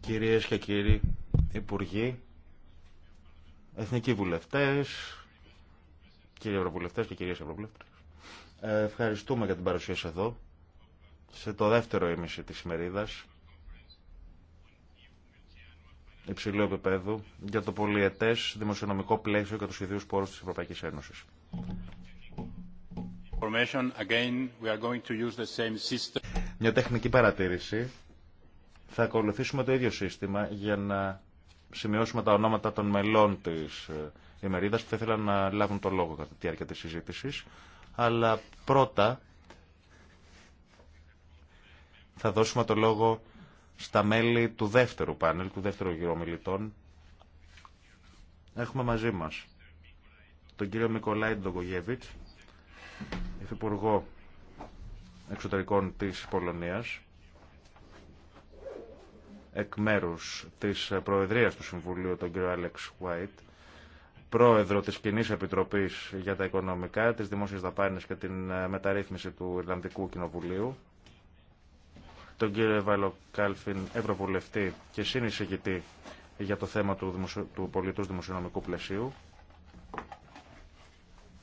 Κυρίες και κύριοι Υπουργοί, Εθνικοί Βουλευτές, κύριοι Ευρωβουλευτές και κυρίες Ευρωβουλευτές, ε, ευχαριστούμε για την παρουσία σας εδώ, σε το δεύτερο ήμιση της ημερίδας, υψηλού επίπεδου, για το πολιετές δημοσιονομικό πλαίσιο και τους ιδίους πόρους της Ευρωπαϊκής Ένωσης. Μια τεχνική παρατήρηση. Θα ακολουθήσουμε το ίδιο σύστημα για να σημειώσουμε τα ονόματα των μελών της ε, ημερίδας που θα ήθελαν να λάβουν το λόγο κατά τη διάρκεια της συζήτηση. Αλλά πρώτα θα δώσουμε το λόγο στα μέλη του δεύτερου πάνελ, του δεύτερου γύρω Έχουμε μαζί μας τον κύριο Μικολάη Ντογκογεύιτς, Υφυπουργό Εξωτερικών της Πολωνίας εκ μέρους της Προεδρίας του Συμβουλίου, τον κύριο Άλεξ Βάιτ, πρόεδρο της κοινή Επιτροπής για τα Οικονομικά, τις Δημόσιες Δαπάνες και την ε, μεταρρύθμιση του Ιρλανδικού Κοινοβουλίου, τον κύριο Εβάλο Κάλφιν, Ευρωβουλευτή και σύνησηγητή για το θέμα του, δημοσιο... του πολιτούς δημοσιονομικού πλαισίου,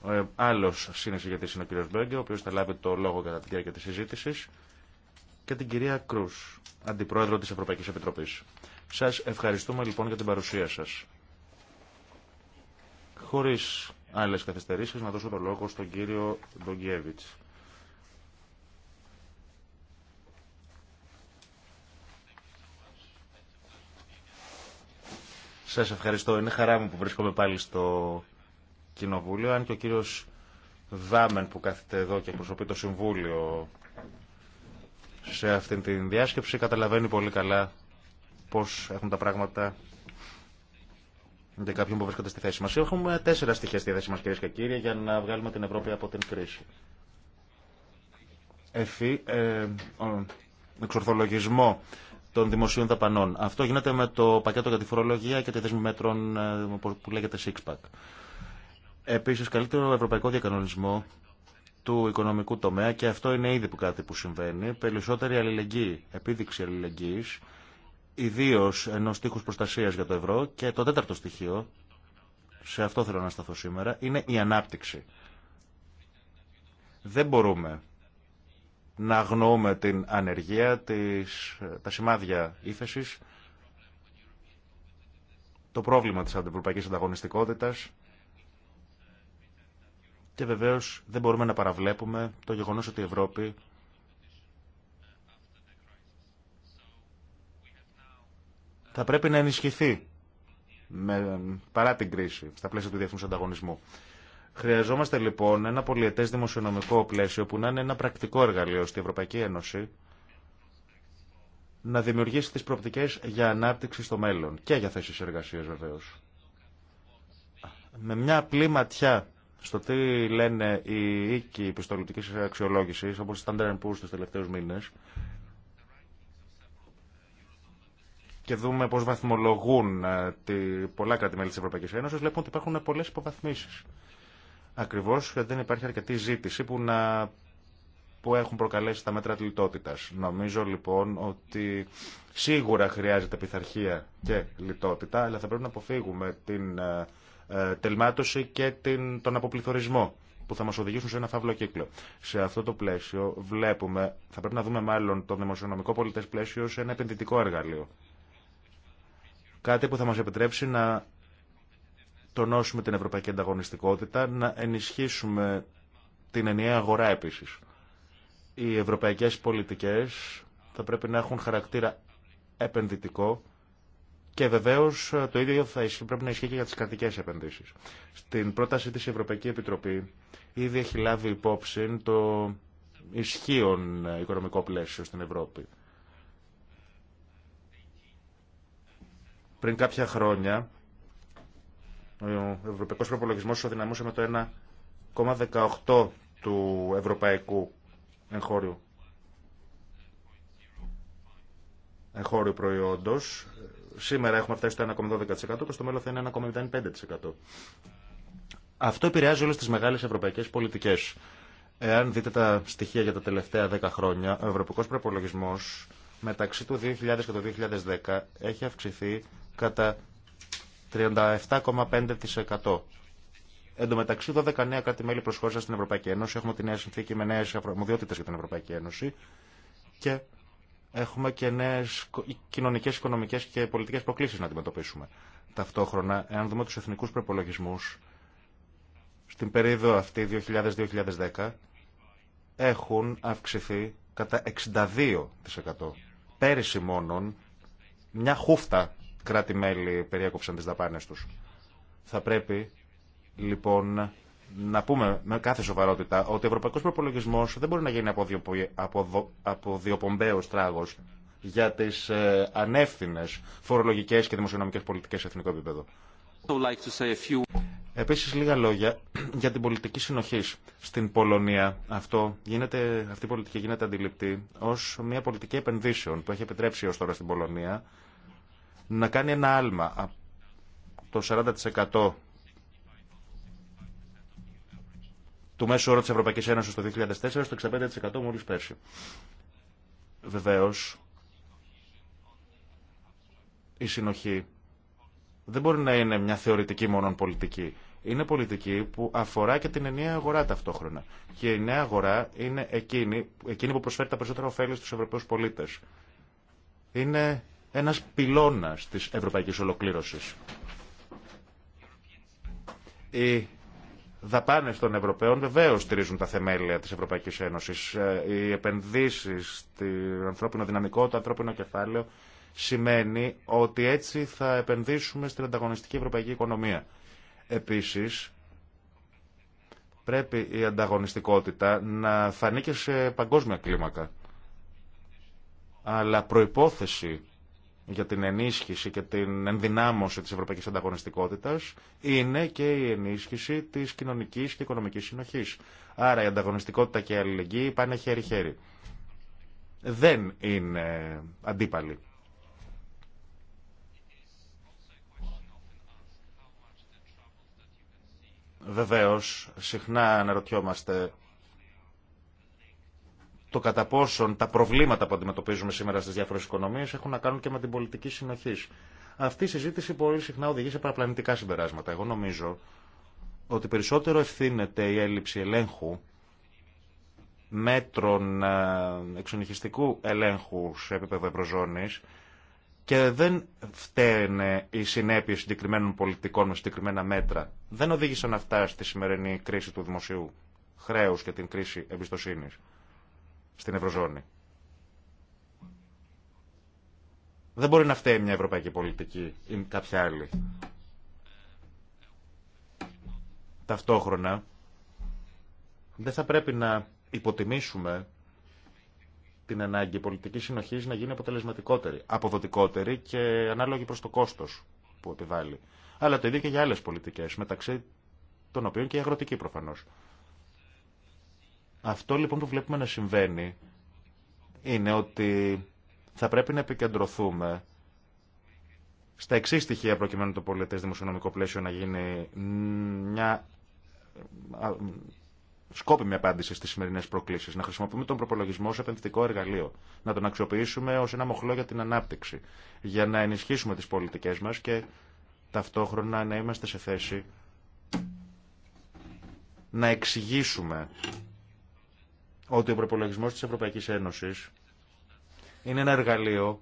ο ε, Άλλο συνεισηγητή είναι ο κύριο Μπέγκε, ο οποίο θα λάβει το λόγο κατά τη διάρκεια τη συζήτηση. Και την κυρία Κρού, αντιπρόεδρο τη Ευρωπαϊκή Επιτροπή. Σα ευχαριστούμε λοιπόν για την παρουσία σα. Χωρί άλλε καθυστερήσει, να δώσω το λόγο στον κύριο Ντογκιέβιτ. Σας ευχαριστώ. Είναι χαρά μου που βρίσκομαι πάλι στο Κοινοβούλιο, αν και ο κύριος Δάμεν που κάθεται εδώ και εκπροσωπεί το Συμβούλιο σε αυτήν την διάσκεψη καταλαβαίνει πολύ καλά πώς έχουν τα πράγματα για κάποιον που βρίσκεται στη θέση μας. Έχουμε τέσσερα στοιχεία στη θέση μας κυρίες και κύριοι για να βγάλουμε την Ευρώπη από την κρίση. Εφή, ε, εξορθολογισμό των δημοσίων δαπανών. Αυτό γίνεται με το πακέτο για τη φορολογία και τη δεσμή μέτρων ε, που λέγεται six Επίσης, καλύτερο ευρωπαϊκό διακανονισμό του οικονομικού τομέα και αυτό είναι ήδη που κάτι που συμβαίνει. Περισσότερη αλληλεγγύη, επίδειξη αλληλεγγύης, ιδίω ενό τείχου προστασία για το ευρώ. Και το τέταρτο στοιχείο, σε αυτό θέλω να σταθώ σήμερα, είναι η ανάπτυξη. Δεν μπορούμε να αγνοούμε την ανεργία, τις, τα σημάδια ύφεση, το πρόβλημα της αντιευρωπαϊκής ανταγωνιστικότητας, και βεβαίως δεν μπορούμε να παραβλέπουμε το γεγονός ότι η Ευρώπη θα πρέπει να ενισχυθεί με, παρά την κρίση στα πλαίσια του διεθνούς ανταγωνισμού. Χρειαζόμαστε λοιπόν ένα πολιετές δημοσιονομικό πλαίσιο που να είναι ένα πρακτικό εργαλείο στη Ευρωπαϊκή Ένωση να δημιουργήσει τις προοπτικές για ανάπτυξη στο μέλλον και για θέσεις εργασίας βεβαίως. Με μια απλή ματιά στο τι λένε οι οίκοι πιστοληπτικής αξιολόγηση, όπω η Standard Poor's του τελευταίου μήνε, και δούμε πώ βαθμολογούν ε, τη, πολλά κράτη-μέλη της Ευρωπαϊκής Ένωση, βλέπουμε ότι υπάρχουν πολλέ υποβαθμίσει. Ακριβώ Ακριβώς δεν υπάρχει αρκετή ζήτηση που, να, που έχουν προκαλέσει τα μέτρα τη λιτότητα. Νομίζω λοιπόν ότι σίγουρα χρειάζεται πειθαρχία και λιτότητα, αλλά θα πρέπει να αποφύγουμε την ε, ε, τελμάτωση και την, τον αποπληθωρισμό που θα μας οδηγήσουν σε ένα φαύλο κύκλο. Σε αυτό το πλαίσιο βλέπουμε, θα πρέπει να δούμε μάλλον το δημοσιονομικό πολιτές πλαίσιο σε ένα επενδυτικό εργαλείο. Κάτι που θα μας επιτρέψει να τονώσουμε την ευρωπαϊκή ανταγωνιστικότητα, να ενισχύσουμε την ενιαία αγορά επίσης. Οι ευρωπαϊκές πολιτικές θα πρέπει να έχουν χαρακτήρα επενδυτικό και βεβαίω ε, το ίδιο θα πρέπει να ισχύει και για τι κρατικέ επενδύσει. Στην πρόταση τη Ευρωπαϊκή Επιτροπή ήδη έχει λάβει υπόψη το ισχύον ε, οικονομικό πλαίσιο στην Ευρώπη. Πριν κάποια χρόνια, ο ευρωπαϊκός προπολογισμό οδυναμούσε με το 1,18 του ευρωπαϊκού εγχώριου, εγχώριου προϊόντος. Σήμερα έχουμε φτάσει στο 1,12%, και στο μέλλον θα είναι 1,05%. Αυτό επηρεάζει όλε τις μεγάλες ευρωπαϊκές πολιτικές. Εάν δείτε τα στοιχεία για τα τελευταία 10 χρόνια, ο ευρωπαϊκός προπολογισμό μεταξύ του 2000 και του 2010 έχει αυξηθεί κατά 37,5%. Εν τω μεταξύ, 12 νέα κράτη-μέλη προσχώρησαν στην Ευρωπαϊκή Ένωση. Έχουμε τη νέα συνθήκη με νέε αρμοδιότητε για την Ευρωπαϊκή Ένωση. Και έχουμε και νέε κοινωνικέ, οικονομικέ και πολιτικέ προκλήσει να αντιμετωπίσουμε. Ταυτόχρονα, εάν δούμε του εθνικού προπολογισμού, στην περίοδο αυτή 2000-2010 έχουν αυξηθεί κατά 62%. Πέρυσι μόνον μια χούφτα κράτη-μέλη περιέκοψαν τις δαπάνες τους. Θα πρέπει λοιπόν να πούμε με κάθε σοβαρότητα ότι ο ευρωπαϊκό προπολογισμό δεν μπορεί να γίνει από διοπομπαίο τράγο για τι ε, ανεύθυνε φορολογικέ και δημοσιονομικέ πολιτικέ σε εθνικό επίπεδο. Επίση, λίγα λόγια για την πολιτική συνοχή. Στην Πολωνία αυτό γίνεται, αυτή η πολιτική γίνεται αντιληπτή ω μια πολιτική επενδύσεων που έχει επιτρέψει ω τώρα στην Πολωνία να κάνει ένα άλμα το 40% του μέσου όρου τη Ευρωπαϊκή Ένωση το 2004 στο 65% μόλι πέρσι. Βεβαίω, η συνοχή δεν μπορεί να είναι μια θεωρητική μόνο πολιτική. Είναι πολιτική που αφορά και την ενιαία αγορά ταυτόχρονα. Και η νέα αγορά είναι εκείνη, εκείνη που προσφέρει τα περισσότερα ωφέλη στους Ευρωπαίους πολίτε. Είναι ένα πυλώνα τη Ευρωπαϊκή ολοκλήρωση. Η δαπάνε των Ευρωπαίων βεβαίω στηρίζουν τα θεμέλια τη Ευρωπαϊκή Ένωση. Ε, οι επενδύσει, στην ανθρώπινο δυναμικό, το ανθρώπινο κεφάλαιο σημαίνει ότι έτσι θα επενδύσουμε στην ανταγωνιστική ευρωπαϊκή οικονομία. Επίση, πρέπει η ανταγωνιστικότητα να φανεί και σε παγκόσμια κλίμακα. Αλλά προϋπόθεση για την ενίσχυση και την ενδυνάμωση της ευρωπαϊκής ανταγωνιστικότητας είναι και η ενίσχυση της κοινωνικής και οικονομικής συνοχής. Άρα η ανταγωνιστικότητα και η αλληλεγγύη πάνε χέρι-χέρι. Δεν είναι αντίπαλοι. Βεβαίως, συχνά αναρωτιόμαστε το κατά πόσον τα προβλήματα που αντιμετωπίζουμε σήμερα στι διάφορε οικονομίε έχουν να κάνουν και με την πολιτική συνοχή. Αυτή η συζήτηση πολύ συχνά οδηγεί σε παραπλανητικά συμπεράσματα. Εγώ νομίζω ότι περισσότερο ευθύνεται η έλλειψη ελέγχου μέτρων ε, εξονυχιστικού ελέγχου σε επίπεδο ευρωζώνη και δεν φταίνε οι συνέπειε συγκεκριμένων πολιτικών με συγκεκριμένα μέτρα. Δεν οδήγησαν αυτά στη σημερινή κρίση του δημοσίου χρέους και την κρίση εμπιστοσύνη στην Ευρωζώνη. Δεν μπορεί να φταίει μια ευρωπαϊκή πολιτική ή κάποια άλλη. Ταυτόχρονα, δεν θα πρέπει να υποτιμήσουμε την ανάγκη πολιτική συνοχή να γίνει αποτελεσματικότερη, αποδοτικότερη και ανάλογη προ το κόστο που επιβάλλει. Αλλά το ίδιο και για άλλε πολιτικέ, μεταξύ των οποίων και η αγροτική προφανώ. Αυτό λοιπόν που βλέπουμε να συμβαίνει είναι ότι θα πρέπει να επικεντρωθούμε στα εξή στοιχεία προκειμένου το πολιτές δημοσιονομικό πλαίσιο να γίνει μια σκόπιμη απάντηση στις σημερινές προκλήσεις. Να χρησιμοποιούμε τον προπολογισμό ως επενδυτικό εργαλείο. Να τον αξιοποιήσουμε ως ένα μοχλό για την ανάπτυξη. Για να ενισχύσουμε τις πολιτικές μας και ταυτόχρονα να είμαστε σε θέση να εξηγήσουμε ότι ο προπολογισμό τη Ευρωπαϊκή Ένωση είναι ένα εργαλείο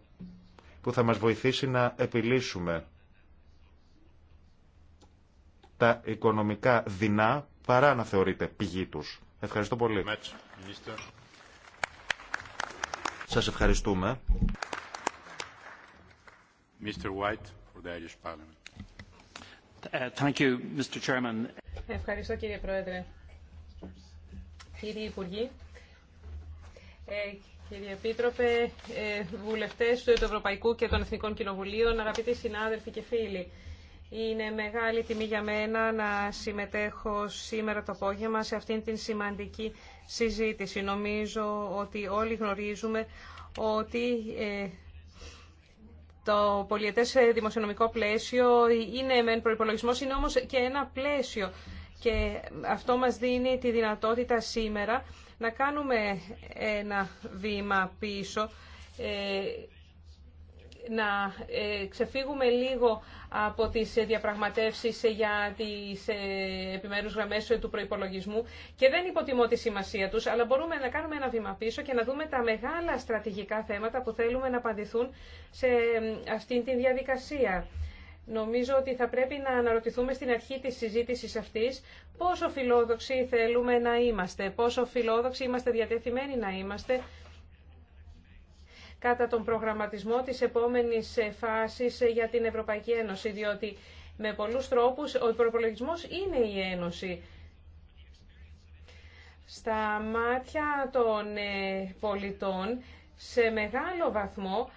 που θα μας βοηθήσει να επιλύσουμε τα οικονομικά δεινά παρά να θεωρείται πηγή τους. Ευχαριστώ πολύ. Σας ευχαριστούμε. Mr. White, for the Irish Parliament. Uh, thank you, Mr. Chairman. Ευχαριστώ κύριε Πρόεδρε. Κύριοι Υπουργοί, ε, κύριε Επίτροπε, ε, βουλευτές του Ευρωπαϊκού και των Εθνικών Κοινοβουλίων, αγαπητοί συνάδελφοι και φίλοι, είναι μεγάλη τιμή για μένα να συμμετέχω σήμερα το απόγευμα σε αυτήν την σημαντική συζήτηση. Νομίζω ότι όλοι γνωρίζουμε ότι ε, το πολιετές δημοσιονομικό πλαίσιο είναι μεν προϋπολογισμός, είναι όμως και ένα πλαίσιο. Και αυτό μας δίνει τη δυνατότητα σήμερα να κάνουμε ένα βήμα πίσω, ε, να ε, ξεφύγουμε λίγο από τις διαπραγματεύσεις για τις ε, επιμέρους γραμμές του προϋπολογισμού και δεν υποτιμώ τη σημασία τους, αλλά μπορούμε να κάνουμε ένα βήμα πίσω και να δούμε τα μεγάλα στρατηγικά θέματα που θέλουμε να απαντηθούν σε αυτήν τη διαδικασία. Νομίζω ότι θα πρέπει να αναρωτηθούμε στην αρχή της συζήτησης αυτής πόσο φιλόδοξοι θέλουμε να είμαστε, πόσο φιλόδοξοι είμαστε διατεθειμένοι να είμαστε κατά τον προγραμματισμό της επόμενης φάσης για την Ευρωπαϊκή Ένωση, διότι με πολλούς τρόπους ο προπολογισμός είναι η Ένωση. Στα μάτια των ε, πολιτών, σε μεγάλο βαθμό,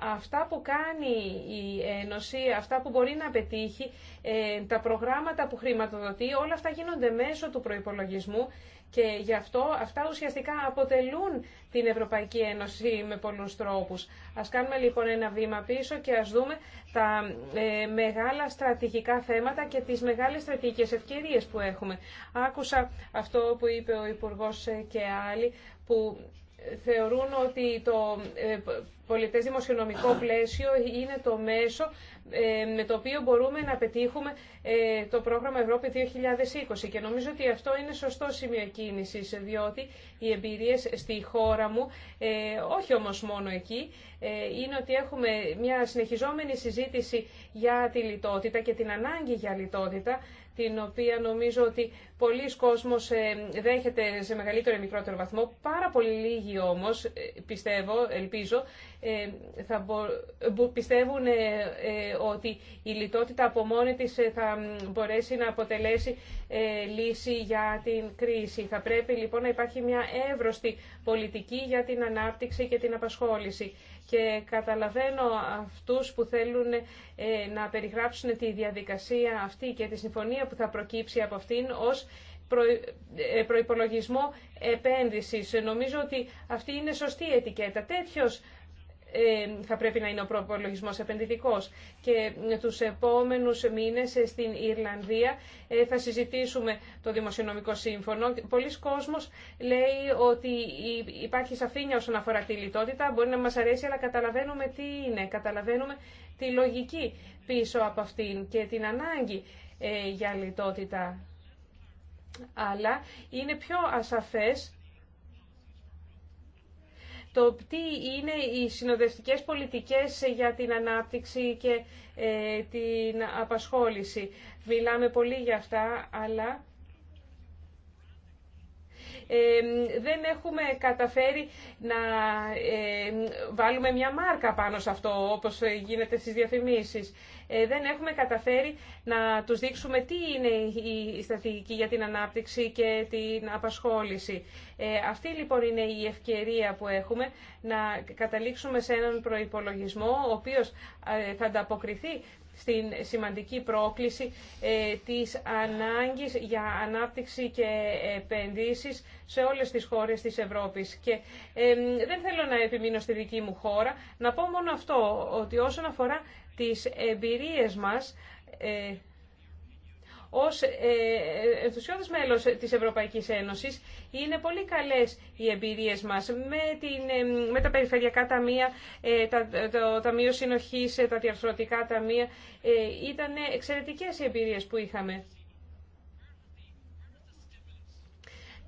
αυτά που κάνει η Ένωση, αυτά που μπορεί να πετύχει, ε, τα προγράμματα που χρηματοδοτεί, όλα αυτά γίνονται μέσω του προϋπολογισμού και γι' αυτό αυτά ουσιαστικά αποτελούν την Ευρωπαϊκή Ένωση με πολλούς τρόπους. Ας κάνουμε λοιπόν ένα βήμα πίσω και ας δούμε τα ε, μεγάλα στρατηγικά θέματα και τις μεγάλες στρατηγικές ευκαιρίες που έχουμε. Άκουσα αυτό που είπε ο Υπουργός ε, και άλλοι που θεωρούν ότι το ε, πολιτές δημοσιονομικό πλαίσιο είναι το μέσο ε, με το οποίο μπορούμε να πετύχουμε ε, το πρόγραμμα Ευρώπη 2020. Και νομίζω ότι αυτό είναι σωστό σημείο κίνησης, διότι οι εμπειρίες στη χώρα μου, όχι όμως μόνο εκεί, είναι ότι έχουμε μια συνεχιζόμενη συζήτηση για τη λιτότητα και την ανάγκη για λιτότητα, την οποία νομίζω ότι πολλοί κόσμος ε, δέχεται σε μεγαλύτερο ή μικρότερο βαθμό. Πάρα πολύ λίγοι όμως, ε, πιστεύω, ελπίζω, ε, θα μπο... πιστεύουν ότι η λιτότητα από μόνη της θα μπορέσει να αποτελέσει λύση για την κρίση. Θα πρέπει λοιπόν να υπάρχει μια εύρωστη πολιτική για την ανάπτυξη και την απασχόληση και καταλαβαίνω αυτούς που θέλουν ε, να περιγράψουν τη διαδικασία αυτή και τη συμφωνία που θα προκύψει από αυτήν ως ε, προϋπολογισμό επένδυσης. Νομίζω ότι αυτή είναι σωστή ετικέτα. Τέτοιος θα πρέπει να είναι ο προπολογισμό επενδυτικό. Και του επόμενου μήνε ε, στην Ιρλανδία ε, θα συζητήσουμε το Δημοσιονομικό Σύμφωνο. Πολλοί κόσμοι λέει ότι υπάρχει σαφήνεια όσον αφορά τη λιτότητα. Μπορεί να μα αρέσει, αλλά καταλαβαίνουμε τι είναι. Καταλαβαίνουμε τη λογική πίσω από αυτήν και την ανάγκη ε, για λιτότητα. Αλλά είναι πιο ασαφές το τι είναι οι συνοδευτικές πολιτικές για την ανάπτυξη και ε, την απασχόληση. Μιλάμε πολύ για αυτά, αλλά δεν έχουμε καταφέρει να βάλουμε μια μάρκα πάνω σε αυτό, όπως γίνεται στις διαφημίσεις. Ε, δεν έχουμε καταφέρει να τους δείξουμε τι είναι η στρατηγική για την ανάπτυξη και την απασχόληση. Ε, αυτή λοιπόν είναι η ευκαιρία που έχουμε να καταλήξουμε σε έναν προϋπολογισμό ο οποίος ε, θα ανταποκριθεί στην σημαντική πρόκληση ε, της ανάγκης για ανάπτυξη και επενδύσεις σε όλες τις χώρες της Ευρώπης. Και δεν θέλω να επιμείνω στη δική μου χώρα. Να πω μόνο αυτό, ότι όσον αφορά τις εμπειρίες μας ε, ως ε, ε, ενθουσιώδης μέλος της Ευρωπαϊκής Ένωσης είναι πολύ καλές οι εμπειρίες μας με, την, ε, με τα περιφερειακά ταμεία, τα, το Ταμείο Συνοχής, τα διαρθρωτικά ταμεία. Ήταν εξαιρετικές οι εμπειρίες που είχαμε.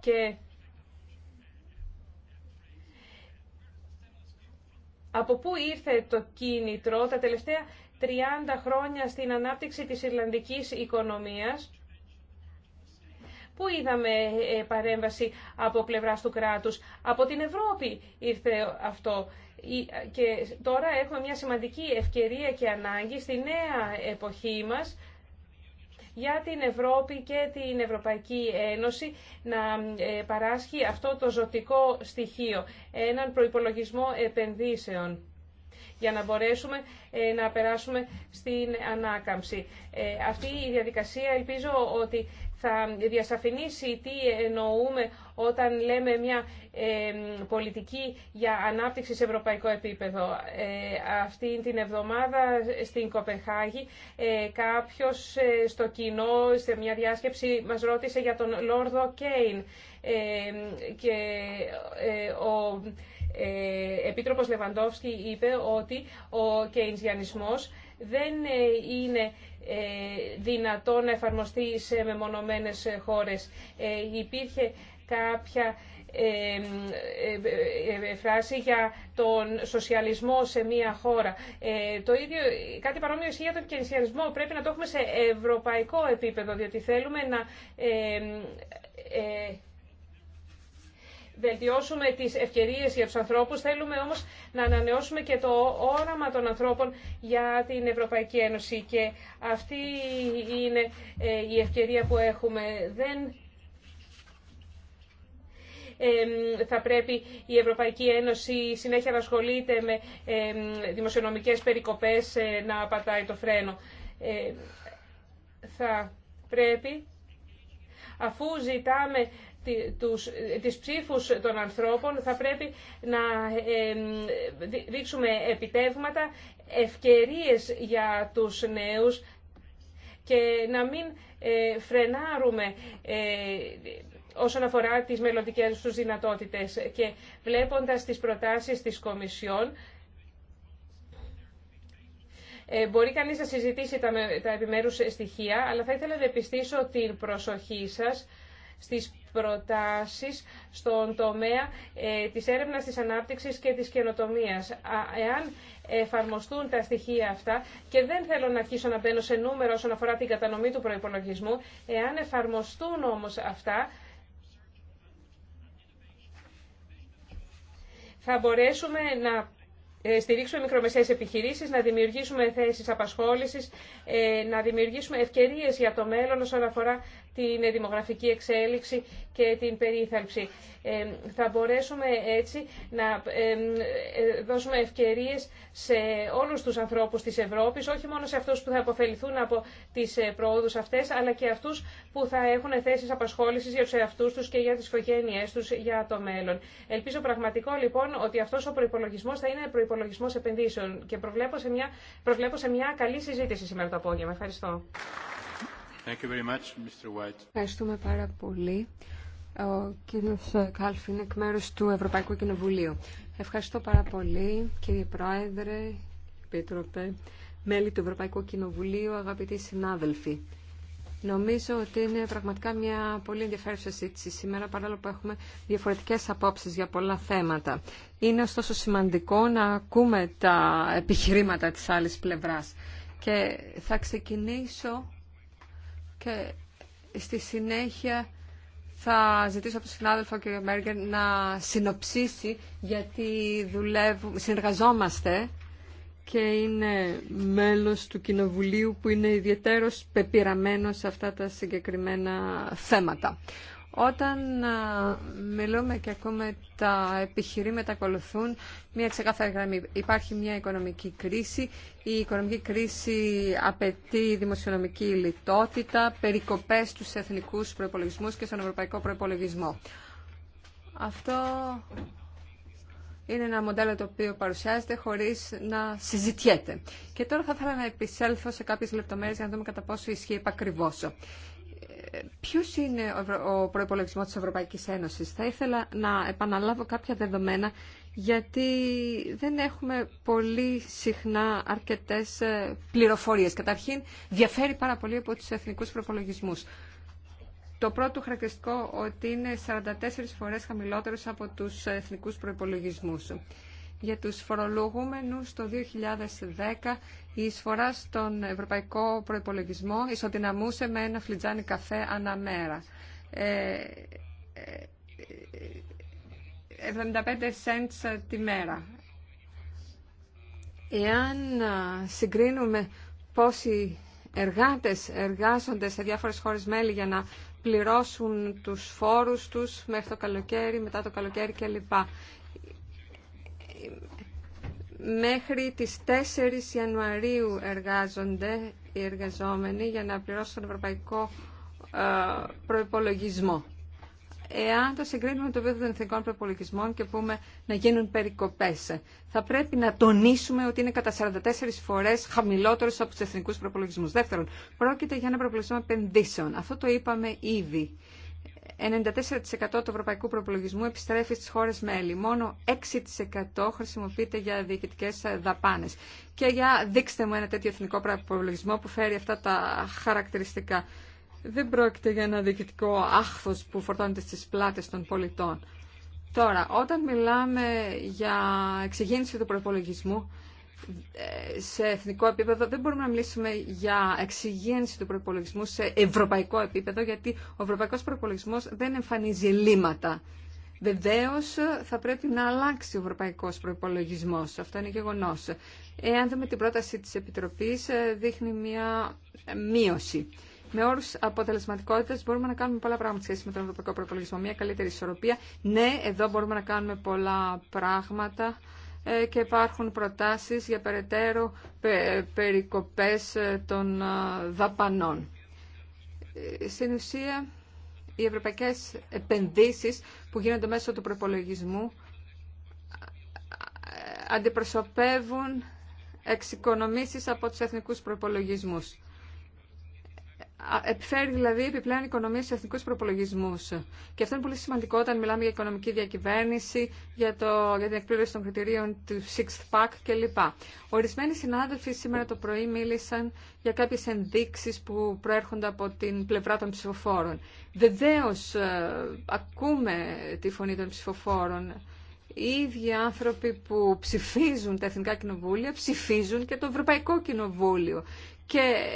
Και από πού ήρθε το κίνητρο τα τελευταία 30 χρόνια στην ανάπτυξη της Ιρλανδικής οικονομίας Πού είδαμε ε, παρέμβαση από πλευράς του κράτους. Από την Ευρώπη ήρθε αυτό. Και τώρα έχουμε μια σημαντική ευκαιρία και ανάγκη στη νέα εποχή μας για την Ευρώπη και την Ευρωπαϊκή Ένωση να ε, παράσχει αυτό το ζωτικό στοιχείο, έναν προϋπολογισμό επενδύσεων για να μπορέσουμε ε, να περάσουμε στην ανάκαμψη. Ε, αυτή η διαδικασία ελπίζω ότι θα διασαφηνίσει τι εννοούμε όταν λέμε μια ε, πολιτική για ανάπτυξη σε ευρωπαϊκό επίπεδο. Ε, αυτή την εβδομάδα στην Κοπεχάγη ε, κάποιος στο κοινό σε μια διάσκεψη μας ρώτησε για τον Λόρδο Κέιν και ο ε, Επίτροπος Λεβαντόφσκι είπε ότι ο κεινσιανισμός δεν ε, είναι ε, δυνατό να εφαρμοστεί σε μεμονωμένες χώρες. Υπήρχε κάποια φράση για τον σοσιαλισμό σε μία χώρα. το ίδιο, κάτι παρόμοιο ισχύει για τον κενσιανισμό. Πρέπει να το έχουμε σε ευρωπαϊκό επίπεδο, διότι θέλουμε να βελτιώσουμε τις ευκαιρίες για τους ανθρώπους, θέλουμε όμως να ανανεώσουμε και το όραμα των ανθρώπων για την Ευρωπαϊκή Ένωση. Και αυτή είναι ε, η ευκαιρία που έχουμε. Δεν θα πρέπει η Ευρωπαϊκή Ένωση συνέχεια να ασχολείται με δημοσιονομικές περικοπές ε, να πατάει το φρένο. Ε, θα πρέπει, αφού ζητάμε τους, τις ψήφους των ανθρώπων θα πρέπει να δείξουμε επιτεύγματα, ευκαιρίες για τους νέους και να μην ε, φρενάρουμε ε, όσον αφορά τις μελλοντικές τους δυνατότητες. Και βλέποντας τις προτάσεις της Κομισιόν, ε, μπορεί κανείς να συζητήσει τα, τα επιμέρους στοιχεία, αλλά θα ήθελα να επιστήσω την προσοχή σας στις προτάσεις στον τομέα ε, της έρευνας, της ανάπτυξης και της καινοτομίας. Εάν εφαρμοστούν τα στοιχεία αυτά και δεν θέλω να αρχίσω να μπαίνω σε νούμερο όσον αφορά την κατανομή του προϋπολογισμού, εάν εφαρμοστούν όμως αυτά, θα μπορέσουμε να ε, στηρίξουμε μικρομεσαίες επιχειρήσεις, να δημιουργήσουμε θέσεις απασχόλησης, ε, να δημιουργήσουμε ευκαιρίες για το μέλλον όσον αφορά την δημογραφική εξέλιξη και την περίθαλψη. Ε, θα μπορέσουμε έτσι να ε, ε, δώσουμε ευκαιρίες σε όλους τους ανθρώπους της Ευρώπης, όχι μόνο σε αυτούς που θα αποφεληθούν από τις πρόοδους αυτές, αλλά και αυτούς που θα έχουν θέσεις απασχόλησης για τους εαυτούς τους και για τις οικογένειές τους για το μέλλον. Ελπίζω πραγματικό λοιπόν ότι αυτός ο προϋπολογισμός θα είναι προϋπολογισμός επενδύσεων και προβλέπω σε μια, προβλέπω σε μια καλή συζήτηση σήμερα το απόγευμα. Ευχαριστώ. Ευχαριστούμε πάρα πολύ. Ο κύριος Κάλφιν, εκ μέρου του Ευρωπαϊκού Κοινοβουλίου. Ευχαριστώ πάρα πολύ, κύριε Πρόεδρε, Επίτροπε, μέλη του Ευρωπαϊκού Κοινοβουλίου, αγαπητοί συνάδελφοι. Νομίζω ότι είναι πραγματικά μια πολύ ενδιαφέρουσα συζήτηση σήμερα, παρόλο που έχουμε διαφορετικές απόψει για πολλά θέματα. Είναι ωστόσο σημαντικό να ακούμε τα επιχειρήματα τη άλλη πλευρά. Και θα ξεκινήσω και στη συνέχεια θα ζητήσω από τον συνάδελφο κ. Μέργερ να συνοψίσει γιατί δουλεύουμε, συνεργαζόμαστε και είναι μέλος του Κοινοβουλίου που είναι ιδιαίτερος πεπειραμένος σε αυτά τα συγκεκριμένα θέματα. Όταν μιλούμε και ακούμε τα επιχειρήματα ακολουθούν μια ξεκάθαρη γραμμή. Υπάρχει μια οικονομική κρίση. Η οικονομική κρίση απαιτεί δημοσιονομική λιτότητα, περικοπές στους εθνικούς προϋπολογισμούς και στον ευρωπαϊκό προϋπολογισμό. Αυτό είναι ένα μοντέλο το οποίο παρουσιάζεται χωρίς να συζητιέται. Και τώρα θα ήθελα να επισέλθω σε κάποιες λεπτομέρειες για να δούμε κατά πόσο ισχύει επακριβώς. Ποιο είναι ο προπολογισμό τη Ευρωπαϊκής Ένωσης. Θα ήθελα να επαναλάβω κάποια δεδομένα γιατί δεν έχουμε πολύ συχνά αρκετές ε, πληροφορίε. Καταρχήν, διαφέρει πάρα πολύ από τους εθνικούς προπολογισμού. Το πρώτο χαρακτηριστικό ότι είναι 44 φορές χαμηλότερο από τους εθνικούς προπολογισμού για τους φορολογούμενους το 2010 η εισφορά στον ευρωπαϊκό προϋπολογισμό ισοδυναμούσε με ένα φλιτζάνι καφέ αναμέρα. Ε, 75 ε, ε, cents τη μέρα. Εάν συγκρίνουμε πόσοι εργάτες εργάζονται σε διάφορες χώρες μέλη για να πληρώσουν τους φόρους τους μέχρι το καλοκαίρι, μετά το καλοκαίρι κλπ. Μέχρι τις 4 Ιανουαρίου εργάζονται οι εργαζόμενοι για να πληρώσουν τον ευρωπαϊκό ε, προϋπολογισμό. Εάν το συγκρίνουμε με το επίπεδο των εθνικών προπολογισμών και πούμε να γίνουν περικοπές, θα πρέπει να τονίσουμε ότι είναι κατά 44 φορές χαμηλότερος από τους εθνικούς προπολογισμού. Δεύτερον, πρόκειται για ένα προπολογισμό επενδύσεων. Αυτό το είπαμε ήδη. 94% του ευρωπαϊκού προπολογισμού επιστρέφει στις χώρες μέλη. Μόνο 6% χρησιμοποιείται για διοικητικές δαπάνες. Και για δείξτε μου ένα τέτοιο εθνικό προπολογισμό που φέρει αυτά τα χαρακτηριστικά. Δεν πρόκειται για ένα διοικητικό άχθος που φορτώνεται στις πλάτες των πολιτών. Τώρα, όταν μιλάμε για εξηγήνιση του προπολογισμού, σε εθνικό επίπεδο δεν μπορούμε να μιλήσουμε για εξυγίανση του προπολογισμού σε ευρωπαϊκό επίπεδο, γιατί ο Ευρωπαϊκό προπολογισμό δεν εμφανίζει ελλείμματα. Βεβαίω θα πρέπει να αλλάξει ο ευρωπαϊκό προπολογισμό. Αυτό είναι γεγονό. Εάν δούμε την πρόταση τη Επιτροπή, ε, δείχνει μία μείωση. Με όρου αποτελεσματικότητα μπορούμε να κάνουμε πολλά πράγματα σχέση με τον ευρωπαϊκό προπολογισμό. Μια καλύτερη ισορροπία. Ναι, εδώ μπορούμε να κάνουμε πολλά πράγματα ε, και υπάρχουν προτάσεις για περαιτέρω περικοπές ε, των ε, δαπανών. Στην ουσία, οι ευρωπαϊκές επενδύσεις που γίνονται μέσω του προπολογισμού αντιπροσωπεύουν εξοικονομήσεις από τους εθνικούς προπολογισμούς επιφέρει δηλαδή επιπλέον οικονομία σε εθνικού προπολογισμού. Και αυτό είναι πολύ σημαντικό όταν μιλάμε για οικονομική διακυβέρνηση, για, το, για την εκπλήρωση των κριτηρίων του Sixth Pack κλπ. Ορισμένοι συνάδελφοι σήμερα το πρωί μίλησαν για κάποιε ενδείξει που προέρχονται από την πλευρά των ψηφοφόρων. Βεβαίω ε, ακούμε τη φωνή των ψηφοφόρων. Οι ίδιοι άνθρωποι που ψηφίζουν τα Εθνικά Κοινοβούλια ψηφίζουν και το Ευρωπαϊκό Κοινοβούλιο και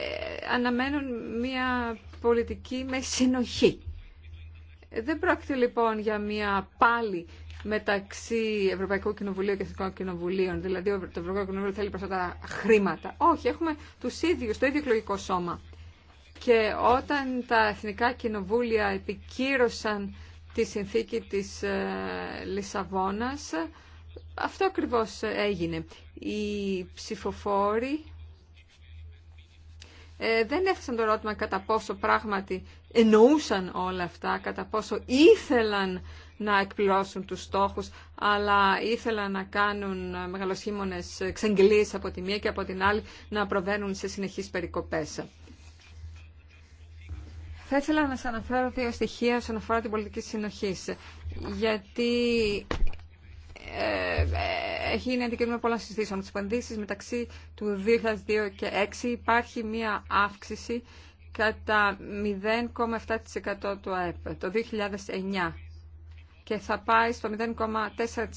αναμένουν μια πολιτική με συνοχή. Δεν πρόκειται λοιπόν για μια πάλι μεταξύ Ευρωπαϊκού Κοινοβουλίου και Εθνικών Κοινοβουλίων. Δηλαδή, το Ευρωπαϊκό Κοινοβούλιο θέλει περισσότερα χρήματα. Όχι, έχουμε του ίδιου, το ίδιο εκλογικό σώμα. Και όταν τα Εθνικά Κοινοβούλια επικύρωσαν τη συνθήκη της ε, Λισαβόνας, αυτό ακριβώς έγινε. Οι ψηφοφόροι ε, δεν έθεσαν το ερώτημα κατά πόσο πράγματι εννοούσαν όλα αυτά, κατά πόσο ήθελαν να εκπληρώσουν τους στόχους, αλλά ήθελαν να κάνουν μεγαλοσχήμονες εξαγγελίες από τη μία και από την άλλη να προβαίνουν σε συνεχείς περικοπές. Θα ήθελα να σας αναφέρω δύο στοιχεία όσον αφορά την πολιτική συνοχή, γιατί ε, ε, έχει γίνει αντικείμενο πολλά συζητήσεων. Με τις μεταξύ του 2002 και 2006 υπάρχει μία αύξηση κατά 0,7% του ΑΕΠ το 2009 και θα πάει στο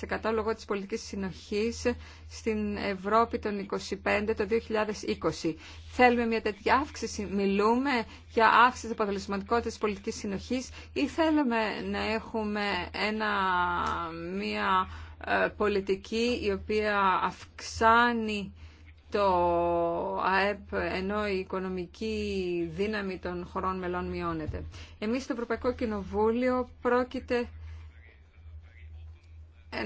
0,4% λόγω της πολιτικής συνοχής στην Ευρώπη των 25 το 2020. Θέλουμε μια τέτοια αύξηση, μιλούμε για αύξηση της αποτελεσματικότητας της πολιτικής συνοχής ή θέλουμε να έχουμε ένα, μια ε, πολιτική η οποία αυξάνει το ΑΕΠ ενώ η οικονομική δύναμη των χωρών μελών μειώνεται. Εμείς στο Ευρωπαϊκό Κοινοβούλιο πρόκειται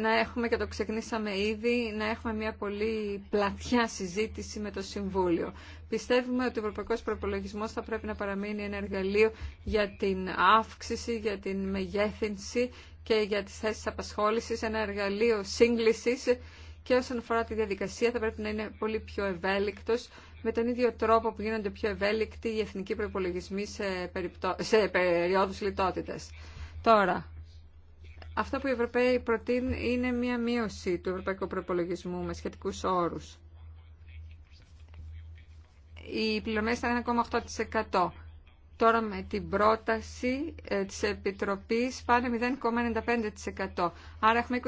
να έχουμε και το ξεκινήσαμε ήδη, να έχουμε μια πολύ πλατιά συζήτηση με το Συμβούλιο. Πιστεύουμε ότι ο Ευρωπαϊκό Προπολογισμό θα πρέπει να παραμείνει ένα εργαλείο για την αύξηση, για την μεγέθυνση και για τις θέσεις απασχόλησης, ένα εργαλείο σύγκλησης και όσον αφορά τη διαδικασία θα πρέπει να είναι πολύ πιο ευέλικτος με τον ίδιο τρόπο που γίνονται πιο ευέλικτοι οι εθνικοί προπολογισμοί σε, περιπτω... σε περιόδους λιτότητας. Τώρα, αυτό που οι Ευρωπαίοι προτείνουν είναι μία μείωση του ευρωπαϊκού προπολογισμού με σχετικού όρους. Οι πληρωμές ήταν 1,8%. Τώρα με την πρόταση ε, της Επιτροπής πάνε 0,95%. Άρα έχουμε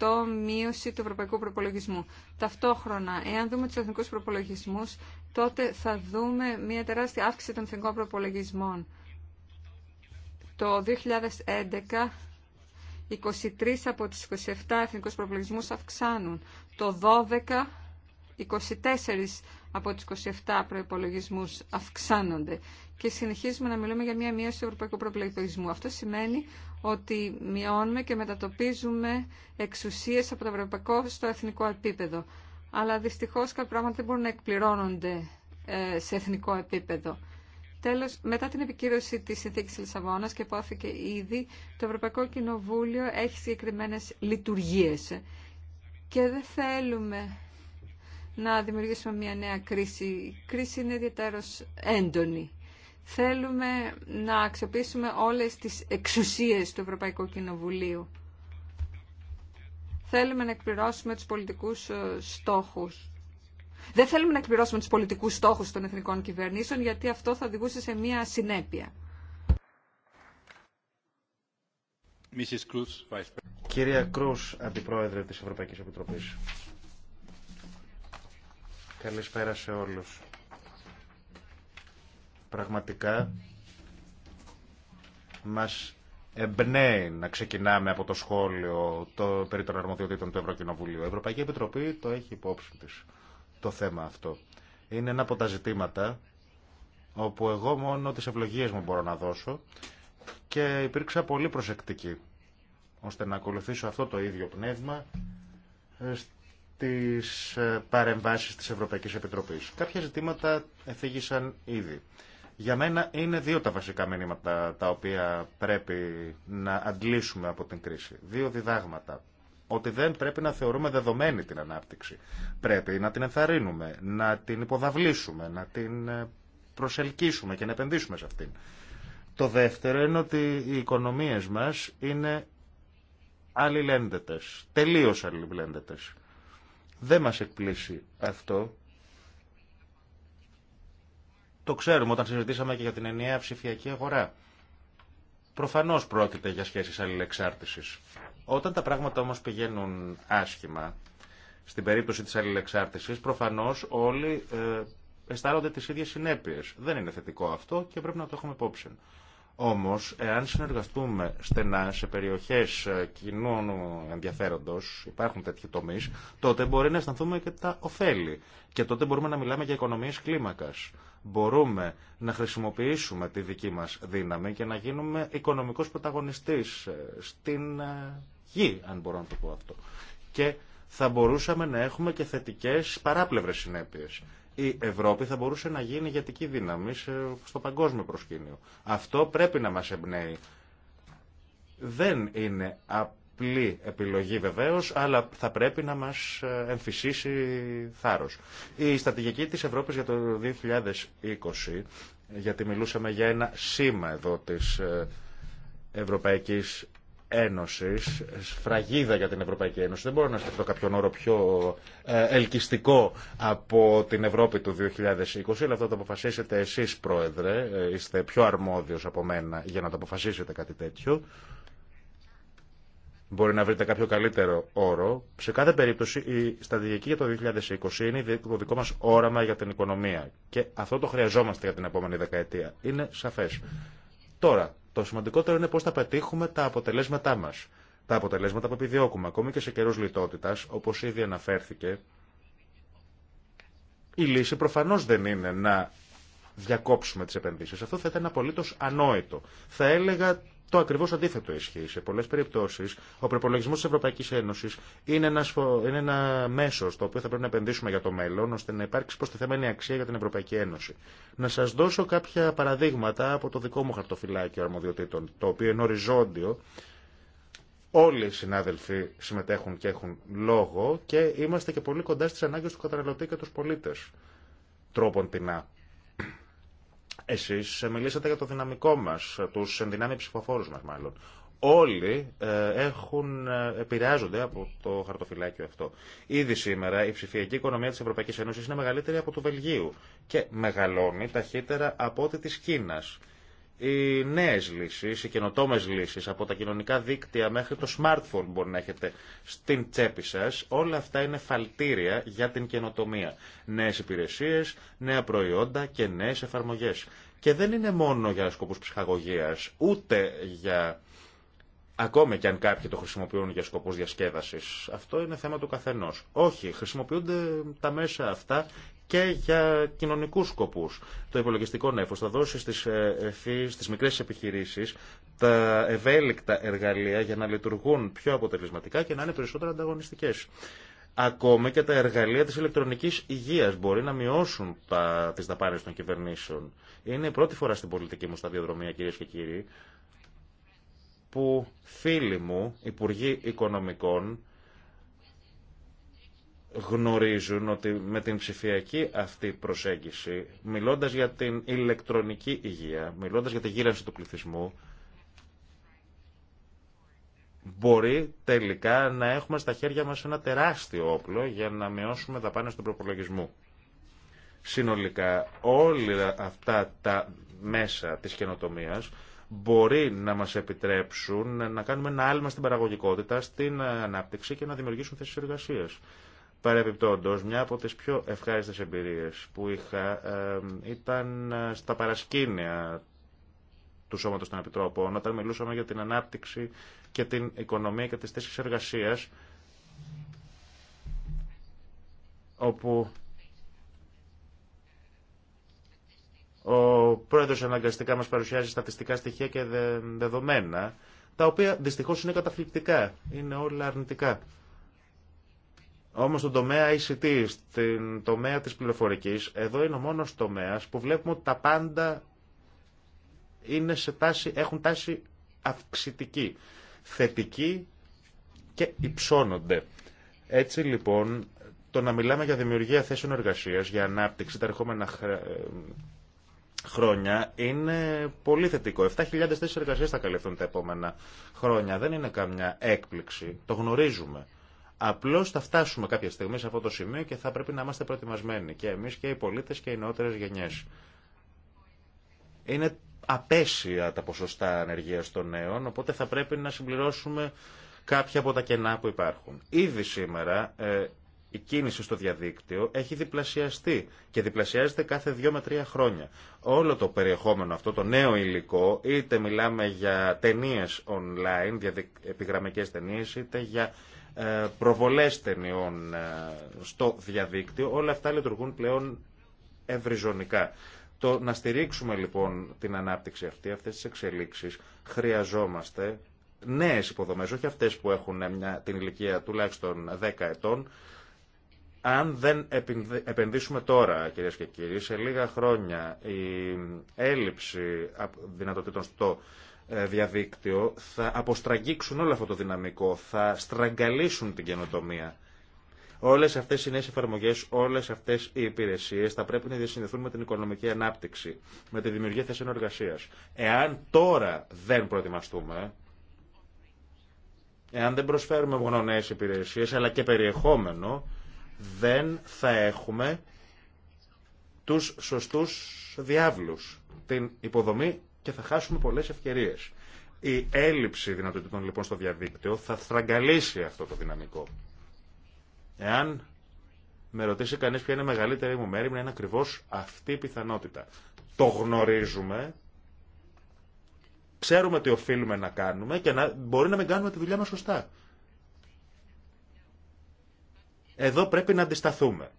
20% μείωση του ευρωπαϊκού προπολογισμού. Ταυτόχρονα, εάν δούμε τους εθνικούς προπολογισμούς, τότε θα δούμε μια τεράστια αύξηση των εθνικών προπολογισμών. Το 2011 23 από τις 27 εθνικούς προπολογισμούς αυξάνουν. Το 12 24 από τους 27 προϋπολογισμούς αυξάνονται και συνεχίζουμε να μιλούμε για μια μείωση του ευρωπαϊκού προϋπολογισμού. Αυτό σημαίνει ότι μειώνουμε και μετατοπίζουμε εξουσίες από το ευρωπαϊκό στο εθνικό επίπεδο. Αλλά δυστυχώς κάποια πράγματα δεν μπορούν να εκπληρώνονται ε, σε εθνικό επίπεδο. Τέλος, μετά την επικύρωση της συνθήκης Λισαβόνας και υπόθηκε ήδη, το Ευρωπαϊκό Κοινοβούλιο έχει συγκεκριμένες λειτουργίες. Και δεν θέλουμε να δημιουργήσουμε μια νέα κρίση. Η κρίση είναι ιδιαίτερως έντονη. Θέλουμε να αξιοποιήσουμε όλες τις εξουσίες του Ευρωπαϊκού Κοινοβουλίου. Θέλουμε να εκπληρώσουμε τους πολιτικούς ε, στόχους. Δεν θέλουμε να εκπληρώσουμε τους πολιτικούς στόχους των εθνικών κυβερνήσεων, γιατί αυτό θα οδηγούσε σε μια συνέπεια. Κυρία Κρούς, Αντιπρόεδρε της Ευρωπαϊκής Επιτροπής. Καλησπέρα σε όλους. Πραγματικά μας εμπνέει να ξεκινάμε από το σχόλιο το, περί των αρμοδιοτήτων του Ευρωκοινοβουλίου. Η Ευρωπαϊκή Επιτροπή το έχει υπόψη της το θέμα αυτό. Είναι ένα από τα ζητήματα όπου εγώ μόνο τις ευλογίες μου μπορώ να δώσω και υπήρξα πολύ προσεκτική ώστε να ακολουθήσω αυτό το ίδιο πνεύμα ε, τις ε, παρεμβάσεις της Ευρωπαϊκής Επιτροπής. Κάποια ζητήματα εφήγησαν ήδη. Για μένα είναι δύο τα βασικά μήνυματα τα οποία πρέπει να αντλήσουμε από την κρίση. Δύο διδάγματα. Ότι δεν πρέπει να θεωρούμε δεδομένη την ανάπτυξη. Πρέπει να την ενθαρρύνουμε, να την υποδαβλίσουμε, να την ε, προσελκύσουμε και να επενδύσουμε σε αυτήν. Το δεύτερο είναι ότι οι οικονομίες μας είναι αλληλένδετες, τελείως αλληλένδετες. Δεν μας εκπλήσει αυτό. Το ξέρουμε όταν συζητήσαμε και για την ενιαία ψηφιακή αγορά. Προφανώς πρόκειται για σχέσεις αλληλεξάρτησης. Όταν τα πράγματα όμως πηγαίνουν άσχημα, στην περίπτωση της αλληλεξάρτησης, προφανώς όλοι ε, αισθάνονται τις ίδιες συνέπειες. Δεν είναι θετικό αυτό και πρέπει να το έχουμε υπόψη. Όμως, εάν συνεργαστούμε στενά σε περιοχές ε, κοινών ενδιαφέροντος, υπάρχουν τέτοιοι τομείς, τότε μπορεί να αισθανθούμε και τα ωφέλη. Και τότε μπορούμε να μιλάμε για οικονομίες κλίμακας. Μπορούμε να χρησιμοποιήσουμε τη δική μας δύναμη και να γίνουμε οικονομικός πρωταγωνιστής ε, στην ε, γη, αν μπορώ να το πω αυτό. Και θα μπορούσαμε να έχουμε και θετικές παράπλευρες συνέπειες η Ευρώπη θα μπορούσε να γίνει ηγετική δύναμη στο παγκόσμιο προσκήνιο. Αυτό πρέπει να μας εμπνέει. Δεν είναι απλή επιλογή βεβαίως, αλλά θα πρέπει να μας ε, εμφυσίσει θάρρος. Η στρατηγική της Ευρώπης για το 2020, γιατί μιλούσαμε για ένα σήμα εδώ της ε, Ευρωπαϊκής Ένωση, σφραγίδα για την Ευρωπαϊκή Ένωση. Δεν μπορώ να σκεφτώ κάποιον όρο πιο ε, ελκυστικό από την Ευρώπη του 2020, αλλά αυτό το αποφασίσετε εσείς, Πρόεδρε. Ε, είστε πιο αρμόδιος από μένα για να το αποφασίσετε κάτι τέτοιο. Μπορεί να βρείτε κάποιο καλύτερο όρο. Σε κάθε περίπτωση, η στρατηγική για το 2020 είναι το δικό μας όραμα για την οικονομία. Και αυτό το χρειαζόμαστε για την επόμενη δεκαετία. Είναι σαφές. Τώρα, το σημαντικότερο είναι πώ θα πετύχουμε τα αποτελέσματά μα. Τα αποτελέσματα που επιδιώκουμε, ακόμη και σε καιρού λιτότητα, όπω ήδη αναφέρθηκε, η λύση προφανώ δεν είναι να διακόψουμε τι επενδύσει. Αυτό θα ήταν απολύτω ανόητο. Θα έλεγα το ακριβώ αντίθετο ισχύει. Σε πολλέ περιπτώσει, ο προπολογισμό τη Ευρωπαϊκή Ένωση είναι ένα, είναι ένα μέσο στο οποίο θα πρέπει να επενδύσουμε για το μέλλον, ώστε να υπάρξει προστιθέμενη αξία για την Ευρωπαϊκή Ένωση. Να σα δώσω κάποια παραδείγματα από το δικό μου χαρτοφυλάκιο αρμοδιοτήτων, το οποίο είναι οριζόντιο. Όλοι οι συνάδελφοι συμμετέχουν και έχουν λόγο και είμαστε και πολύ κοντά στι ανάγκε του καταναλωτή και του πολίτε. Τρόπον τεινά. Εσείς μιλήσατε για το δυναμικό μας, του ενδυνάμει ψηφοφόρου μας μάλλον. Όλοι ε, έχουν, ε, επηρεάζονται από το χαρτοφυλάκιο αυτό. Ήδη σήμερα η ψηφιακή οικονομία της Ευρωπαϊκής Ένωσης είναι μεγαλύτερη από του Βελγίου και μεγαλώνει ταχύτερα από ό,τι τη Κίνας οι νέε λύσει, οι καινοτόμε λύσεις, από τα κοινωνικά δίκτυα μέχρι το smartphone μπορεί να έχετε στην τσέπη σα, όλα αυτά είναι φαλτήρια για την καινοτομία. Νέε υπηρεσίες, νέα προϊόντα και νέε εφαρμογές. Και δεν είναι μόνο για σκοπούς ψυχαγωγία, ούτε για... Ακόμη και αν κάποιοι το χρησιμοποιούν για σκοπούς διασκέδαση. Αυτό είναι θέμα του καθενό. Όχι, χρησιμοποιούνται τα μέσα αυτά και για κοινωνικού σκοπού. Το υπολογιστικό νέφο θα δώσει στι στις ε, μικρέ επιχειρήσει τα ευέλικτα εργαλεία για να λειτουργούν πιο αποτελεσματικά και να είναι περισσότερο ανταγωνιστικέ. Ακόμη και τα εργαλεία της ηλεκτρονικής υγείας μπορεί να μειώσουν τα, τις δαπάνες των κυβερνήσεων. Είναι η πρώτη φορά στην πολιτική μου σταδιοδρομία, κύριε και κύριοι, που φίλοι μου, υπουργοί οικονομικών, γνωρίζουν ότι με την ψηφιακή αυτή προσέγγιση, μιλώντας για την ηλεκτρονική υγεία, μιλώντας για τη γύρανση του πληθυσμού, μπορεί τελικά να έχουμε στα χέρια μας ένα τεράστιο όπλο για να μειώσουμε τα πάνω στον προπολογισμό Συνολικά όλα αυτά τα μέσα της καινοτομίας μπορεί να μας επιτρέψουν να κάνουμε ένα άλμα στην παραγωγικότητα, στην ανάπτυξη και να δημιουργήσουν θέσεις εργασίας μια από τι πιο ευχάριστε εμπειρίε που είχα ήταν ε, στα παρασκήνια του Σώματος των Επιτρόπων, όταν μιλούσαμε για την ανάπτυξη και την οικονομία και τις θέσεις εργασίας, όπου ο πρόεδρος αναγκαστικά μας παρουσιάζει στατιστικά στοιχεία και δεδομένα, τα οποία δυστυχώς είναι καταφληπτικά, είναι όλα αρνητικά. Όμως στον τομέα ICT, στην τομέα της πληροφορικής, εδώ είναι ο μόνος τομέας που βλέπουμε ότι τα πάντα είναι σε τάση, έχουν τάση αυξητική, θετική και υψώνονται. Έτσι λοιπόν, το να μιλάμε για δημιουργία θέσεων εργασίας, για ανάπτυξη τα ερχόμενα ε, χρόνια είναι πολύ θετικό. 7.000 θέσει εργασία θα καλυφθούν τα επόμενα χρόνια. Δεν είναι καμιά έκπληξη. Το γνωρίζουμε. Απλώ θα φτάσουμε κάποια στιγμή σε αυτό το σημείο και θα πρέπει να είμαστε προετοιμασμένοι και εμεί και οι πολίτε και οι νεότερε γενιέ. Είναι απέσια τα ποσοστά ανεργία των νέων, οπότε θα πρέπει να συμπληρώσουμε κάποια από τα κενά που υπάρχουν. Ήδη σήμερα ε, η κίνηση στο διαδίκτυο έχει διπλασιαστεί και διπλασιάζεται κάθε δύο με τρία χρόνια. Όλο το περιεχόμενο αυτό, το νέο υλικό, είτε μιλάμε για ταινίε online, επιγραμμικέ ταινίε, είτε για ε, προβολές ταινιών ε, στο διαδίκτυο, όλα αυτά λειτουργούν πλέον ευρυζωνικά. Το να στηρίξουμε λοιπόν την ανάπτυξη αυτή, αυτές τις εξελίξεις, χρειαζόμαστε νέες υποδομές, όχι αυτές που έχουν μια, την ηλικία τουλάχιστον 10 ετών, αν δεν επενδύσουμε τώρα, κυρίε και κύριοι, σε λίγα χρόνια η έλλειψη δυνατοτήτων στο ε, διαδίκτυο θα αποστραγγίξουν όλο αυτό το δυναμικό, θα στραγγαλίσουν την καινοτομία. Όλες αυτές οι νέες εφαρμογές, όλες αυτές οι υπηρεσίες θα πρέπει να διασυνδεθούν με την οικονομική ανάπτυξη, με τη δημιουργία θέσεων εργασίας. Εάν τώρα δεν προετοιμαστούμε, εάν δεν προσφέρουμε μόνο νέες υπηρεσίες, αλλά και περιεχόμενο, δεν θα έχουμε τους σωστούς διάβλους, την υποδομή και θα χάσουμε πολλές ευκαιρίε. Η έλλειψη δυνατοτήτων λοιπόν στο διαδίκτυο θα φραγκαλίσει αυτό το δυναμικό. Εάν με ρωτήσει κανεί ποια είναι η μεγαλύτερη μου μέρη, είναι ακριβώς αυτή η πιθανότητα. Το γνωρίζουμε, ξέρουμε τι οφείλουμε να κάνουμε και να, μπορεί να μην κάνουμε τη δουλειά μας σωστά. Εδώ πρέπει να αντισταθούμε.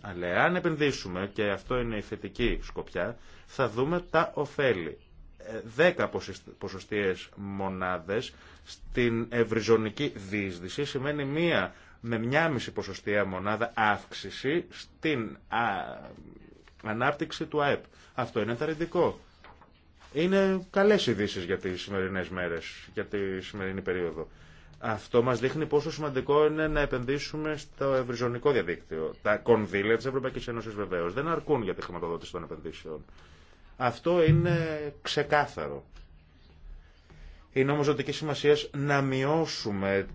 Αλλά εάν επενδύσουμε, και αυτό είναι η θετική σκοπιά, θα δούμε τα ωφέλη. 10 ποσοστιαίες μονάδες στην ευρυζωνική δίσδυση σημαίνει μία με μία μισή ποσοστία μονάδα αύξηση στην ανάπτυξη του ΑΕΠ. Αυτό είναι ενθαρρυντικό. Είναι καλές ειδήσει για τις σημερινές μέρες, για τη σημερινή περίοδο. Αυτό μας δείχνει πόσο σημαντικό είναι να επενδύσουμε στο ευρυζωνικό διαδίκτυο. Τα κονδύλια της Ευρωπαϊκής Ένωσης βεβαίως δεν αρκούν για τη χρηματοδότηση των επενδύσεων. Αυτό είναι ξεκάθαρο. Είναι όμως ζωτική σημασία να μειώσουμε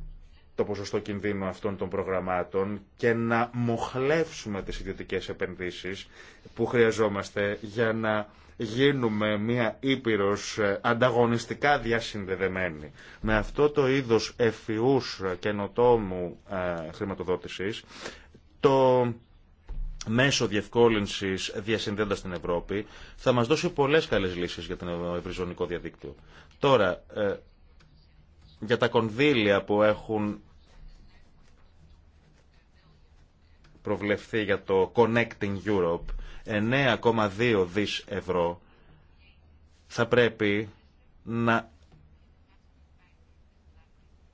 το ποσοστό κινδύνου αυτών των προγραμμάτων και να μοχλεύσουμε τις ιδιωτικές επενδύσεις που χρειαζόμαστε για να γίνουμε μια ήπειρος ανταγωνιστικά διασυνδεδεμένη. Με αυτό το είδος ευφυούς καινοτόμου ε, χρηματοδότησης, το μέσω διευκόλυνση διασυνδέοντας την Ευρώπη θα μα δώσει πολλέ καλέ λύσει για το ευρυζωνικό διαδίκτυο. Τώρα, ε, για τα κονδύλια που έχουν προβλεφθεί για το Connecting Europe 9,2 δις ευρώ θα πρέπει να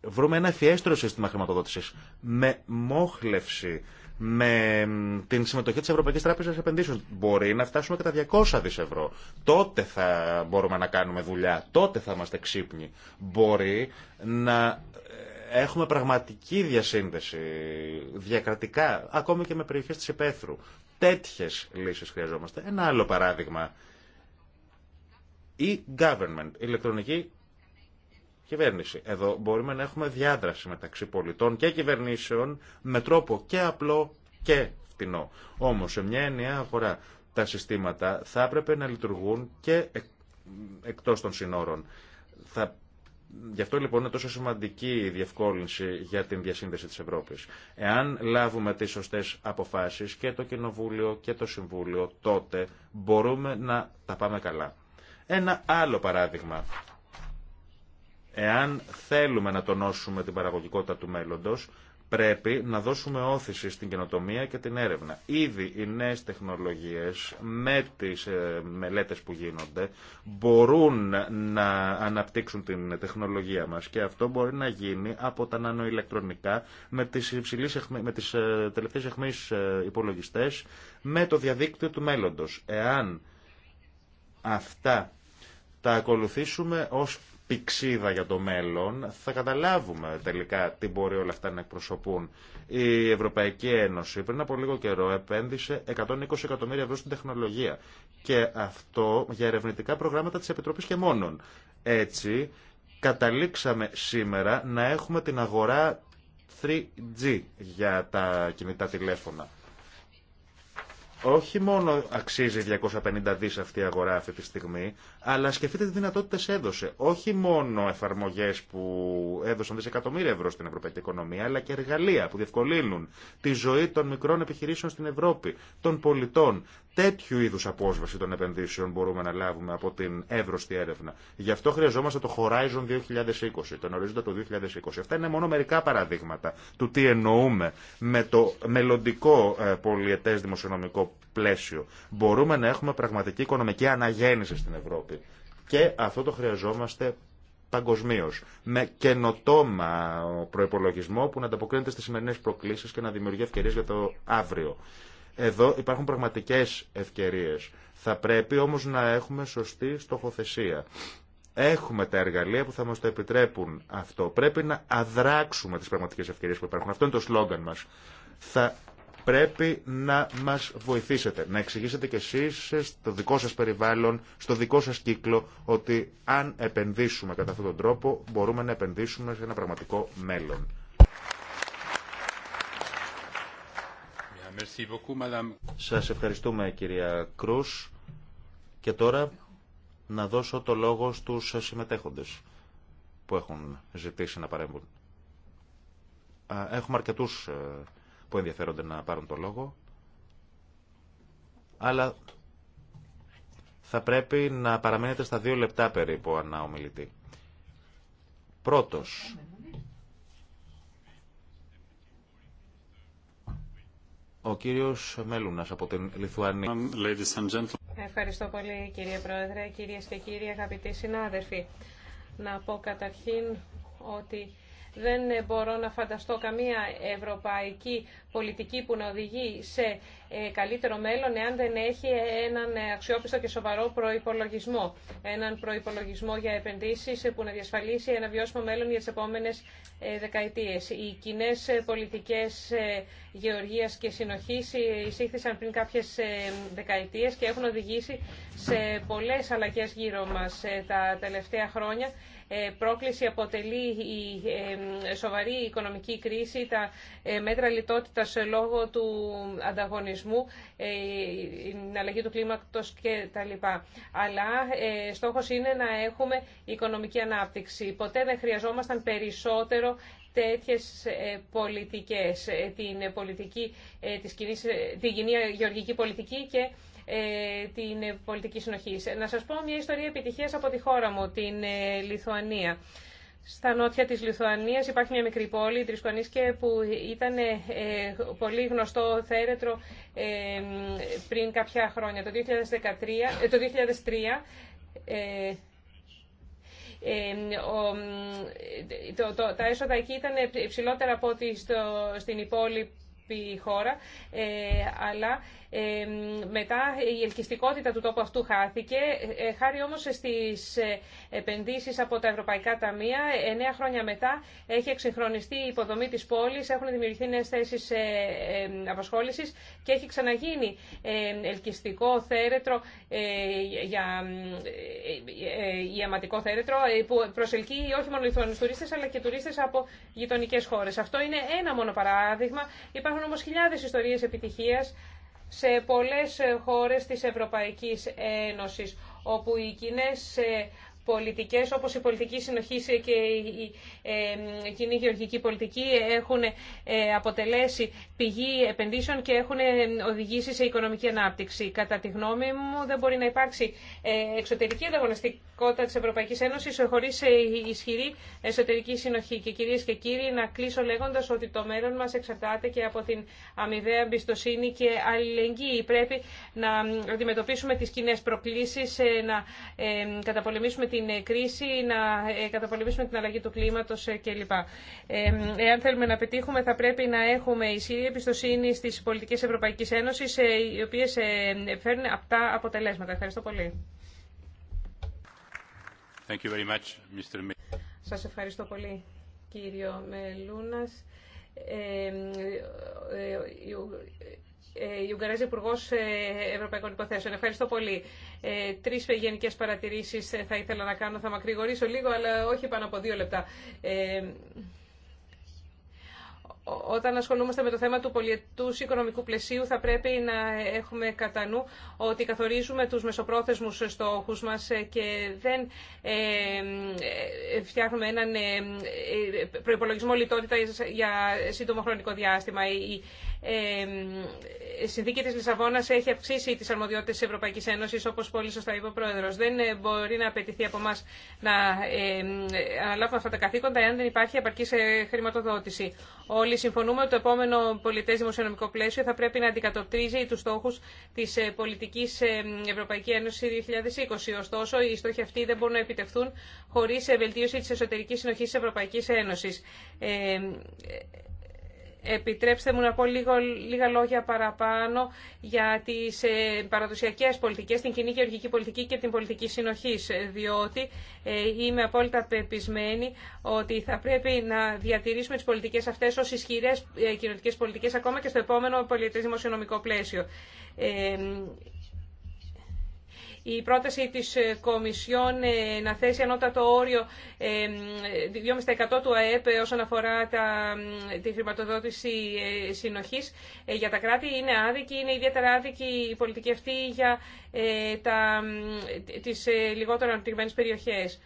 βρούμε ένα ευφιέστερο σύστημα χρηματοδότησης με μόχλευση με την συμμετοχή τη Ευρωπαϊκή Τράπεζα Επενδύσεων μπορεί να φτάσουμε κατά 200 δι ευρώ. Τότε θα μπορούμε να κάνουμε δουλειά. Τότε θα είμαστε ξύπνοι. Μπορεί να ε, έχουμε πραγματική διασύνδεση διακρατικά, ακόμη και με περιοχέ τη επέθρου. τετοιε Τέτοιε λύσει χρειαζόμαστε. Ένα άλλο η E-government, ηλεκτρονική κυβέρνηση. Εδώ μπορούμε να έχουμε διάδραση μεταξύ πολιτών και κυβερνήσεων με τρόπο και απλό και φτηνό. Όμως σε μια ενιαία αγορά τα συστήματα θα έπρεπε να λειτουργούν και εκτός των συνόρων. Θα... Γι' αυτό λοιπόν είναι τόσο σημαντική η διευκόλυνση για την διασύνδεση της Ευρώπης. Εάν λάβουμε τις σωστές αποφάσεις και το Κοινοβούλιο και το Συμβούλιο, τότε μπορούμε να τα πάμε καλά. Ένα άλλο παράδειγμα Εάν θέλουμε να τονώσουμε την παραγωγικότητα του μέλλοντος, πρέπει να δώσουμε όθηση στην καινοτομία και την έρευνα. Ήδη οι νέες τεχνολογίες με τις ε, μελέτες που γίνονται μπορούν να αναπτύξουν την τεχνολογία μας και αυτό μπορεί να γίνει από τα νανοηλεκτρονικά με τις, υψηλής, με τις ε, τελευταίες ε, υπολογιστές με το διαδίκτυο του μέλλοντος. Εάν αυτά τα ακολουθήσουμε ως πηξίδα για το μέλλον, θα καταλάβουμε τελικά τι μπορεί όλα αυτά να εκπροσωπούν. Η Ευρωπαϊκή Ένωση πριν από λίγο καιρό επένδυσε 120 εκατομμύρια ευρώ στην τεχνολογία και αυτό για ερευνητικά προγράμματα της Επιτροπής και μόνον. Έτσι καταλήξαμε σήμερα να έχουμε την αγορά 3G για τα κινητά τηλέφωνα όχι μόνο αξίζει 250 δις αυτή η αγορά αυτή τη στιγμή, αλλά σκεφτείτε τι δυνατότητες έδωσε. Όχι μόνο εφαρμογές που έδωσαν δισεκατομμύρια ευρώ στην ευρωπαϊκή οικονομία, αλλά και εργαλεία που διευκολύνουν τη ζωή των μικρών επιχειρήσεων στην Ευρώπη, των πολιτών. Τέτοιου είδου απόσβαση των επενδύσεων μπορούμε να λάβουμε από την εύρωστη έρευνα. Γι' αυτό χρειαζόμαστε το Horizon 2020, τον ορίζοντα του 2020. Αυτά είναι μόνο μερικά παραδείγματα του τι εννοούμε με το μελλοντικό ε, πολιετέ δημοσιονομικό πλαίσιο. Μπορούμε να έχουμε πραγματική οικονομική αναγέννηση στην Ευρώπη. Και αυτό το χρειαζόμαστε παγκοσμίω. Με καινοτόμα προπολογισμό που να ανταποκρίνεται στι σημερινέ προκλήσει και να δημιουργεί ευκαιρίε για το αύριο. Εδώ υπάρχουν πραγματικέ ευκαιρίε. Θα πρέπει όμω να έχουμε σωστή στοχοθεσία. Έχουμε τα εργαλεία που θα μα το επιτρέπουν αυτό. Πρέπει να αδράξουμε τι πραγματικέ ευκαιρίες που υπάρχουν. Αυτό είναι το σλόγγαν μα. Θα πρέπει να μας βοηθήσετε, να εξηγήσετε κι εσεί, στο δικό σα περιβάλλον, στο δικό σα κύκλο, ότι αν επενδύσουμε κατά αυτόν τον τρόπο, μπορούμε να επενδύσουμε σε ένα πραγματικό μέλλον. Σα ευχαριστούμε κυρία Κρούς και τώρα να δώσω το λόγο στους συμμετέχοντες που έχουν ζητήσει να παρέμβουν. Έχουμε αρκετού ε, που ενδιαφέρονται να πάρουν το λόγο. Αλλά θα πρέπει να παραμένετε στα δύο λεπτά περίπου ανά ομιλητή. Πρώτος, ο κύριος Μέλουνας από την Λιθουανία. Ευχαριστώ πολύ κύριε Πρόεδρε, κυρίες και κύριοι αγαπητοί συνάδελφοι. Να πω καταρχήν ότι δεν μπορώ να φανταστώ καμία ευρωπαϊκή πολιτική που να οδηγεί σε ε, καλύτερο μέλλον εάν δεν έχει έναν αξιόπιστο και σοβαρό προϋπολογισμό. Έναν προϋπολογισμό για επενδύσεις που να διασφαλίσει ένα βιώσιμο μέλλον για τις επόμενες ε, δεκαετίες. Οι κοινέ ε, πολιτικές γεωργίας και συνοχή εισήχθησαν πριν κάποιες δεκαετίες και έχουν οδηγήσει σε πολλές αλλαγέ γύρω μας τα τελευταία χρόνια. Πρόκληση αποτελεί η σοβαρή οικονομική κρίση, τα μέτρα λιτότητας λόγω του ανταγωνισμού την ε, αλλαγή του κλίματος κτλ. Αλλά ε, στόχος είναι να έχουμε οικονομική ανάπτυξη. Ποτέ δεν χρειαζόμασταν περισσότερο τέτοιες ε, πολιτικές, την, πολιτική, της κοινής, την κοινή γεωργική πολιτική και την πολιτική συνοχή. Να σας πω μια ιστορία επιτυχίας από τη χώρα μου, την Λιθουανία. Στα νότια της Λιθουανίας υπάρχει μια μικρή πόλη, η Τρισκονίσκε, που ήταν ε, πολύ γνωστό θέρετρο ε, πριν κάποια χρόνια. Το 2013, ε, το 2003 τα έσοδα εκεί ήταν υψηλότερα από ό,τι στην υπόλοιπη η χώρα, ε, αλλά ε, μετά η ελκυστικότητα του τόπου αυτού χάθηκε. Ε, χάρη όμως στις επενδύσεις από τα Ευρωπαϊκά Ταμεία, εννέα χρόνια μετά έχει εξυγχρονιστεί η υποδομή της πόλης, έχουν δημιουργηθεί νέες θέσεις απασχόλησης και έχει ξαναγίνει ελκυστικό θέρετρο, για, ε, θέρετρο, που προσελκύει όχι μόνο τουρίστες, αλλά και τουρίστες από γειτονικές χώρες. Αυτό είναι ένα μόνο παράδειγμα. Υπάρχουν όμως χιλιάδες ιστορίες επιτυχίας σε πολλές χώρες της Ευρωπαϊκής Ένωσης, όπου οι κοινέ πολιτικές όπως η πολιτική συνοχή και η κοινή γεωργική πολιτική έχουν ε, αποτελέσει πηγή επενδύσεων και έχουν ε, οδηγήσει σε οικονομική ανάπτυξη. Κατά τη γνώμη μου δεν μπορεί να υπάρξει ε, εξωτερική ανταγωνιστικότητα της Ευρωπαϊκής Ένωσης χωρίς ισχυρή εσωτερική συνοχή. Και κυρίες και κύριοι να κλείσω λέγοντας ότι το μέλλον μας εξαρτάται και από την αμοιβαία εμπιστοσύνη και αλληλεγγύη. Πρέπει να αντιμετωπίσουμε τις κοινέ προκλήσεις, να καταπολεμήσουμε την ε, κρίση, να ε, καταπολεμήσουμε την αλλαγή του κλίματος ε, κλπ. Εάν θέλουμε να πετύχουμε θα πρέπει να έχουμε ισχυρή εμπιστοσύνη στις πολιτικές Ευρωπαϊκής Ένωσης οι οποίες φέρνουν αυτά αποτελέσματα. Ευχαριστώ πολύ. Thank ευχαριστώ πολύ κύριο Μελούνας. Ε, η Ουγγαρέζη Υπουργό ε, Ευρωπαϊκών Υποθέσεων. Ευχαριστώ πολύ. Ε, Τρει γενικέ παρατηρήσει ε, θα ήθελα να κάνω. Θα μακρηγορήσω λίγο, αλλά όχι πάνω από δύο λεπτά. όταν ασχολούμαστε με το θέμα του πολιετού οικονομικού πλαισίου, θα πρέπει να έχουμε κατά νου ότι καθορίζουμε τους μεσοπρόθεσμους στόχου μα και δεν φτιάχνουμε έναν προπολογισμό λιτότητα για σύντομο χρονικό διάστημα. Η η συνθήκη τη Λισαβόνα έχει αυξήσει τι αρμοδιότητε της Ευρωπαϊκής Ένωσης, όπως πολύ σωστά είπε ο Προεδρο. Δεν ε, μπορεί να απαιτηθεί από εμά να αναλάβουμε αυτά τα καθήκοντα, εάν δεν υπάρχει επαρκή ε, χρηματοδότηση. Όλοι συμφωνούμε ότι το επόμενο πολιτέ δημοσιονομικό πλαίσιο θα πρέπει να αντικατοπτρίζει του στόχου τη ε, πολιτική Ευρωπαϊκή Ένωση 2020. Ωστόσο, οι στόχοι αυτοί δεν μπορούν να επιτευχθούν χωρί βελτίωση τη εσωτερική συνοχή τη Ευρωπαϊκής Ένωσης. Επιτρέψτε μου να πω λίγο, λίγα λόγια παραπάνω για τις ε, παραδοσιακές πολιτικές, την κοινή γεωργική πολιτική και την πολιτική συνοχής, ε, διότι ε, είμαι απόλυτα πεπισμένη ότι θα πρέπει να διατηρήσουμε τις πολιτικές αυτές ως ισχυρές κοινωνικές πολιτικές ακόμα και στο επόμενο πολιτισμο δημοσιονομικό πλαίσιο. Η πρόταση της ε, Κομισιόν ε, να θέσει ανώτατο όριο 2,5% ε, του ΑΕΠ όσον αφορά τα, τη χρηματοδότηση συνοχής για τα κράτη είναι άδικη. Είναι ιδιαίτερα άδικη η πολιτική αυτή για τα, τις λιγότερο αναπτυγμένες περιοχές.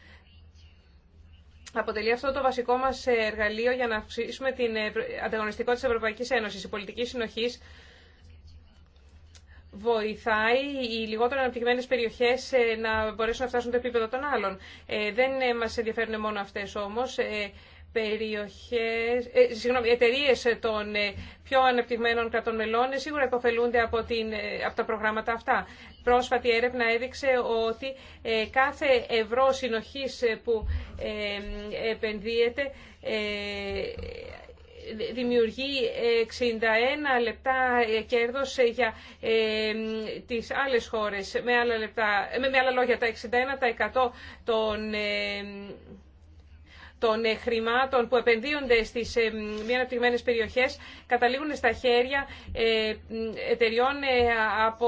Αποτελεί αυτό το βασικό μας εργαλείο για να αυξήσουμε την ανταγωνιστικότητα της Ευρωπαϊκής Ένωσης. Η πολιτική συνοχής βοηθάει οι λιγότερο αναπτυγμένες περιοχέ ε, να μπορέσουν να φτάσουν το επίπεδο των άλλων. Ε, δεν ε, μα ενδιαφέρουν μόνο αυτές όμως περιοχές, ε, συγγνώμη, εταιρείες των πιο αναπτυγμένων κρατών μελών σίγουρα υποφελούνται από, την, από τα προγράμματα αυτά. Πρόσφατη έρευνα έδειξε ότι κάθε ευρώ συνοχής που επενδύεται δημιουργεί 61 λεπτά κέρδος για ε, τις άλλες χώρες. Με άλλα, λεπτά, με άλλα λόγια, τα 61% των ε, των ε, χρημάτων που επενδύονται στις μη αναπτυγμένες περιοχές καταλήγουν στα χέρια εταιριών από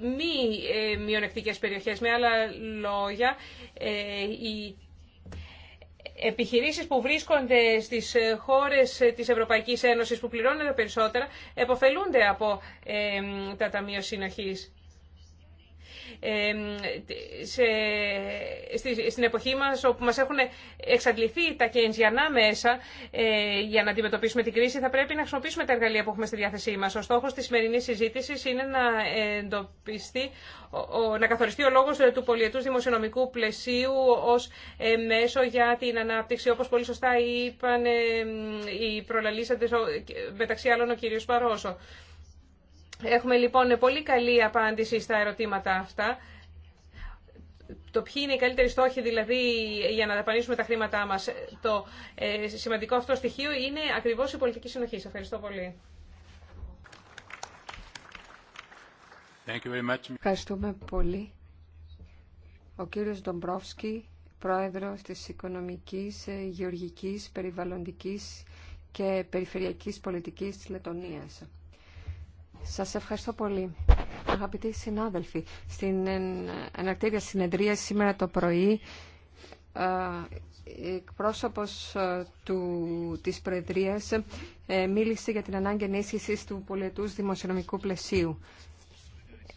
μη μειονεκτικές περιοχές. Με άλλα λόγια, επιχειρήσεις που βρίσκονται στις ε, χώρες ε, της Ευρωπαϊκής Ένωσης που πληρώνουν περισσότερα, εποφελούνται από ε, τα Ταμεία Συνοχής στην εποχή μας όπου μας έχουν εξαντληθεί τα κεντζιανά μέσα ε, για να αντιμετωπίσουμε την κρίση θα πρέπει να χρησιμοποιήσουμε τα εργαλεία που έχουμε στη διάθεσή μας. Ο στόχος της σημερινής συζήτησης είναι να εντοπιστεί να καθοριστεί ο λόγος ε, του πολιετούς δημοσιονομικού πλαισίου ως ε, μέσο για την ανάπτυξη, όπως πολύ σωστά είπαν οι προλαλήσαντες, μεταξύ άλλων ο κύριος Παρόσο. Έχουμε λοιπόν πολύ καλή απάντηση στα ερωτήματα αυτά. Το ποιοι είναι οι καλύτεροι στόχοι δηλαδή για να δαπανίσουμε τα χρήματά μας. Το ε, σημαντικό αυτό στοιχείο είναι ακριβώς η πολιτική συνοχή. Σας ευχαριστώ πολύ. Ευχαριστούμε πολύ. Ο κύριος Ντομπρόφσκι, πρόεδρος της Οικονομικής, Γεωργικής, Περιβαλλοντικής και Περιφερειακής Πολιτικής της Λετωνίας. Σας ευχαριστώ πολύ. Αγαπητοί συνάδελφοι, στην ανακτήρια συνεδρία σήμερα το πρωί ε, εκπρόσωπος ε, του, της Προεδρίας ε, μίλησε για την ανάγκη ενίσχυσης του πολιτούς δημοσιονομικού πλαισίου.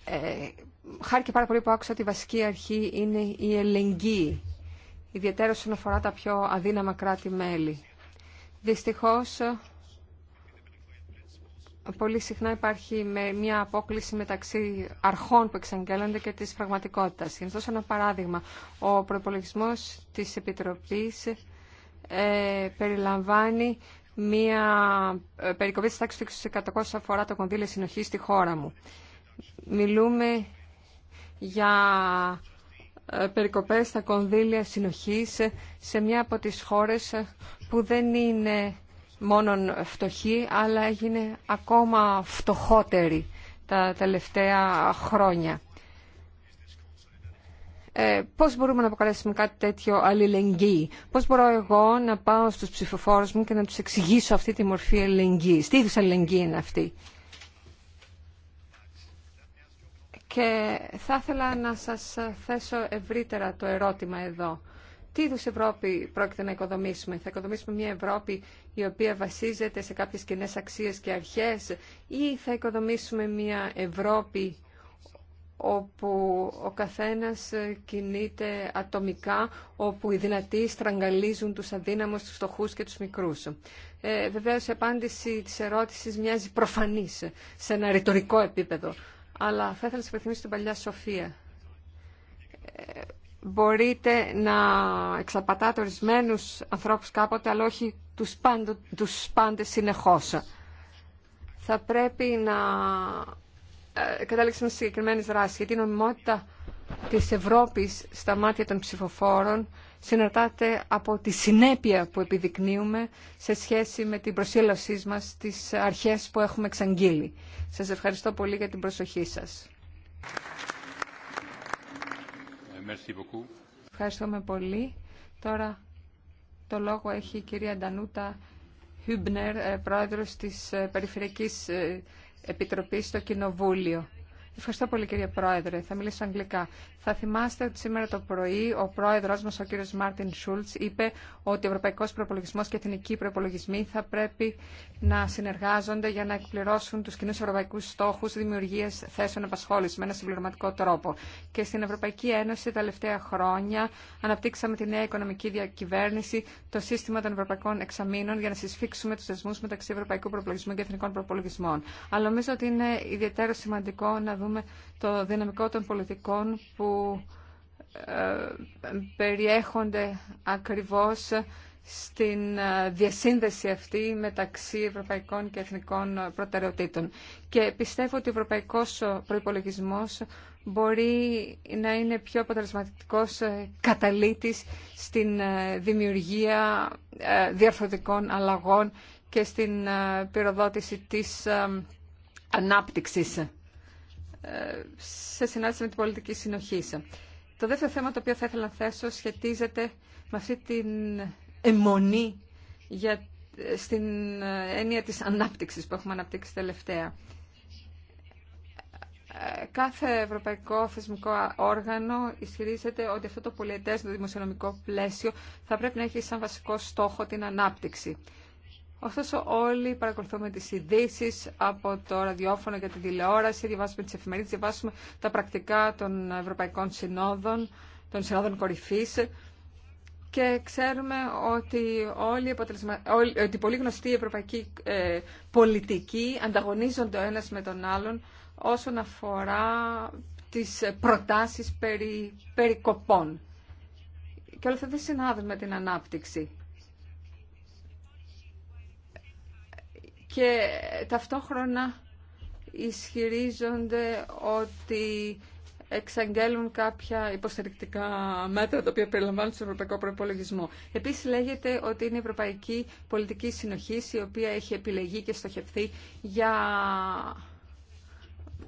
Ε, και πάρα πολύ που άκουσα ότι η βασική αρχή είναι η ελεγγύη, ιδιαίτερα όσον αφορά τα πιο αδύναμα κράτη-μέλη. Δυστυχώς, πολύ συχνά υπάρχει με μια απόκληση μεταξύ αρχών που εξαγγέλλονται και της πραγματικότητας. Για να δώσω ένα παράδειγμα, ο προπολογισμό της Επιτροπής ε, περιλαμβάνει μια ε, περικοπή της τάξης του 600 αφορά το κονδύλια συνοχή στη χώρα μου. Μιλούμε για ε, περικοπές στα κονδύλια συνοχής σε μια από τις χώρες που δεν είναι μόνον φτωχή, αλλά έγινε ακόμα φτωχότερη τα τελευταία χρόνια. Ε, πώς μπορούμε να αποκαλέσουμε κάτι τέτοιο αλληλεγγύη. Πώς μπορώ εγώ να πάω στους ψηφοφόρους μου και να τους εξηγήσω αυτή τη μορφή αλληλεγγύη. Τι είδους αλληλεγγύη είναι αυτή. Και θα ήθελα να σας θέσω ευρύτερα το ερώτημα εδώ τι είδου Ευρώπη πρόκειται να οικοδομήσουμε. Θα οικοδομήσουμε μια Ευρώπη η οποία βασίζεται σε κάποιες κοινέ αξίες και αρχές ή θα οικοδομήσουμε μια Ευρώπη όπου ο καθένας κινείται ατομικά, όπου οι δυνατοί στραγγαλίζουν τους αδύναμους, τους φτωχού και τους μικρούς. Ε, βεβαίως η απάντηση της ερώτησης μοιάζει προφανής σε ένα ρητορικό επίπεδο. Αλλά θα ήθελα να σας υπενθυμίσω την παλιά Σοφία. Ε, μπορείτε να εξαπατάτε ορισμένου ανθρώπους κάποτε, αλλά όχι τους, πάντο, τους πάντες συνεχώς. Θα πρέπει να ε, καταλήξουμε σε συγκεκριμένες δράσεις, γιατί η νομιμότητα της Ευρώπης στα μάτια των ψηφοφόρων συναρτάται από τη συνέπεια που επιδεικνύουμε σε σχέση με την προσήλωσή μας στις αρχές που έχουμε εξαγγείλει. Σας ευχαριστώ πολύ για την προσοχή σας. Ευχαριστούμε πολύ. Τώρα το λόγο έχει η κυρία Ντανούτα Χούμπνερ, ε, πρόεδρος της ε, Περιφερειακής ε, Επιτροπής στο Κοινοβούλιο. Ευχαριστώ πολύ κύριε Πρόεδρε. Θα μιλήσω αγγλικά. Θα θυμάστε ότι σήμερα το πρωί ο πρόεδρό μα, ο κύριο Μάρτιν Σούλτ, είπε ότι ο Ευρωπαϊκό Προπολογισμό και Εθνικοί Προπολογισμοί θα πρέπει να συνεργάζονται για να εκπληρώσουν του κοινού ευρωπαϊκού στόχου δημιουργία θέσεων απασχόληση με ένα συμπληρωματικό τρόπο. Και στην Ευρωπαϊκή Ένωση τα τελευταία χρόνια αναπτύξαμε τη νέα οικονομική διακυβέρνηση, το σύστημα των Ευρωπαϊκών Εξαμήνων για να συσφίξουμε του δεσμού μεταξύ Ευρωπαϊκού Προπολογισμού και Εθνικών Προπολογισμών. Αλλά νομίζω ότι είναι ιδιαίτερο σημαντικό να δούμε το δυναμικό των πολιτικών που ε, περιέχονται ακριβώς στην ε, διασύνδεση αυτή μεταξύ ευρωπαϊκών και εθνικών προτεραιοτήτων. Και πιστεύω ότι ο ευρωπαϊκός ε, προϋπολογισμός μπορεί να είναι πιο αποτελεσματικός καταλήτης στην δημιουργία διαρθρωτικών αλλαγών και στην πυροδότηση της ανάπτυξης. Ε, σε συνάντηση με την πολιτική συνοχή. Το δεύτερο θέμα το οποίο θα ήθελα να θέσω σχετίζεται με αυτή την αιμονή για, στην ε, έννοια της ανάπτυξης που έχουμε αναπτύξει τελευταία. Ε, κάθε ευρωπαϊκό θεσμικό όργανο ισχυρίζεται ότι αυτό το πολιετές το δημοσιονομικό πλαίσιο θα πρέπει να έχει σαν βασικό στόχο την ανάπτυξη. Ωστόσο όλοι παρακολουθούμε τι ειδήσει από το ραδιόφωνο και τη τηλεόραση, διαβάσουμε τι εφημερίδες, διαβάσουμε τα πρακτικά των Ευρωπαϊκών Συνόδων, των Συνόδων κορυφή, και ξέρουμε ότι, όλοι, πολύ γνωστοί ευρωπαϊκοί ε, πολιτικοί ανταγωνίζονται ο ένας με τον άλλον όσον αφορά τις προτάσεις περί κοπών. Και όλα αυτά δεν συνάδουν με την ανάπτυξη. και ταυτόχρονα ισχυρίζονται ότι εξαγγέλουν κάποια υποστηρικτικά μέτρα τα οποία περιλαμβάνουν στον Ευρωπαϊκό Προπολογισμό. Επίσης λέγεται ότι είναι η Ευρωπαϊκή Πολιτική Συνοχή, η οποία έχει επιλεγεί και στοχευθεί για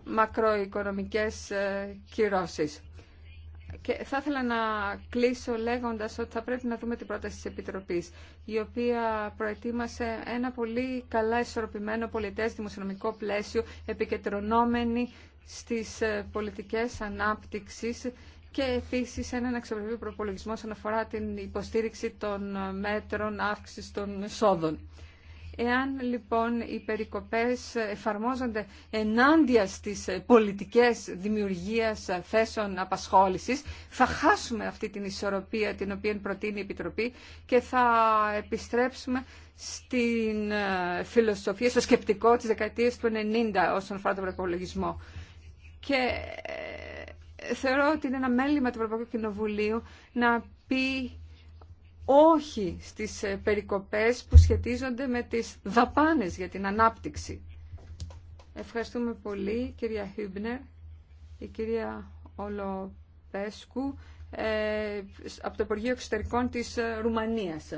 μακροοικονομικές ε, κυρώσεις. Και θα ήθελα να κλείσω λέγοντας ότι θα πρέπει να δούμε την πρόταση της Επιτροπής, η οποία προετοίμασε ένα πολύ καλά ισορροπημένο πολιτές δημοσιονομικό πλαίσιο, επικεντρωνόμενη στις ε, πολιτικές ανάπτυξης και επίσης έναν αξιοπρεπή προπολογισμό όσον αφορά την υποστήριξη των ε, μέτρων αύξησης των σόδων. Εάν λοιπόν οι περικοπές εφαρμόζονται ενάντια στις πολιτικές δημιουργίας θέσεων απασχόλησης, θα χάσουμε αυτή την ισορροπία την οποία προτείνει η Επιτροπή και θα επιστρέψουμε στην ε, φιλοσοφία, στο σκεπτικό της δεκαετίας του 90 όσον αφορά τον προπολογισμό. Και ε, θεωρώ ότι είναι ένα μέλημα του Ευρωπαϊκού Κοινοβουλίου να πει όχι στις ε, περικοπές που σχετίζονται με τις δαπάνες για την ανάπτυξη. Ευχαριστούμε πολύ, κυρία Χίμπνερ, η κυρία Ολοπέσκου, ε, από το Υπουργείο Εξωτερικών της ε, Ρουμανίας.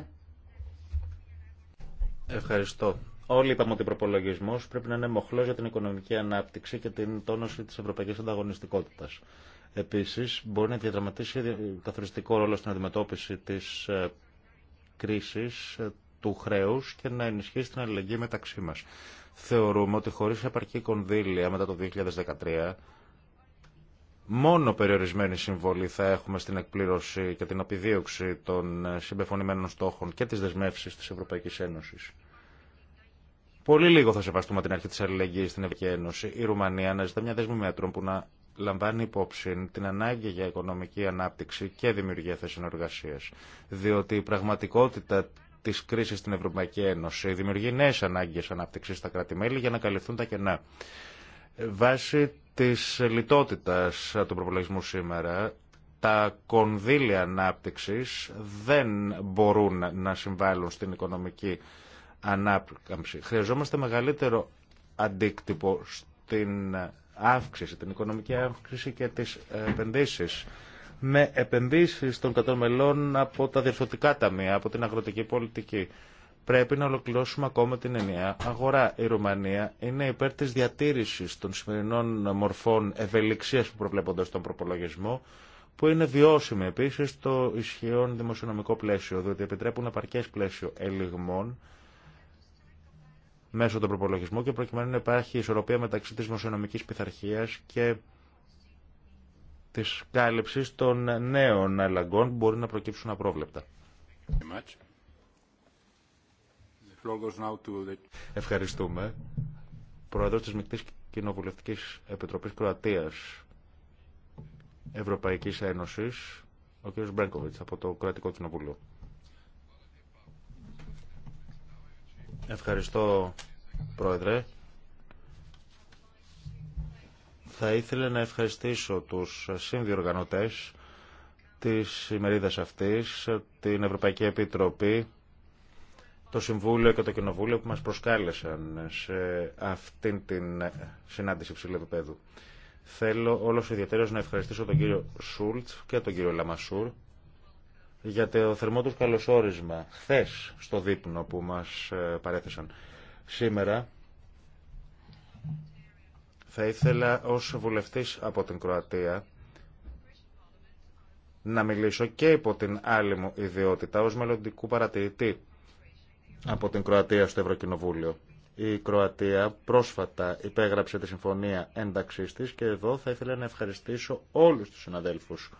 Ευχαριστώ. Όλοι είπαμε ότι ο προπολογισμό πρέπει να είναι μοχλό για την οικονομική ανάπτυξη και την τόνωση τη ευρωπαϊκή ανταγωνιστικότητα. Επίση, μπορεί να διαδραματίσει καθοριστικό ρόλο στην αντιμετώπιση τη κρίσης ε, του χρέους και να ενισχύσει την αλληλεγγύη μεταξύ μας. Θεωρούμε ότι χωρίς επαρκή κονδύλια μετά το 2013 μόνο περιορισμένη συμβολή θα έχουμε στην εκπλήρωση και την επιδίωξη των ε, συμπεφωνημένων στόχων και της δεσμεύσεις της Ευρωπαϊκής Ένωσης. Πολύ λίγο θα σεβαστούμε την αρχή τη αλληλεγγύη στην Ευρωπαϊκή Ένωση. Η Ρουμανία αναζητά μια δέσμη μέτρων που να λαμβάνει υπόψη την ανάγκη για οικονομική ανάπτυξη και δημιουργία θέσεων εργασία. Διότι η πραγματικότητα τη κρίση στην Ευρωπαϊκή Ένωση δημιουργεί νέε ανάγκε ανάπτυξη στα κράτη-μέλη για να καλυφθούν τα κενά. Βάσει τη λιτότητα του προπολογισμού σήμερα, τα κονδύλια ανάπτυξη δεν μπορούν να συμβάλλουν στην οικονομική ανάπτυξη. Χρειαζόμαστε μεγαλύτερο αντίκτυπο στην αύξηση, την οικονομική αύξηση και τις επενδύσεις με επενδύσεις των κατώμελών από τα διευθυντικά ταμεία, από την αγροτική πολιτική. Πρέπει να ολοκληρώσουμε ακόμα την ενιαία αγορά. Η Ρουμανία είναι υπέρ της διατήρησης των σημερινών μορφών ευελιξίας που προβλέπονται στον προπολογισμό, που είναι βιώσιμη επίσης το ισχυρό δημοσιονομικό πλαίσιο, διότι επιτρέπουν απαρκές πλαίσιο ελιγμών, μέσω του προπολογισμού και προκειμένου να υπάρχει ισορροπία μεταξύ της νοσονομικής πειθαρχία και της κάλυψης των νέων αλλαγών που μπορεί να προκύψουν απρόβλεπτα. Ευχαριστούμε. Πρόεδρος της Μικτής Κοινοβουλευτικής Επιτροπής Κροατίας Ευρωπαϊκής Ένωσης, ο κ. Μπρέγκοβιτς από το Κρατικό Κοινοβούλιο. Ευχαριστώ, Πρόεδρε. Θα ήθελα να ευχαριστήσω τους συνδιοργανωτές της ημερίδας αυτής, την Ευρωπαϊκή Επιτροπή, το Συμβούλιο και το Κοινοβούλιο που μας προσκάλεσαν σε αυτήν την συνάντηση ψηλού επίπεδου. Θέλω όλος ιδιαίτερος να ευχαριστήσω τον κύριο Σούλτ και τον κύριο Λαμασούρ για το θερμό του καλωσόρισμα χθε στο δείπνο που μας ε, παρέθεσαν. Σήμερα θα ήθελα ως βουλευτής από την Κροατία να μιλήσω και υπό την άλλη μου ιδιότητα ως μελλοντικού παρατηρητή από την Κροατία στο Ευρωκοινοβούλιο. Η Κροατία πρόσφατα υπέγραψε τη συμφωνία ένταξής της και εδώ θα ήθελα να ευχαριστήσω όλους τους συναδέλφους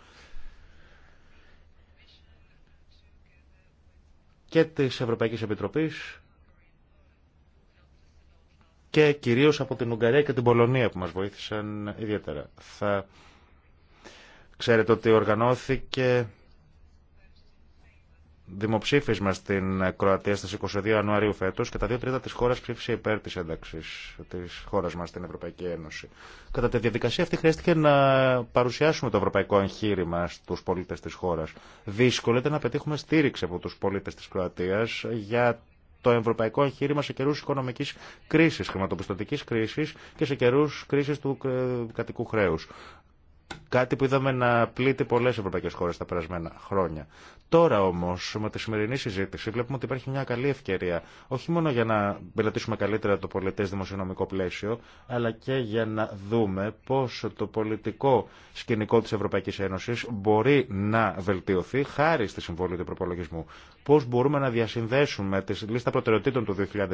και της Ευρωπαϊκής Επιτροπής και κυρίως από την Ουγγαρία και την Πολωνία που μας βοήθησαν ιδιαίτερα. Θα ξέρετε ότι οργανώθηκε δημοψήφισμα στην Κροατία στις 22 Ιανουαρίου φέτος και τα δύο τρίτα της χώρα ψήφισε υπέρ τη ένταξη της χώρας μας στην Ευρωπαϊκή Ένωση. Κατά τη διαδικασία αυτή χρειάστηκε να παρουσιάσουμε το ευρωπαϊκό εγχείρημα στου πολίτες της χώρας. Δύσκολο ήταν να πετύχουμε στήριξη από τους πολίτες της Κροατίας για το ευρωπαϊκό εγχείρημα σε καιρού οικονομική κρίση, χρηματοπιστωτική κρίση και σε καιρού κρίση του ε, κατοικού χρέου. Κάτι που είδαμε να πλήττει πολλέ ευρωπαϊκέ χώρε τα περασμένα χρόνια. Τώρα όμω, με τη σημερινή συζήτηση, βλέπουμε ότι υπάρχει μια καλή ευκαιρία. Όχι μόνο για να μελετήσουμε καλύτερα το πολιτέ δημοσιονομικό πλαίσιο, αλλά και για να δούμε πώ το πολιτικό σκηνικό τη Ευρωπαϊκή Ένωση μπορεί να βελτιωθεί χάρη στη συμβόλη του προπολογισμού. Πώ μπορούμε να διασυνδέσουμε τη λίστα προτεραιοτήτων του 2020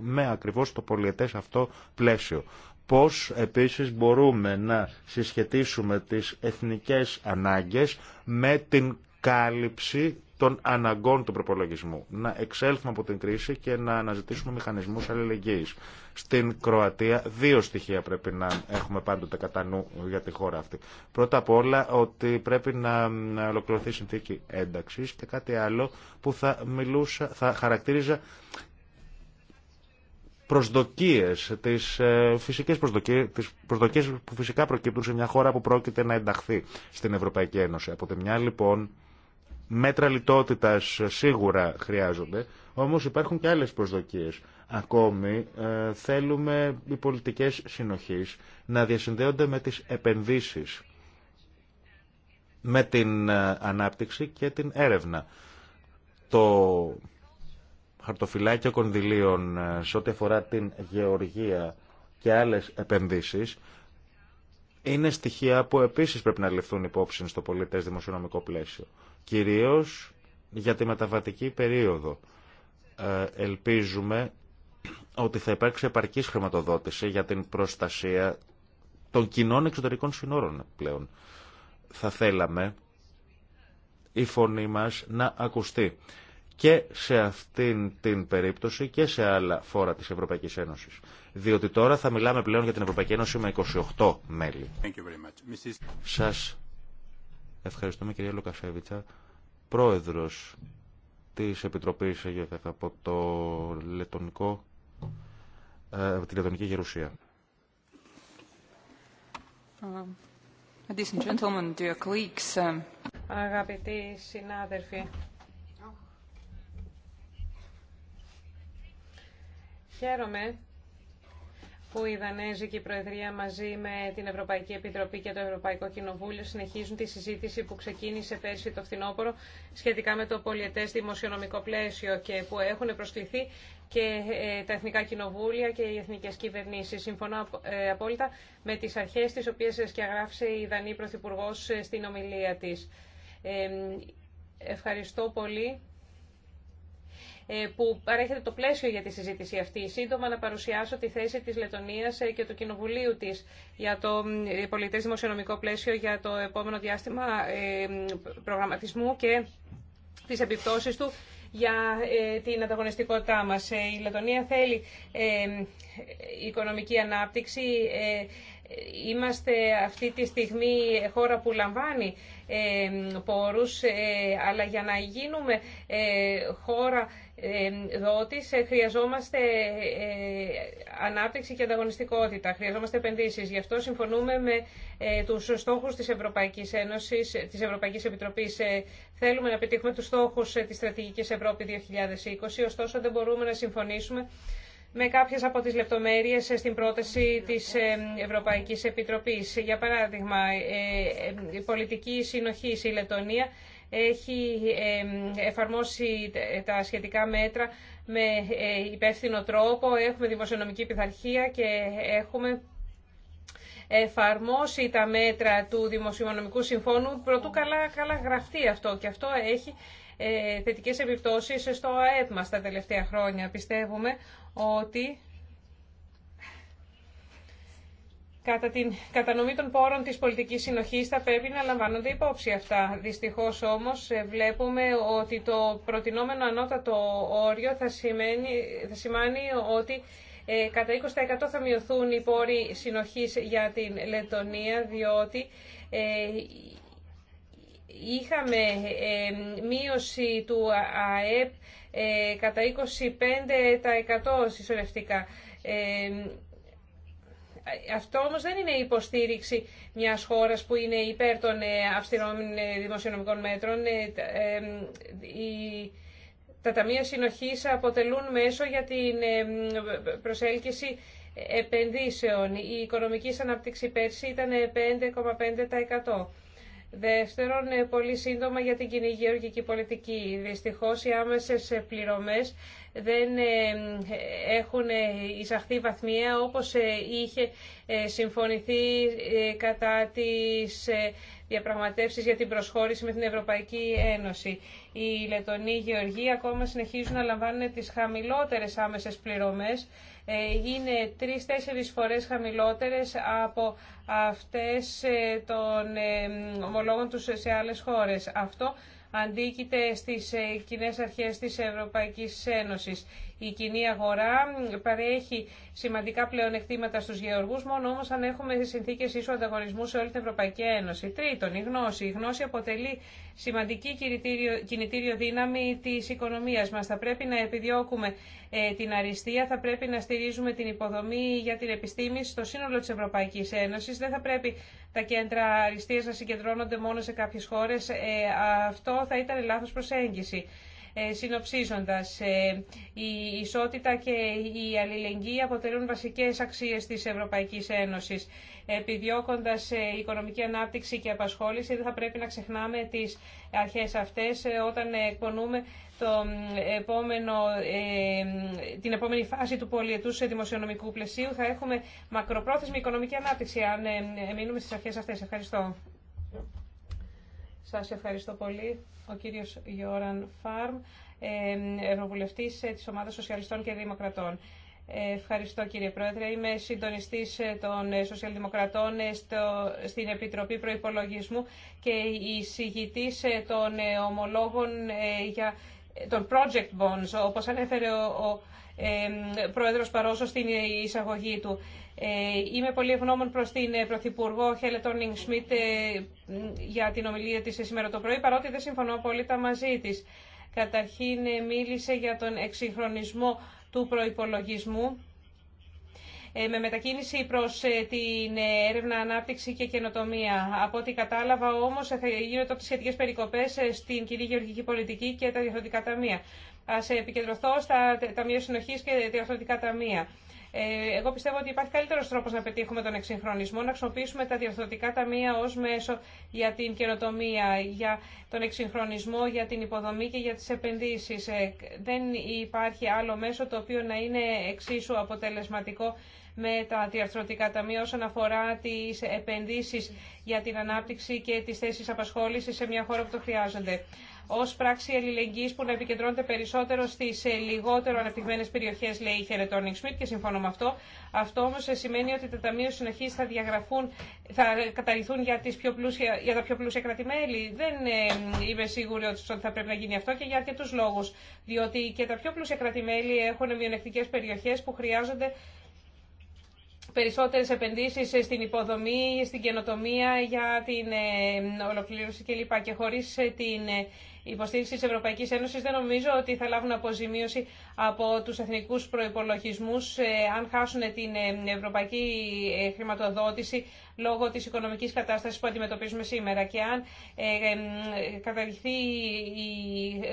με ακριβώ το πολιτέ αυτό πλαίσιο πώς επίσης μπορούμε να συσχετίσουμε τις εθνικές ανάγκες με την κάλυψη των αναγκών του προπολογισμού. Να εξέλθουμε από την κρίση και να αναζητήσουμε μηχανισμούς αλληλεγγύης. Στην Κροατία δύο στοιχεία πρέπει να έχουμε πάντοτε κατά νου για τη χώρα αυτή. Πρώτα απ' όλα ότι πρέπει να ολοκληρωθεί η συνθήκη ένταξης και κάτι άλλο που θα, θα χαρακτήριζα προσδοκίες, τις ε, φυσικές προσδοκίες, τις προσδοκίες που φυσικά προκύπτουν σε μια χώρα που πρόκειται να ενταχθεί στην Ευρωπαϊκή Ένωση. Από τη μια λοιπόν μέτρα λιτότητας σίγουρα χρειάζονται, όμως υπάρχουν και άλλες προσδοκίες. Ακόμη ε, θέλουμε οι πολιτικές συνοχής να διασυνδέονται με τις επενδύσεις, με την ε, ανάπτυξη και την έρευνα χαρτοφυλάκια κονδυλίων ε, σε ό,τι αφορά την γεωργία και άλλες επενδύσεις είναι στοιχεία που επίσης πρέπει να ληφθούν υπόψη στο πολιτές δημοσιονομικό πλαίσιο. Κυρίως για τη μεταβατική περίοδο. Ε, ελπίζουμε ότι θα υπάρξει επαρκής χρηματοδότηση για την προστασία των κοινών εξωτερικών συνόρων πλέον. Θα θέλαμε η φωνή μας να ακουστεί και σε αυτήν την περίπτωση και σε άλλα φόρα της Ευρωπαϊκής Ένωσης. Διότι τώρα θα μιλάμε πλέον για την Ευρωπαϊκή Ένωση με 28 μέλη. Σας ευχαριστούμε κυρία Λοκασέβιτσα, πρόεδρος της Επιτροπής από το Λετωνικό, ε, τη Λετωνική Γερουσία. Um, um, Αγαπητοί συνάδελφοι, Χαίρομαι που η Δανέζικη Προεδρία μαζί με την Ευρωπαϊκή Επιτροπή και το Ευρωπαϊκό Κοινοβούλιο συνεχίζουν τη συζήτηση που ξεκίνησε πέρσι το φθινόπωρο σχετικά με το πολιετές δημοσιονομικό πλαίσιο και που έχουν προσκληθεί και ε, τα Εθνικά Κοινοβούλια και οι εθνικέ κυβερνήσει. Συμφωνώ ε, απόλυτα με τις αρχές τις οποίες σκιαγράφησε η Δανή Πρωθυπουργό ε, στην ομιλία της. Ευχαριστώ πολύ ε, που παρέχεται το πλαίσιο για τη συζήτηση αυτή. Σύντομα να παρουσιάσω τη θέση της Λετωνίας ε, και του Κοινοβουλίου της για το ε, πολιτές δημοσιονομικό πλαίσιο για το επόμενο διάστημα προγραμματισμού και τις επιπτώσεις του για την ανταγωνιστικότητά μας. Η Λετωνία θέλει οικονομική ανάπτυξη. Είμαστε αυτή τη στιγμή χώρα που λαμβάνει πόρους, αλλά για να γίνουμε χώρα δότης ε, χρειαζόμαστε ε, ανάπτυξη και ανταγωνιστικότητα, χρειαζόμαστε επενδύσεις. Γι' αυτό συμφωνούμε με ε, τους στόχους της Ευρωπαϊκής Ένωσης, της Ευρωπαϊκής Επιτροπής. Θέλουμε να πετύχουμε τους στόχους της Στρατηγικής Ευρώπη 2020, ωστόσο δεν μπορούμε να συμφωνήσουμε με κάποιες από τις λεπτομέρειες στην πρόταση της Ευρωπαϊκής Επιτροπής. Για παράδειγμα, η πολιτική συνοχή η Λετωνία έχει εφαρμόσει τα σχετικά μέτρα με ε, υπεύθυνο τρόπο. Έχουμε δημοσιονομική πειθαρχία και έχουμε εφαρμόσει τα μέτρα του Δημοσιονομικού Συμφώνου. Πρωτού καλά, καλά γραφτεί αυτό και αυτό έχει ε, θετικές επιπτώσεις στο ΑΕΠ μας τα τελευταία χρόνια. Πιστεύουμε ότι Κατά την κατανομή των πόρων της πολιτικής συνοχής θα πρέπει να λαμβάνονται υπόψη αυτά. Δυστυχώς όμως ε, βλέπουμε ότι το προτινόμενο ανώτατο όριο θα, σημαίνει, θα σημάνει ότι ε, κατά 20% θα μειωθούν οι πόροι συνοχής για την Λετωνία διότι ε, είχαμε ε, μείωση του ΑΕΠ ε, κατά 25% συσσωρευτικά. Ε, αυτό όμως δεν είναι υποστήριξη μιας χώρας που είναι υπέρ των ε, αυστηρών ε, δημοσιονομικών μέτρων. Ε, τα ταμεία συνοχής αποτελούν μέσο για την προσέλκυση επενδύσεων. Η οικονομική ανάπτυξη πέρσι ήταν 5,5%. Δεύτερον, ε, πολύ σύντομα για την κοινή γεωργική πολιτική. Δυστυχώς οι άμεσες ε, πληρωμές δεν ε, έχουν εισαχθεί βαθμία όπως είχε συμφωνηθεί κατά τις διαπραγματεύσεις για την προσχώρηση με την Ευρωπαϊκή Ένωση. Οι Λετωνοί Γεωργοί ακόμα συνεχίζουν να λαμβάνουν τις χαμηλότερες άμεσες πληρωμές ε, είναι τρεις-τέσσερις φορές χαμηλότερες από αυτές ε, των ε, ομολόγων τους σε άλλες χώρες. Αυτό αντίκειται στις κοινέ αρχές της Ευρωπαϊκής Ένωσης. Η κοινή αγορά παρέχει σημαντικά πλεονεκτήματα στους γεωργούς, μόνο όμως αν έχουμε συνθήκες ίσου ανταγωνισμού σε όλη την Ευρωπαϊκή Ένωση. Τρίτον, η γνώση. Η γνώση αποτελεί σημαντική κινητήριο δύναμη της οικονομίας μας. Θα πρέπει να επιδιώκουμε ε, την αριστεία, θα πρέπει να στηρίζουμε την υποδομή για την επιστήμη στο σύνολο της Ευρωπαϊκής Ένωσης. Δεν θα πρέπει τα κέντρα αριστείας να συγκεντρώνονται μόνο σε κάποιες χώρες. Ε, αυτό θα ήταν λάθος προσέγγιση. Ε, συνοψίζοντας, ε, η ισότητα και η αλληλεγγύη αποτελούν βασικές αξίες της Ευρωπαϊκής Ένωσης. Επιδιώκοντας ε, οικονομική ανάπτυξη και απασχόληση, δεν θα πρέπει να ξεχνάμε τις αρχές αυτές όταν εκπονούμε το επόμενο, την επόμενη φάση του πολιετού σε δημοσιονομικού πλαισίου. Θα έχουμε μακροπρόθεσμη οικονομική ανάπτυξη αν μείνουμε στις αρχές αυτές. Ευχαριστώ. Σας ευχαριστώ πολύ. Ο κύριος Γιώραν Φάρμ, Ευρωβουλευτής ε, της Ομάδας Σοσιαλιστών και Δημοκρατών. Ε, ευχαριστώ κύριε Πρόεδρε. Είμαι συντονιστής ε, των Σοσιαλδημοκρατών στο, στην Επιτροπή Προϋπολογισμού και εισηγητής των ομολόγων για τον project bonds, όπως ανέφερε ο, ο ε, Πρόεδρος στην εισαγωγή του. Ε, είμαι πολύ ευγνώμων προς την ε, Πρωθυπουργό Χέλε Τόνινγκ Σμιτ ε, για την ομιλία της σήμερα το πρωί, παρότι δεν συμφωνώ απόλυτα μαζί της. Καταρχήν μίλησε για τον εξυγχρονισμό του προϋπολογισμού με μετακίνηση προς την έρευνα, ανάπτυξη και καινοτομία. Από ό,τι κατάλαβα όμως θα γίνονται από τις σχετικές περικοπές στην κυρία γεωργική πολιτική και τα διαφορετικά ταμεία. Ας επικεντρωθώ στα ταμεία συνοχής και τα διαφορετικά ταμεία. Ε, εγώ πιστεύω ότι υπάρχει καλύτερο τρόπο να πετύχουμε τον εξυγχρονισμό, να χρησιμοποιήσουμε τα διορθωτικά ταμεία ω μέσο για την καινοτομία, για τον εξυγχρονισμό, για την υποδομή και για τι επενδύσει. Ε, δεν υπάρχει άλλο μέσο το οποίο να είναι εξίσου αποτελεσματικό με τα διαρθρωτικά ταμεία όσον αφορά τι επενδύσει για την ανάπτυξη και τις θέσεις απασχόληση σε μια χώρα που το χρειάζονται ω πράξη αλληλεγγύη που να επικεντρώνεται περισσότερο στι ε, λιγότερο αναπτυγμένε περιοχέ, λέει η Χερετόνιγκ Σμιτ και συμφωνώ με αυτό. Αυτό όμω ε, σημαίνει ότι τα ταμεία συνοχή θα διαγραφούν, θα καταρριθούν για, τις πιο πλούσια, για τα πιο πλούσια κρατημέλη. Δεν ε, είμαι σίγουρη ότι θα πρέπει να γίνει αυτό και για αρκετού λόγου. Διότι και τα πιο πλούσια κρατημέλη έχουν μειονεκτικέ περιοχέ που χρειάζονται περισσότερες επενδύσεις στην υποδομή, στην καινοτομία για την ε, ολοκλήρωση κλπ. Και χωρίς ε, την ε, υποστήριξη της Ευρωπαϊκής Ένωσης δεν νομίζω ότι θα λάβουν αποζημίωση από τους εθνικούς προϋπολογισμούς αν χάσουν την ευρωπαϊκή χρηματοδότηση λόγω της οικονομικής κατάστασης που αντιμετωπίζουμε σήμερα. Και αν καταργηθεί η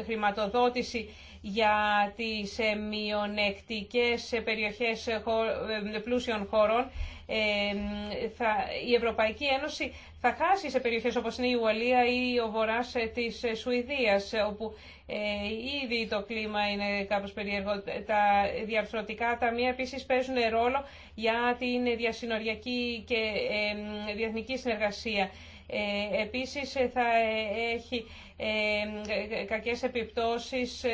χρηματοδότηση για τις ε, μειονεκτικές ε, περιοχές ε, πλούσιων χωρών, θα, η Ευρωπαϊκή Ένωση θα χάσει σε περιοχές όπως είναι η Ουαλία ή ο Βορράς της Σουηδίας, όπου ήδη το κλίμα είναι κάπως περίεργο. Τα διαρθρωτικά ταμεία επίσης παίζουν ρόλο για την διασυνοριακή και διεθνική συνεργασία. Ε, επίσης ε, θα ε, έχει κακές επιπτώσεις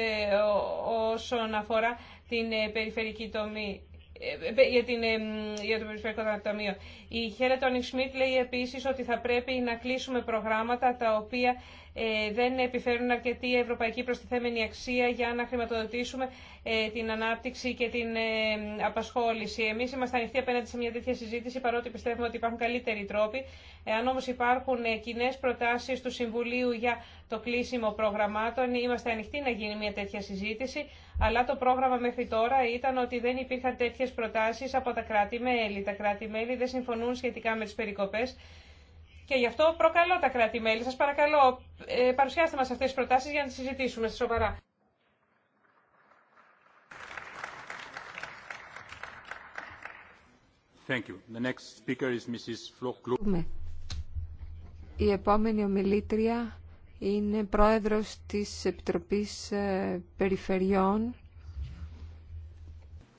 όσον αφορά την περιφερική τομή. Ε, ε, για, την, ε, για το Περιφερειακό Ταμείο. Η Χέρα Τόνι Σμιτ λέει επίση ότι θα πρέπει να κλείσουμε προγράμματα τα οποία δεν επιφέρουν αρκετή ευρωπαϊκή προστιθέμενη αξία για να χρηματοδοτήσουμε την ανάπτυξη και την απασχόληση. Εμεί είμαστε ανοιχτοί απέναντι σε μια τέτοια συζήτηση παρότι πιστεύουμε ότι υπάρχουν καλύτεροι τρόποι. Εάν όμω υπάρχουν κοινέ προτάσει του Συμβουλίου για το κλείσιμο προγραμμάτων είμαστε ανοιχτοί να γίνει μια τέτοια συζήτηση αλλά το πρόγραμμα μέχρι τώρα ήταν ότι δεν υπήρχαν τέτοιες προτάσεις από τα κράτη-μέλη. Τα κράτη-μέλη δεν συμφωνούν σχετικά με τι περικοπέ. και γι' αυτό προκαλώ τα κράτη-μέλη. Σας παρακαλώ, ε, παρουσιάστε μας αυτές τις προτάσεις για να τι συζητήσουμε σοβαρά. Η επόμενη ομιλήτρια είναι πρόεδρος της Επιτροπής ε, Περιφερειών.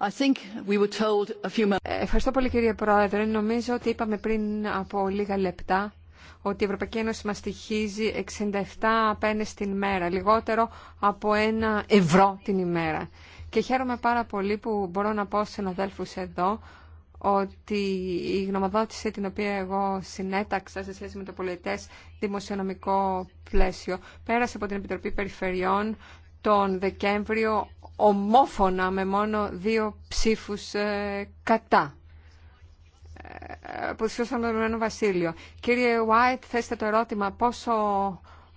I think we were told a few... Ε, ευχαριστώ πολύ κύριε Πρόεδρε. Νομίζω ότι είπαμε πριν από λίγα λεπτά ότι η Ευρωπαϊκή Ένωση μας στοιχίζει 67 απένες την μέρα, λιγότερο από ένα ευρώ την ημέρα. Και χαίρομαι πάρα πολύ που μπορώ να πω στους συναδέλφους εδώ ότι η γνωμοδότηση την οποία εγώ συνέταξα σε σχέση με το πολιτές δημοσιονομικό πλαίσιο πέρασε από την Επιτροπή Περιφερειών τον Δεκέμβριο ομόφωνα με μόνο δύο ψήφους ε, κατά ε, από τον Βασίλειο. Κύριε White, θέστε το ερώτημα πόσο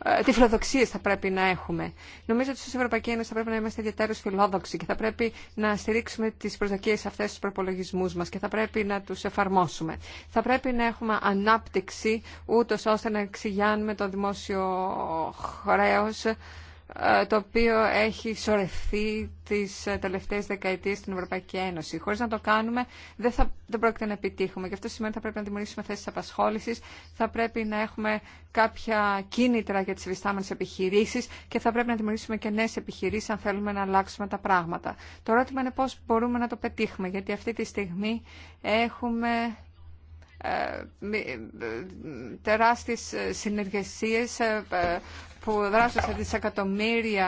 ε, τι φιλοδοξίε θα πρέπει να έχουμε. Νομίζω ότι στους Ευρωπαϊκή Ένωση θα πρέπει να είμαστε ιδιαίτερω φιλόδοξοι και θα πρέπει να στηρίξουμε τι προσδοκίε αυτέ στου προπολογισμού μα και θα πρέπει να του εφαρμόσουμε. Θα πρέπει να έχουμε ανάπτυξη ούτω ώστε να εξηγιάνουμε το δημόσιο χρέο ε, το οποίο έχει σωρευθεί τις ε, τελευταίες δεκαετίες στην Ευρωπαϊκή Ένωση. Χωρίς να το κάνουμε δεν, θα, δεν πρόκειται να επιτύχουμε. Και αυτό σημαίνει ότι θα πρέπει να δημιουργήσουμε θέσεις απασχόλησης, θα πρέπει να έχουμε κάποια κίνητρα για τις ευιστάμενες επιχειρήσεις και θα πρέπει να δημιουργήσουμε και νέες επιχειρήσεις αν θέλουμε να αλλάξουμε τα πράγματα. Το ερώτημα είναι πώς μπορούμε να το πετύχουμε, γιατί αυτή τη στιγμή έχουμε ε, τεράστιες συνεργασίες που δράσουν σε δισεκατομμύρια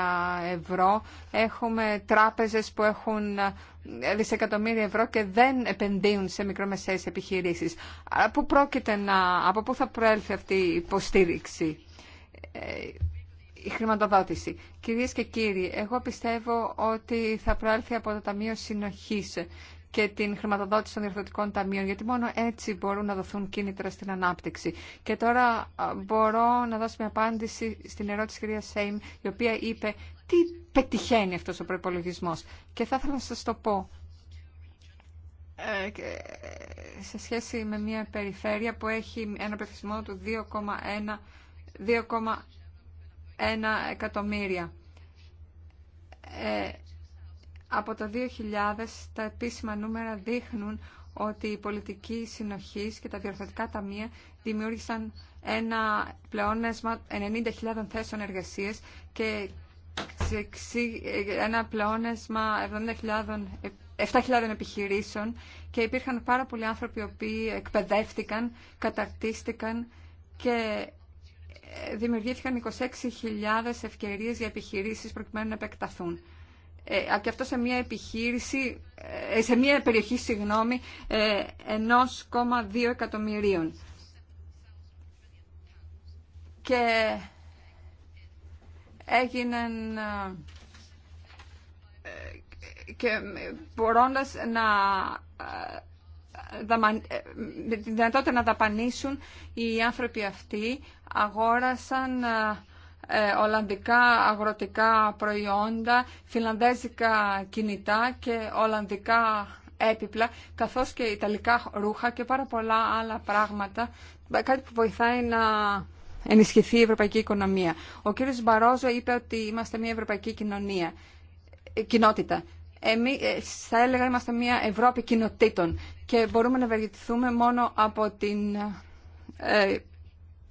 ευρώ. Έχουμε τράπεζες που έχουν δισεκατομμύρια ευρώ και δεν επενδύουν σε μικρομεσαίες επιχειρήσεις. πρόκειται να, από πού θα προέλθει αυτή η υποστήριξη, ε, η χρηματοδότηση. Κυρίες και κύριοι, εγώ πιστεύω ότι θα προέλθει από το Ταμείο Συνοχής και την χρηματοδότηση των διευθυντικών ταμείων, γιατί μόνο έτσι μπορούν να δοθούν κίνητρα στην ανάπτυξη. Και τώρα μπορώ να δώσω μια απάντηση στην ερώτηση κυρία Σέιμ, η οποία είπε τι πετυχαίνει αυτός ο προπολογισμό. Και θα ήθελα να σας το πω ε, ε, σε σχέση με μια περιφέρεια που έχει ένα πληθυσμό του 2,1 εκατομμύρια. Ε, από το 2000 τα επίσημα νούμερα δείχνουν ότι η πολιτική συνοχή και τα διορθωτικά ταμεία δημιούργησαν ένα πλεόνασμα 90.000 θέσεων εργασία και ένα πλεόνασμα 7.000 επιχειρήσεων και υπήρχαν πάρα πολλοί άνθρωποι οι οποίοι εκπαιδεύτηκαν, καταρτίστηκαν και ε, δημιουργήθηκαν 26.000 ευκαιρίες για επιχειρήσεις προκειμένου να επεκταθούν. Ε, και αυτό σε μια επιχείρηση, ε, σε μια περιοχή, συγγνώμη, 1,2 ε, εκατομμυρίων. Και έγιναν και μπορώντας να με τη δυνατότητα να δαπανίσουν οι άνθρωποι αυτοί αγόρασαν ε, ολλανδικά αγροτικά προϊόντα, Φιλανδέζικα κινητά και Ολλανδικά έπιπλα, καθώς και Ιταλικά ρούχα και πάρα πολλά άλλα πράγματα, κάτι που βοηθάει να ενισχυθεί η ευρωπαϊκή οικονομία. Ο κύριος Μπαρόζο είπε ότι είμαστε μια ευρωπαϊκή κοινωνία, ε, κοινότητα. Εμείς, ε, θα έλεγα, είμαστε μια Ευρώπη κοινοτήτων και μπορούμε να ευεργετηθούμε μόνο από την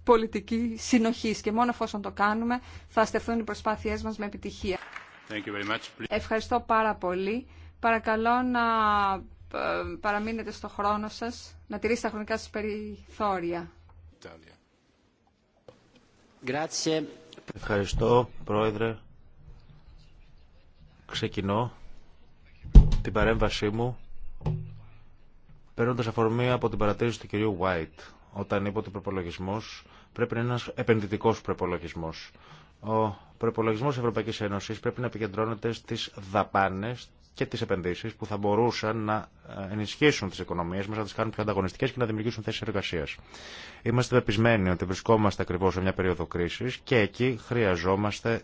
πολιτική συνοχή και μόνο εφόσον το κάνουμε θα στεφθούν οι προσπάθειές μας με επιτυχία. Ευχαριστώ πάρα πολύ. Παρακαλώ να ε, παραμείνετε στο χρόνο σας, να τηρήσετε τα χρονικά σα περιθώρια. Ευχαριστώ, Πρόεδρε. Ξεκινώ την παρέμβασή μου παίρνοντα αφορμή από την παρατήρηση του κυρίου White, όταν είπε ότι ο προπολογισμό πρέπει να είναι ένας επενδυτικός προπολογισμός. Ο προπολογισμό της Ευρωπαϊκής Ένωσης πρέπει να επικεντρώνεται στις δαπάνες και τις επενδύσεις που θα μπορούσαν να ενισχύσουν τις οικονομίες μας, να τις κάνουν πιο ανταγωνιστικές και να δημιουργήσουν θέσεις εργασίας. Είμαστε πεπισμένοι ότι βρισκόμαστε ακριβώς σε μια περίοδο κρίσης και εκεί χρειαζόμαστε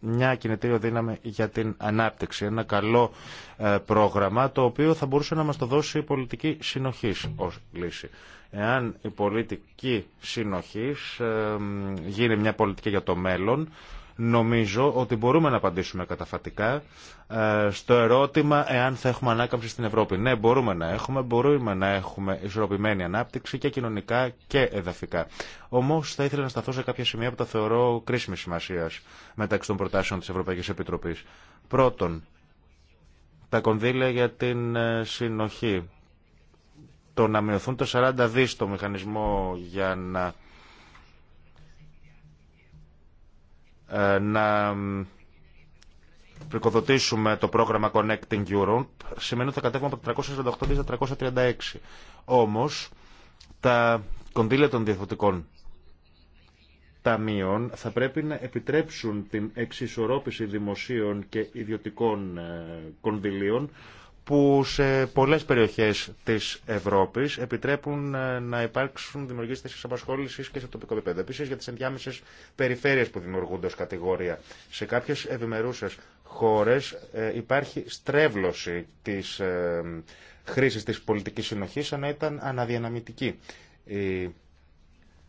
μια κινητήριο δύναμη για την ανάπτυξη. Ένα καλό ε, πρόγραμμα το οποίο θα μπορούσε να μας το δώσει η πολιτική συνοχής ως λύση. Εάν η πολιτική συνοχής ε, γίνει μια πολιτική για το μέλλον, Νομίζω ότι μπορούμε να απαντήσουμε καταφατικά ε, στο ερώτημα εάν θα έχουμε ανάκαμψη στην Ευρώπη. Ναι, μπορούμε να έχουμε, μπορούμε να έχουμε ισορροπημένη ανάπτυξη και κοινωνικά και εδαφικά. Όμω θα ήθελα να σταθώ σε κάποια σημεία που τα θεωρώ κρίσιμη σημασία μεταξύ των προτάσεων τη Ευρωπαϊκή Επιτροπή. Πρώτον, τα κονδύλια για την ε, συνοχή. Το να μειωθούν το 40 δις το μηχανισμό για να Ε, να πρικοδοτήσουμε το πρόγραμμα Connecting Europe σημαίνει ότι θα κατέβουμε από 348 μέχρι στα 336. Όμως, τα κονδύλια των διαδοτικών ταμείων θα πρέπει να επιτρέψουν την εξισορρόπηση δημοσίων και ιδιωτικών ε, κονδυλίων που σε πολλές περιοχές της Ευρώπης επιτρέπουν ε, να υπάρξουν δημιουργήσεις θέσεις απασχόλησης και σε τοπικό επίπεδο. Επίσης για τις ενδιάμεσες περιφέρειες που δημιουργούνται ως κατηγορία. Σε κάποιες ευημερούσες χώρες ε, υπάρχει στρέβλωση της ε, χρήσης της πολιτικής συνοχής σαν να ήταν αναδιαναμητική. Η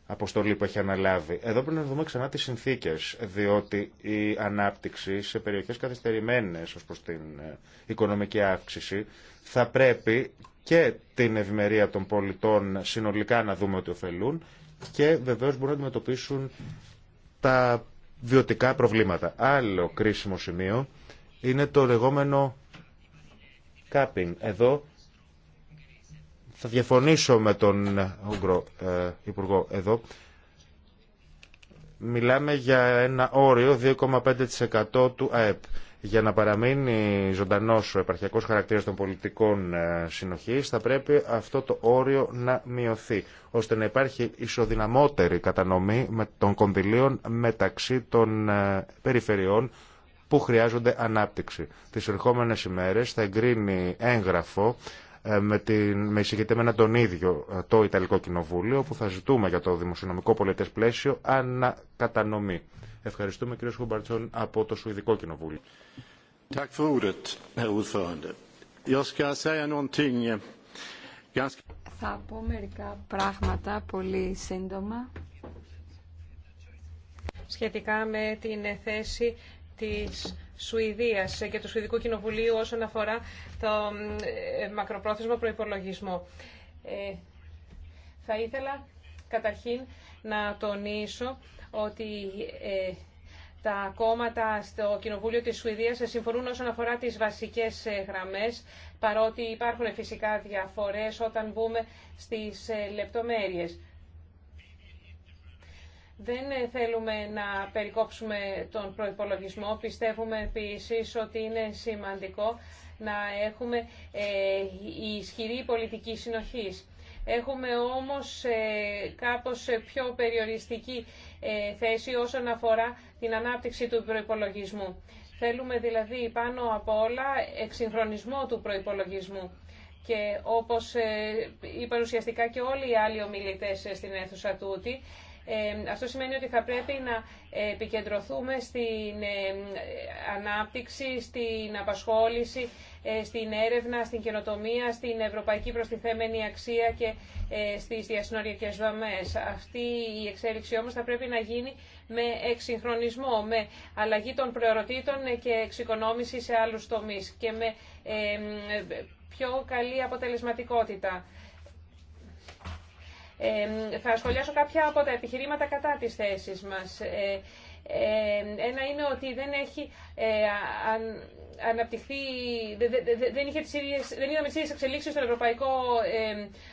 αποστολή που έχει αναλάβει. Εδώ πρέπει να δούμε ξανά τις συνθήκες, διότι η ανάπτυξη σε περιοχές καθυστερημένες ως προς την ε, οικονομική αύξηση θα πρέπει και την ευημερία των πολιτών συνολικά να δούμε ότι ωφελούν και βεβαίως μπορούν να αντιμετωπίσουν τα βιωτικά προβλήματα. Άλλο κρίσιμο σημείο είναι το λεγόμενο κάπινγκ. Εδώ θα διαφωνήσω με τον Ούγκρο ε, Υπουργό εδώ. Μιλάμε για ένα όριο 2,5% του ΑΕΠ. Για να παραμείνει ζωντανός ο επαρχιακός χαρακτήρας των πολιτικών ε, συνοχής θα πρέπει αυτό το όριο να μειωθεί ώστε να υπάρχει ισοδυναμότερη κατανομή των κονδυλίων μεταξύ των ε, περιφερειών που χρειάζονται ανάπτυξη. Τις ερχόμενες ημέρες θα εγκρίνει έγγραφο ε, με, την, με τον ίδιο ε, το Ιταλικό Κοινοβούλιο που θα ζητούμε για το δημοσιονομικό πολιτές πλαίσιο ανακατανομή. Ευχαριστούμε κύριο Χουμπαρτσόν από το Σουηδικό Κοινοβούλιο. Eh, θα πω μερικά πράγματα πολύ σύντομα σχετικά με την θέση της Σουηδία ε, και του Σουηδικού Κοινοβουλίου όσον αφορά το ε, μακροπρόθεσμο προπολογισμό. Ε, θα ήθελα καταρχήν να τονίσω ότι ε, τα κόμματα στο Κοινοβούλιο της Σουηδίας συμφωνούν όσον αφορά τις βασικές γραμμές, παρότι υπάρχουν φυσικά διαφορές όταν μπούμε στις λεπτομέρειες. Δεν θέλουμε να περικόψουμε τον προϋπολογισμό. Πιστεύουμε επίσης ότι είναι σημαντικό να έχουμε ε, ισχυρή πολιτική συνοχής. Έχουμε όμως ε, κάπως πιο περιοριστική ε, θέση όσον αφορά την ανάπτυξη του προϋπολογισμού. Θέλουμε δηλαδή πάνω από όλα εξυγχρονισμό του προϋπολογισμού. Και όπως είπαν ουσιαστικά και όλοι οι άλλοι ομιλητές στην αίθουσα τούτη, αυτό σημαίνει ότι θα πρέπει να επικεντρωθούμε στην ανάπτυξη, στην απασχόληση, ε, στην έρευνα, στην καινοτομία, στην ευρωπαϊκή προστιθέμενη αξία και ε, στις διασυνοριακές δομές. Αυτή η εξέλιξη όμως θα πρέπει να γίνει με εξυγχρονισμό, με αλλαγή των προαιροτήτων και εξοικονόμηση σε άλλους τομείς και με πιο καλή αποτελεσματικότητα θα σχολιάσω κάποια από τα επιχειρήματα κατά της θέσης μας. Ε, ένα είναι ότι δεν έχει ε, αναπτυχθεί, δεν, είχε δεν είδαμε τις ίδιες εξελίξεις στον ευρωπαϊκό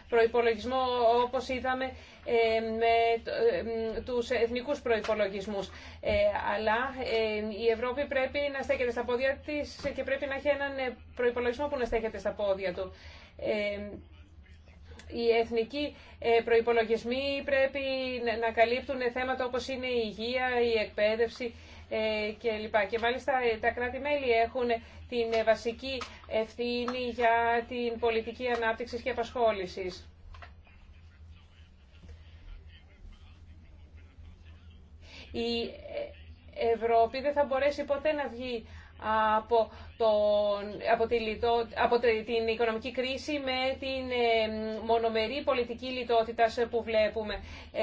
προϋπολογισμό όπως είδαμε με τους εθνικούς προϋπολογισμούς. Ε, αλλά η Ευρώπη πρέπει να στέκεται στα πόδια της και πρέπει να έχει έναν προϋπολογισμό που να στέκεται στα πόδια του οι εθνικοί ε, προϋπολογισμοί πρέπει να καλύπτουν θέματα όπως είναι η υγεία, η εκπαίδευση ε, κλπ. Και μάλιστα ε, τα κράτη-μέλη έχουν την βασική ευθύνη για την πολιτική ανάπτυξης και απασχόλησης. Η Ευρώπη δεν θα μπορέσει ποτέ να βγει από, τον, από, την οικονομική κρίση με την ε, μονομερή πολιτική λιτότητα που βλέπουμε. Ε,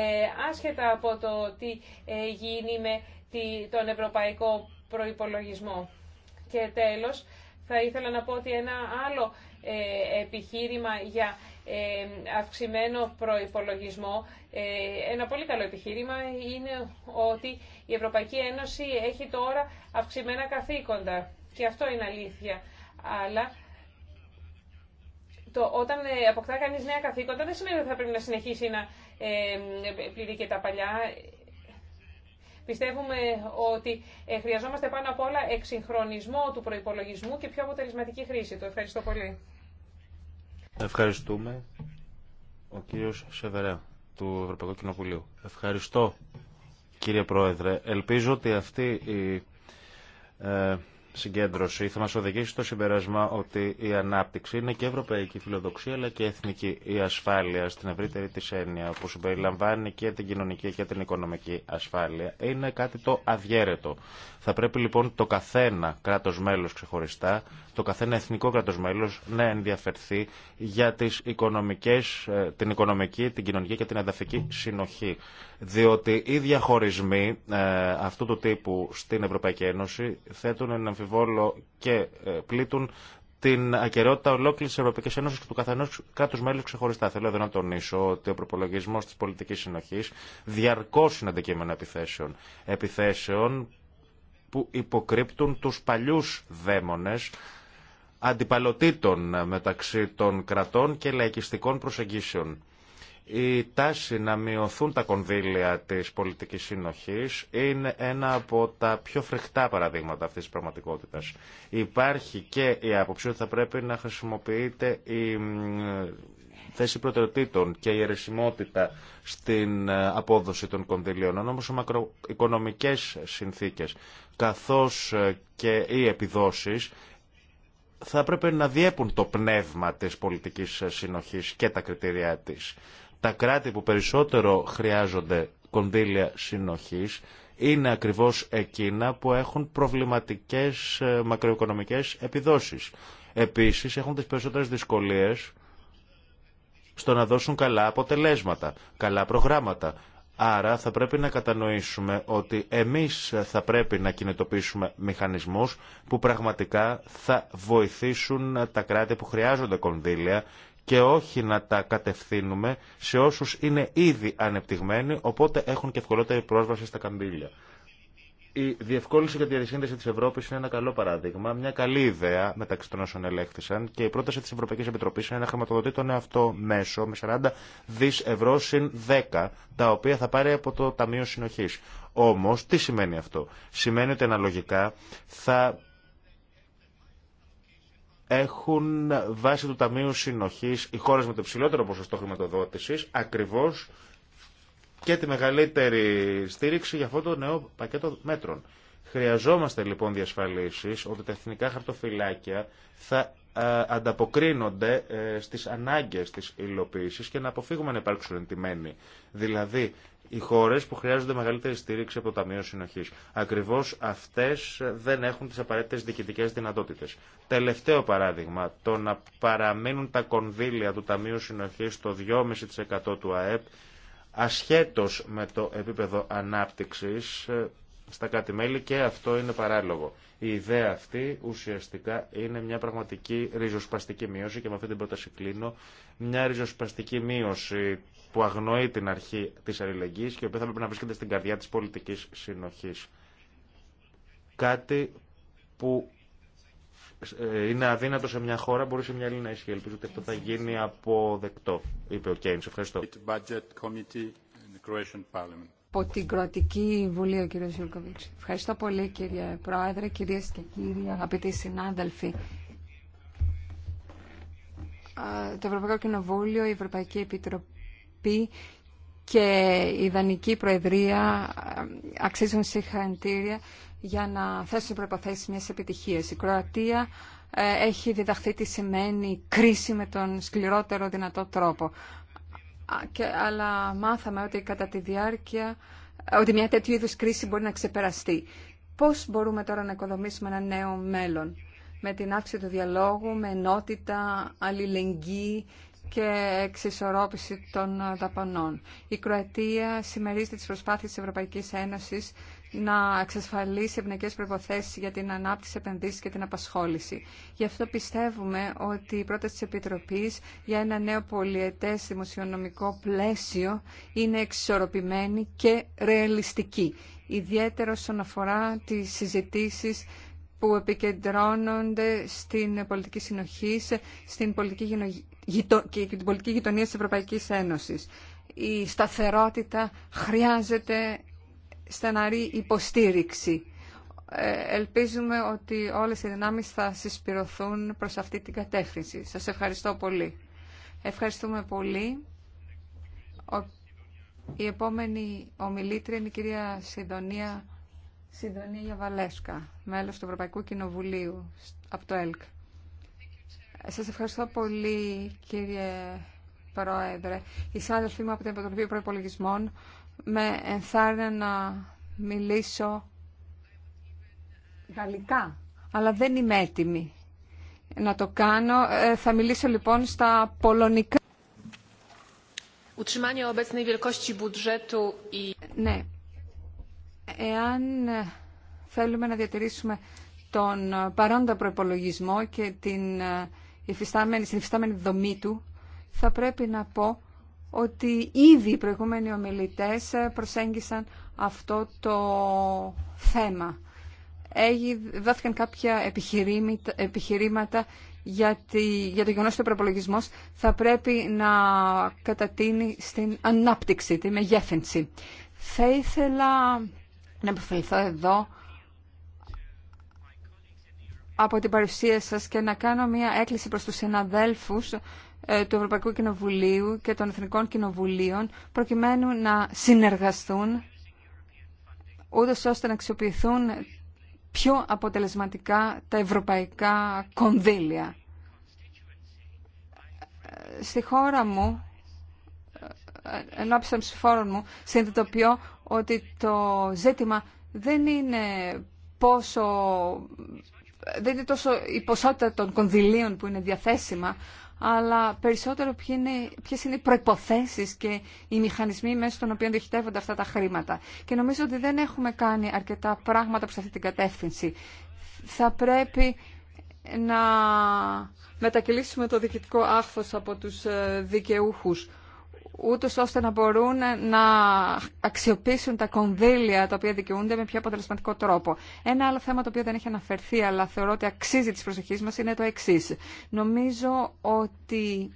άσχετα από το τι ε, γίνει με τον ευρωπαϊκό προϋπολογισμό. Και τέλος, θα ήθελα να πω ότι ένα άλλο επιχείρημα για ε, αυξημένο προϋπολογισμό. Ε, ένα πολύ καλό επιχείρημα είναι ότι η Ευρωπαϊκή Ένωση έχει τώρα αυξημένα καθήκοντα. Και αυτό είναι αλήθεια. Αλλά το, όταν ε, αποκτά κανείς νέα καθήκοντα δεν σημαίνει ότι θα πρέπει να συνεχίσει να πληρεί και τα παλιά. Πιστεύουμε ότι χρειαζόμαστε πάνω απ' όλα εξυγχρονισμό του προϋπολογισμού και πιο αποτελεσματική χρήση το Ευχαριστώ πολύ. Ευχαριστούμε. Ο κύριος Σεβερά του Ευρωπαϊκού Κοινοβουλίου. Ευχαριστώ κύριε Πρόεδρε. Ελπίζω ότι αυτή η ε, συγκέντρωση θα μας οδηγήσει στο συμπεράσμα ότι η ανάπτυξη είναι και ευρωπαϊκή φιλοδοξία αλλά και εθνική. Η ασφάλεια στην ευρύτερη της έννοια που συμπεριλαμβάνει και την κοινωνική και την οικονομική ασφάλεια είναι κάτι το αδιέρετο. Θα πρέπει λοιπόν το καθένα κράτος μέλος ξεχωριστά, το καθένα εθνικό κράτος μέλος να ενδιαφερθεί για τις οικονομικές, ε, την οικονομική, την κοινωνική και την εδαφική συνοχή. Διότι οι διαχωρισμοί ε, αυτού του τύπου στην Ευρωπαϊκή Ένωση θέτουν ένα αμφιβόλο και ε, πλήττουν την ακαιρεότητα ολόκληρη τη Ευρωπαϊκή Ένωση και του καθενό κράτου μέλου ξεχωριστά. Θέλω εδώ να τονίσω ότι ο προπολογισμό τη πολιτική συνοχή διαρκώ είναι αντικείμενο επιθέσεων. Επιθέσεων που υποκρύπτουν τους παλιούς δαίμονες αντιπαλωτήτων μεταξύ των κρατών και λαϊκιστικών προσεγγίσεων. Η τάση να μειωθούν τα κονδύλια της πολιτικής συνοχής είναι ένα από τα πιο φρικτά παραδείγματα αυτής της πραγματικότητας. Υπάρχει και η άποψη ότι θα πρέπει να χρησιμοποιείται η θέση προτεραιοτήτων και η αιρεσιμότητα στην ε, απόδοση των κονδυλίων. Όμως οι μακροοικονομικές συνθήκες καθώς ε, και οι επιδόσεις θα έπρεπε να διέπουν το πνεύμα της πολιτικής ε, συνοχής και τα κριτήρια της. Τα κράτη που περισσότερο χρειάζονται κονδύλια συνοχής είναι ακριβώς εκείνα που έχουν προβληματικές μακροοικονομικές επιδόσεις. Επίσης έχουν τις περισσότερες δυσκολίες στο να δώσουν καλά αποτελέσματα, καλά προγράμματα. Άρα θα πρέπει να κατανοήσουμε ότι εμείς θα πρέπει να κινητοποιήσουμε μηχανισμούς που πραγματικά θα βοηθήσουν τα κράτη που χρειάζονται κονδύλια και όχι να τα κατευθύνουμε σε όσους είναι ήδη ανεπτυγμένοι, οπότε έχουν και ευκολότερη πρόσβαση στα καμπύλια. Η διευκόλυνση για τη διασύνδεση τη Ευρώπη είναι ένα καλό παράδειγμα, μια καλή ιδέα μεταξύ των όσων ελέγχθησαν και η πρόταση τη Ευρωπαϊκή Επιτροπή είναι να χρηματοδοτεί τον εαυτό μέσο με 40 δι ευρώ συν 10, τα οποία θα πάρει από το Ταμείο Συνοχή. Όμω, τι σημαίνει αυτό. Σημαίνει ότι αναλογικά θα έχουν βάσει του Ταμείου Συνοχή οι χώρε με το υψηλότερο ποσοστό χρηματοδότηση ακριβώ και τη μεγαλύτερη στήριξη για αυτό το νέο πακέτο μέτρων. Χρειαζόμαστε λοιπόν διασφαλίσεις ότι τα εθνικά χαρτοφυλάκια θα ε, ανταποκρίνονται ε, στις ανάγκες της υλοποίησης και να αποφύγουμε να υπάρξουν εντυμένοι. Δηλαδή, οι χώρες που χρειάζονται μεγαλύτερη στήριξη από το Ταμείο Συνοχής. Ακριβώς αυτές δεν έχουν τις απαραίτητες διοικητικές δυνατότητες. Τελευταίο παράδειγμα, το να παραμείνουν τα κονδύλια του Ταμείου Συνοχής στο 2,5% του ΑΕΠ ασχέτως με το επίπεδο ανάπτυξης ε, στα κάτι μέλη και αυτό είναι παράλογο. Η ιδέα αυτή ουσιαστικά είναι μια πραγματική ριζοσπαστική μείωση και με αυτή την πρόταση κλείνω μια ριζοσπαστική μείωση που αγνοεί την αρχή της αλληλεγγύης και η οποία θα πρέπει να βρίσκεται στην καρδιά της πολιτικής συνοχής. Κάτι που ε, είναι αδύνατο σε μια χώρα, μπορεί σε μια άλλη να ισχύει. Ελπίζω ότι αυτό θα γίνει αποδεκτό, είπε ο Κέιν. Ευχαριστώ. Από την Κροατική Βουλή, ο κ. Ζουρκοβίτς. Ευχαριστώ πολύ, κύριε Πρόεδρε, κυρίε και κύριοι, αγαπητοί συνάδελφοι. Το Ευρωπαϊκό Κοινοβούλιο, η Ευρωπαϊκή Επιτροπή και η Ιδανική Προεδρία αξίζουν συγχαρητήρια για να θέσουν προποθέσει μια επιτυχία. Η Κροατία ε, έχει διδαχθεί τι σημαίνει κρίση με τον σκληρότερο δυνατό τρόπο. Και, αλλά μάθαμε ότι κατά τη διάρκεια, ε, ότι μια τέτοιου είδου κρίση μπορεί να ξεπεραστεί. Πώ μπορούμε τώρα να οικοδομήσουμε ένα νέο μέλλον με την αύξηση του διαλόγου, με ενότητα, αλληλεγγύη και εξισορρόπηση των ε, δαπανών. Η Κροατία συμμερίζεται τις προσπάθειες της Ευρωπαϊκής Ένωσης να εξασφαλίσει ευνοϊκέ προποθέσει για την ανάπτυξη επενδύσεων και την απασχόληση. Γι' αυτό πιστεύουμε ότι η πρόταση τη Επιτροπή για ένα νέο πολιετέ δημοσιονομικό πλαίσιο είναι εξισορροπημένη και ρεαλιστική. Ιδιαίτερα όσον αφορά τι συζητήσει που επικεντρώνονται στην πολιτική συνοχή, στην πολιτική και την πολιτική γειτονία τη Ευρωπαϊκή Ένωσης. Η σταθερότητα χρειάζεται στεναρή υποστήριξη. Ε, ελπίζουμε ότι όλες οι δυνάμεις θα συσπηρωθούν προς αυτή την κατεύθυνση. Σας ευχαριστώ πολύ. Ευχαριστούμε πολύ. Η επόμενη ομιλήτρια είναι η κυρία Σιδωνία, Σιδωνία Γιαβαλέσκα, μέλος του Ευρωπαϊκού Κοινοβουλίου από το ΕΛΚ. Σας ευχαριστώ πολύ κύριε Πρόεδρε. Η συνάδελφοί μου από την Επιτροπή Προπολογισμών με ενθάρρυνε να μιλήσω γαλλικά, αλλά δεν είμαι έτοιμη να το κάνω. Ε, θα μιλήσω λοιπόν στα πολωνικά. Ναι. Εάν ε, θέλουμε να διατηρήσουμε τον παρόντα προπολογισμό και την ε, υφιστάμενη, δομή του, θα πρέπει να πω ότι ήδη οι προηγούμενοι ομιλητές προσέγγισαν αυτό το θέμα. Δόθηκαν κάποια επιχειρήματα για το γεγονός ότι ο προπολογισμό θα πρέπει να κατατείνει στην ανάπτυξη, τη μεγέθυνση. Θα ήθελα να υποφελθώ εδώ από την παρουσία σας και να κάνω μια έκκληση προς τους συναδέλφους ε, του Ευρωπαϊκού Κοινοβουλίου και των Εθνικών Κοινοβουλίων προκειμένου να συνεργαστούν ούτω ώστε να αξιοποιηθούν πιο αποτελεσματικά τα ευρωπαϊκά κονδύλια. Στη χώρα μου, ενώ των ψηφόρων μου, συνειδητοποιώ ότι το ζήτημα δεν είναι πόσο δεν είναι τόσο η ποσότητα των κονδυλίων που είναι διαθέσιμα, αλλά περισσότερο ποιες είναι, ποιες είναι οι προϋποθέσεις και οι μηχανισμοί μέσα των οποίων διοχετεύονται αυτά τα χρήματα. Και νομίζω ότι δεν έχουμε κάνει αρκετά πράγματα προς αυτή την κατεύθυνση. Θα πρέπει να μετακυλήσουμε το διοικητικό άχθος από τους ε, δικαιούχους ούτως ώστε να μπορούν να αξιοποιήσουν τα κονδύλια τα οποία δικαιούνται με πιο αποτελεσματικό τρόπο. Ένα άλλο θέμα το οποίο δεν έχει αναφερθεί αλλά θεωρώ ότι αξίζει της προσοχής μας είναι το εξή. Νομίζω ότι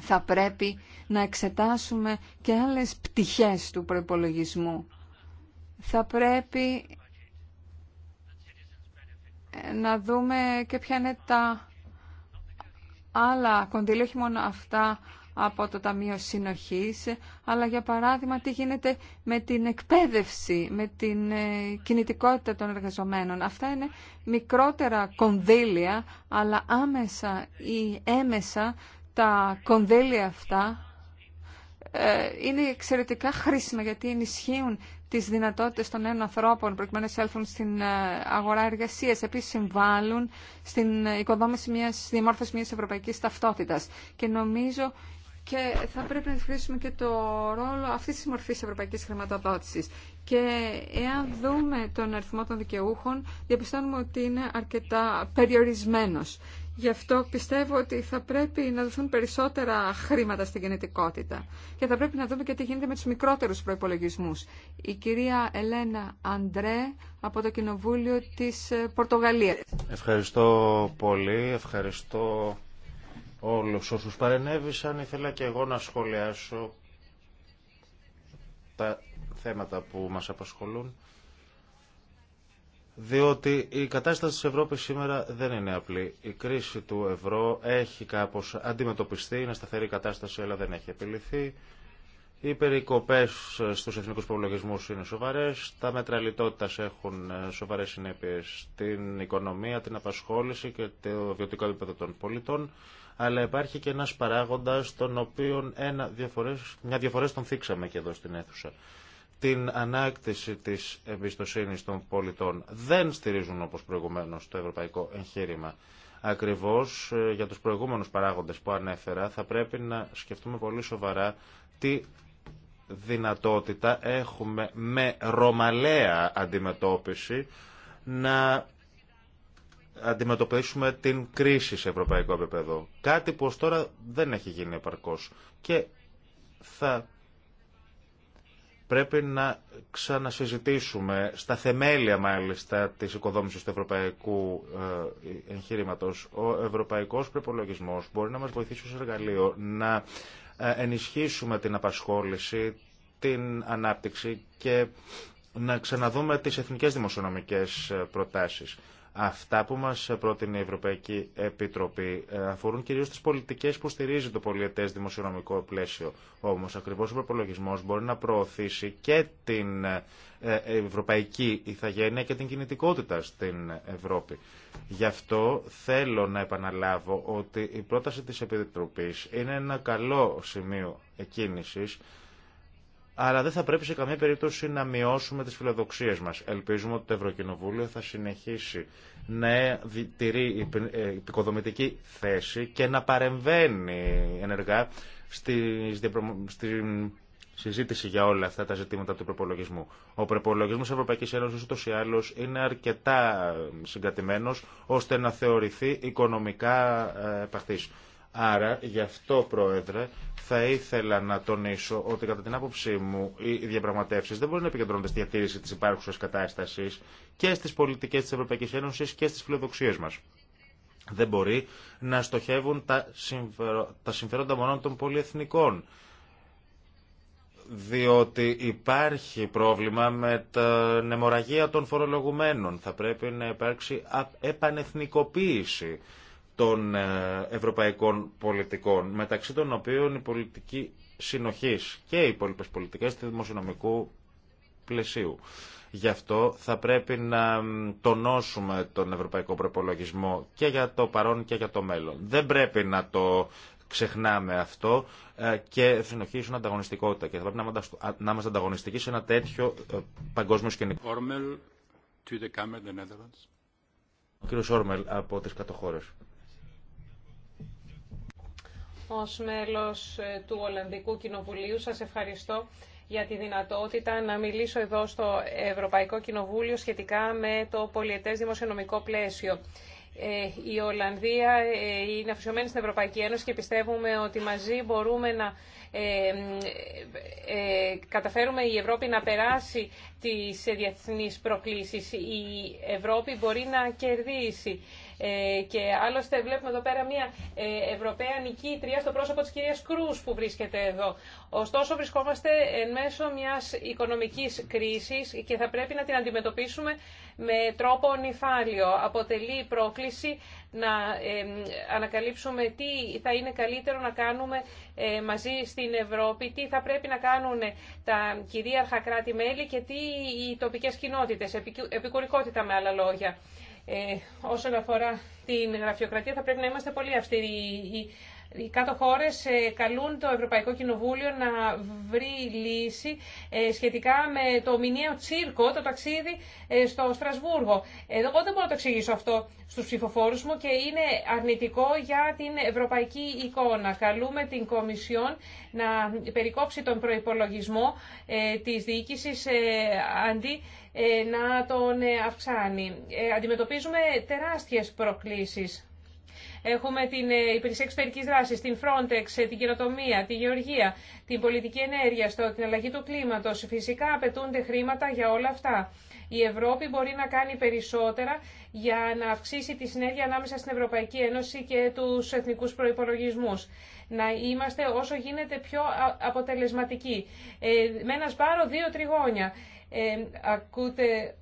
θα πρέπει να εξετάσουμε και άλλες πτυχές του προϋπολογισμού. Θα πρέπει ε, να δούμε και ποια είναι τα άλλα κονδύλια, όχι μόνο αυτά από το Ταμείο Συνοχής, αλλά για παράδειγμα τι γίνεται με την εκπαίδευση, με την ε, κινητικότητα των εργαζομένων. Αυτά είναι μικρότερα κονδύλια, αλλά άμεσα ή έμεσα τα κονδύλια αυτά ε, είναι εξαιρετικά χρήσιμα γιατί ενισχύουν τις δυνατότητες των νέων ανθρώπων προκειμένου να έλθουν στην ε, αγορά εργασίας. Επίσης συμβάλλουν στην οικοδόμηση μιας, διαμόρφωση μιας ευρωπαϊκής ταυτότητας. Και νομίζω και θα πρέπει να διευκρινίσουμε και το ρόλο αυτής της μορφής ευρωπαϊκής χρηματοδότησης. Και εάν δούμε τον αριθμό των δικαιούχων, διαπιστώνουμε ότι είναι αρκετά περιορισμένος. Γι' αυτό πιστεύω ότι θα πρέπει να δοθούν περισσότερα χρήματα στην κινητικότητα. Και θα πρέπει να δούμε και τι γίνεται με τους μικρότερους προϋπολογισμούς. Η κυρία Ελένα Αντρέ από το Κοινοβούλιο της Πορτογαλίας. Ευχαριστώ πολύ. Ευχαριστώ όλους όσους παρενέβησαν. Ήθελα και εγώ να σχολιάσω τα θέματα που μας απασχολούν διότι η κατάσταση της Ευρώπης σήμερα δεν είναι απλή. Η κρίση του ευρώ έχει κάπως αντιμετωπιστεί, είναι σταθερή κατάσταση αλλά δεν έχει επιληθεί. Οι περικοπές στους εθνικούς προλογισμού είναι σοβαρές, τα μέτρα λιτότητας έχουν ε, σοβαρές συνέπειες στην οικονομία, την απασχόληση και το βιωτικό επίπεδο των πολιτών αλλά υπάρχει και ένας παράγοντας τον οποίο ένα, διαφορές, μια διαφορά τον θίξαμε και εδώ στην αίθουσα την ανάκτηση της εμπιστοσύνη των πολιτών δεν στηρίζουν όπως προηγουμένως το ευρωπαϊκό εγχείρημα. Ακριβώς ε, για τους προηγούμενους παράγοντες που ανέφερα θα πρέπει να σκεφτούμε πολύ σοβαρά τι δυνατότητα έχουμε με ρωμαλαία αντιμετώπιση να αντιμετωπίσουμε την κρίση σε ευρωπαϊκό επίπεδο. Κάτι που ως τώρα δεν έχει γίνει επαρκώς. Και θα πρέπει να ξανασυζητήσουμε στα θεμέλια μάλιστα της οικοδόμησης του ευρωπαϊκού ε, εγχείρηματο. Ο ευρωπαϊκός προπολογισμό μπορεί να μας βοηθήσει ως εργαλείο να ε, ενισχύσουμε την απασχόληση, την ανάπτυξη και να ξαναδούμε τις εθνικές δημοσιονομικές ε, προτάσεις. Αυτά που μας πρότεινε η Ευρωπαϊκή Επιτροπή ε, αφορούν κυρίως τις πολιτικές που στηρίζει το πολιετές δημοσιονομικό πλαίσιο. Όμως ακριβώς ο προπολογισμό μπορεί να προωθήσει και την ε, ε, ευρωπαϊκή ηθαγένεια και την κινητικότητα στην Ευρώπη. Γι' αυτό θέλω να επαναλάβω ότι η πρόταση της Επιτροπής είναι ένα καλό σημείο εκκίνησης αλλά δεν θα πρέπει σε καμία περίπτωση να μειώσουμε τις φιλοδοξίες μας. Ελπίζουμε ότι το Ευρωκοινοβούλιο θα συνεχίσει να τηρεί υπηκοδομητική ε, θέση και να παρεμβαίνει ενεργά στη, συζήτηση για όλα αυτά τα ζητήματα του προπολογισμού. Ο προπολογισμός της Ευρωπαϊκής Ένωσης, ούτως ή άλλως, είναι αρκετά συγκατημένος ώστε να θεωρηθεί οικονομικά ε, επαχθή. Άρα, γι' αυτό, Πρόεδρε, θα ήθελα να τονίσω ότι κατά την άποψή μου οι διαπραγματεύσει δεν μπορεί να επικεντρώνονται στη διατήρηση τη υπάρχουσα κατάσταση και στι πολιτικέ τη Ευρωπαϊκή Ένωση και στι φιλοδοξίε μα. Δεν μπορεί να στοχεύουν τα, τα συμφέροντα μόνο των πολυεθνικών. Διότι υπάρχει πρόβλημα με την αιμορραγία των φορολογουμένων. Θα πρέπει να υπάρξει επανεθνικοποίηση των ε, ευρωπαϊκών πολιτικών, μεταξύ των οποίων η πολιτική συνοχής και οι υπόλοιπε πολιτικές του δημοσιονομικού πλαισίου. Γι' αυτό θα πρέπει να τονώσουμε τον ευρωπαϊκό προπολογισμό και για το παρόν και για το μέλλον. Δεν πρέπει να το ξεχνάμε αυτό ε, και συνοχή ανταγωνιστικότητα. Και θα πρέπει να είμαστε ανταγωνιστικοί σε ένα τέτοιο ε, παγκόσμιο σκηνικό. Ο κύριος Όρμελ από τις κατοχώρες. Ως μέλος ε, του Ολλανδικού Κοινοβουλίου σας ευχαριστώ για τη δυνατότητα να μιλήσω εδώ στο Ευρωπαϊκό Κοινοβούλιο σχετικά με το πολιετές δημοσιονομικό πλαίσιο. Ε, η Ολλανδία ε, είναι αφησιωμένη στην Ευρωπαϊκή Ένωση και πιστεύουμε ότι μαζί μπορούμε να καταφέρουμε η Ευρώπη να περάσει τις διεθνείς προκλήσεις. Η Ευρώπη μπορεί να κερδίσει. Ε, και άλλωστε βλέπουμε εδώ πέρα μια ε, Ευρωπαία νικήτρια στο πρόσωπο της κυρίας Κρούς που βρίσκεται εδώ. Ωστόσο βρισκόμαστε εν μέσω μιας οικονομικής κρίσης και θα πρέπει να την αντιμετωπίσουμε με τρόπο νυφάλιο. Αποτελεί πρόκληση να ε, ανακαλύψουμε τι θα είναι καλύτερο να κάνουμε μαζί στην Ευρώπη, τι θα πρέπει να κάνουν τα κυρίαρχα κράτη-μέλη και τι οι τοπικές κοινότητες, επικουρικότητα με άλλα λόγια. Ε, όσον αφορά την γραφειοκρατία θα πρέπει να είμαστε πολύ αυστηροί. Οι κάτω χώρε ε, καλούν το Ευρωπαϊκό Κοινοβούλιο να βρει λύση ε, σχετικά με το μηνιαίο τσίρκο, το ταξίδι ε, στο Στρασβούργο. Εγώ δεν μπορώ να το εξηγήσω αυτό στους ψηφοφόρου μου και είναι αρνητικό για την ευρωπαϊκή εικόνα. Καλούμε την Κομισιόν να περικόψει τον προϋπολογισμό της διοίκησης αντί να τον αυξάνει. Αντιμετωπίζουμε τεράστιες προκλήσεις. Έχουμε την ε, Υπηρεσία Εξωτερική Δράση, την Frontex, ε, την Κοινοτομία, τη Γεωργία, την Πολιτική Ενέργεια, στο, την αλλαγή του κλίματο. Φυσικά απαιτούνται χρήματα για όλα αυτά. Η Ευρώπη μπορεί να κάνει περισσότερα για να αυξήσει τη συνέργεια ανάμεσα στην Ευρωπαϊκή Ένωση και του εθνικού προπολογισμού. Να είμαστε όσο γίνεται πιο αποτελεσματικοί. Ε, με ένα σπάρο δύο τριγώνια ακούτε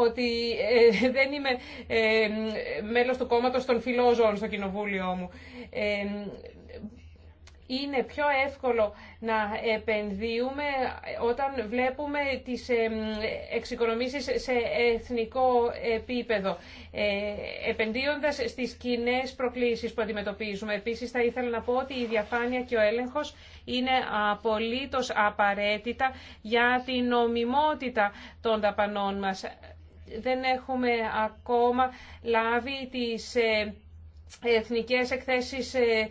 ότι ε, δεν είμαι ε, μέλος του κόμματος των φιλόζων στο κοινοβούλιο μου είναι πιο εύκολο να επενδύουμε όταν βλέπουμε τις εξοικονομήσεις σε εθνικό επίπεδο, ε, επενδύοντας στις κοινέ προκλήσεις που αντιμετωπίζουμε. Επίσης, θα ήθελα να πω ότι η διαφάνεια και ο έλεγχος είναι απολύτως απαραίτητα για την νομιμότητα των δαπανών μας. Δεν έχουμε ακόμα λάβει τις ε, εθνικές εκθέσεις ε,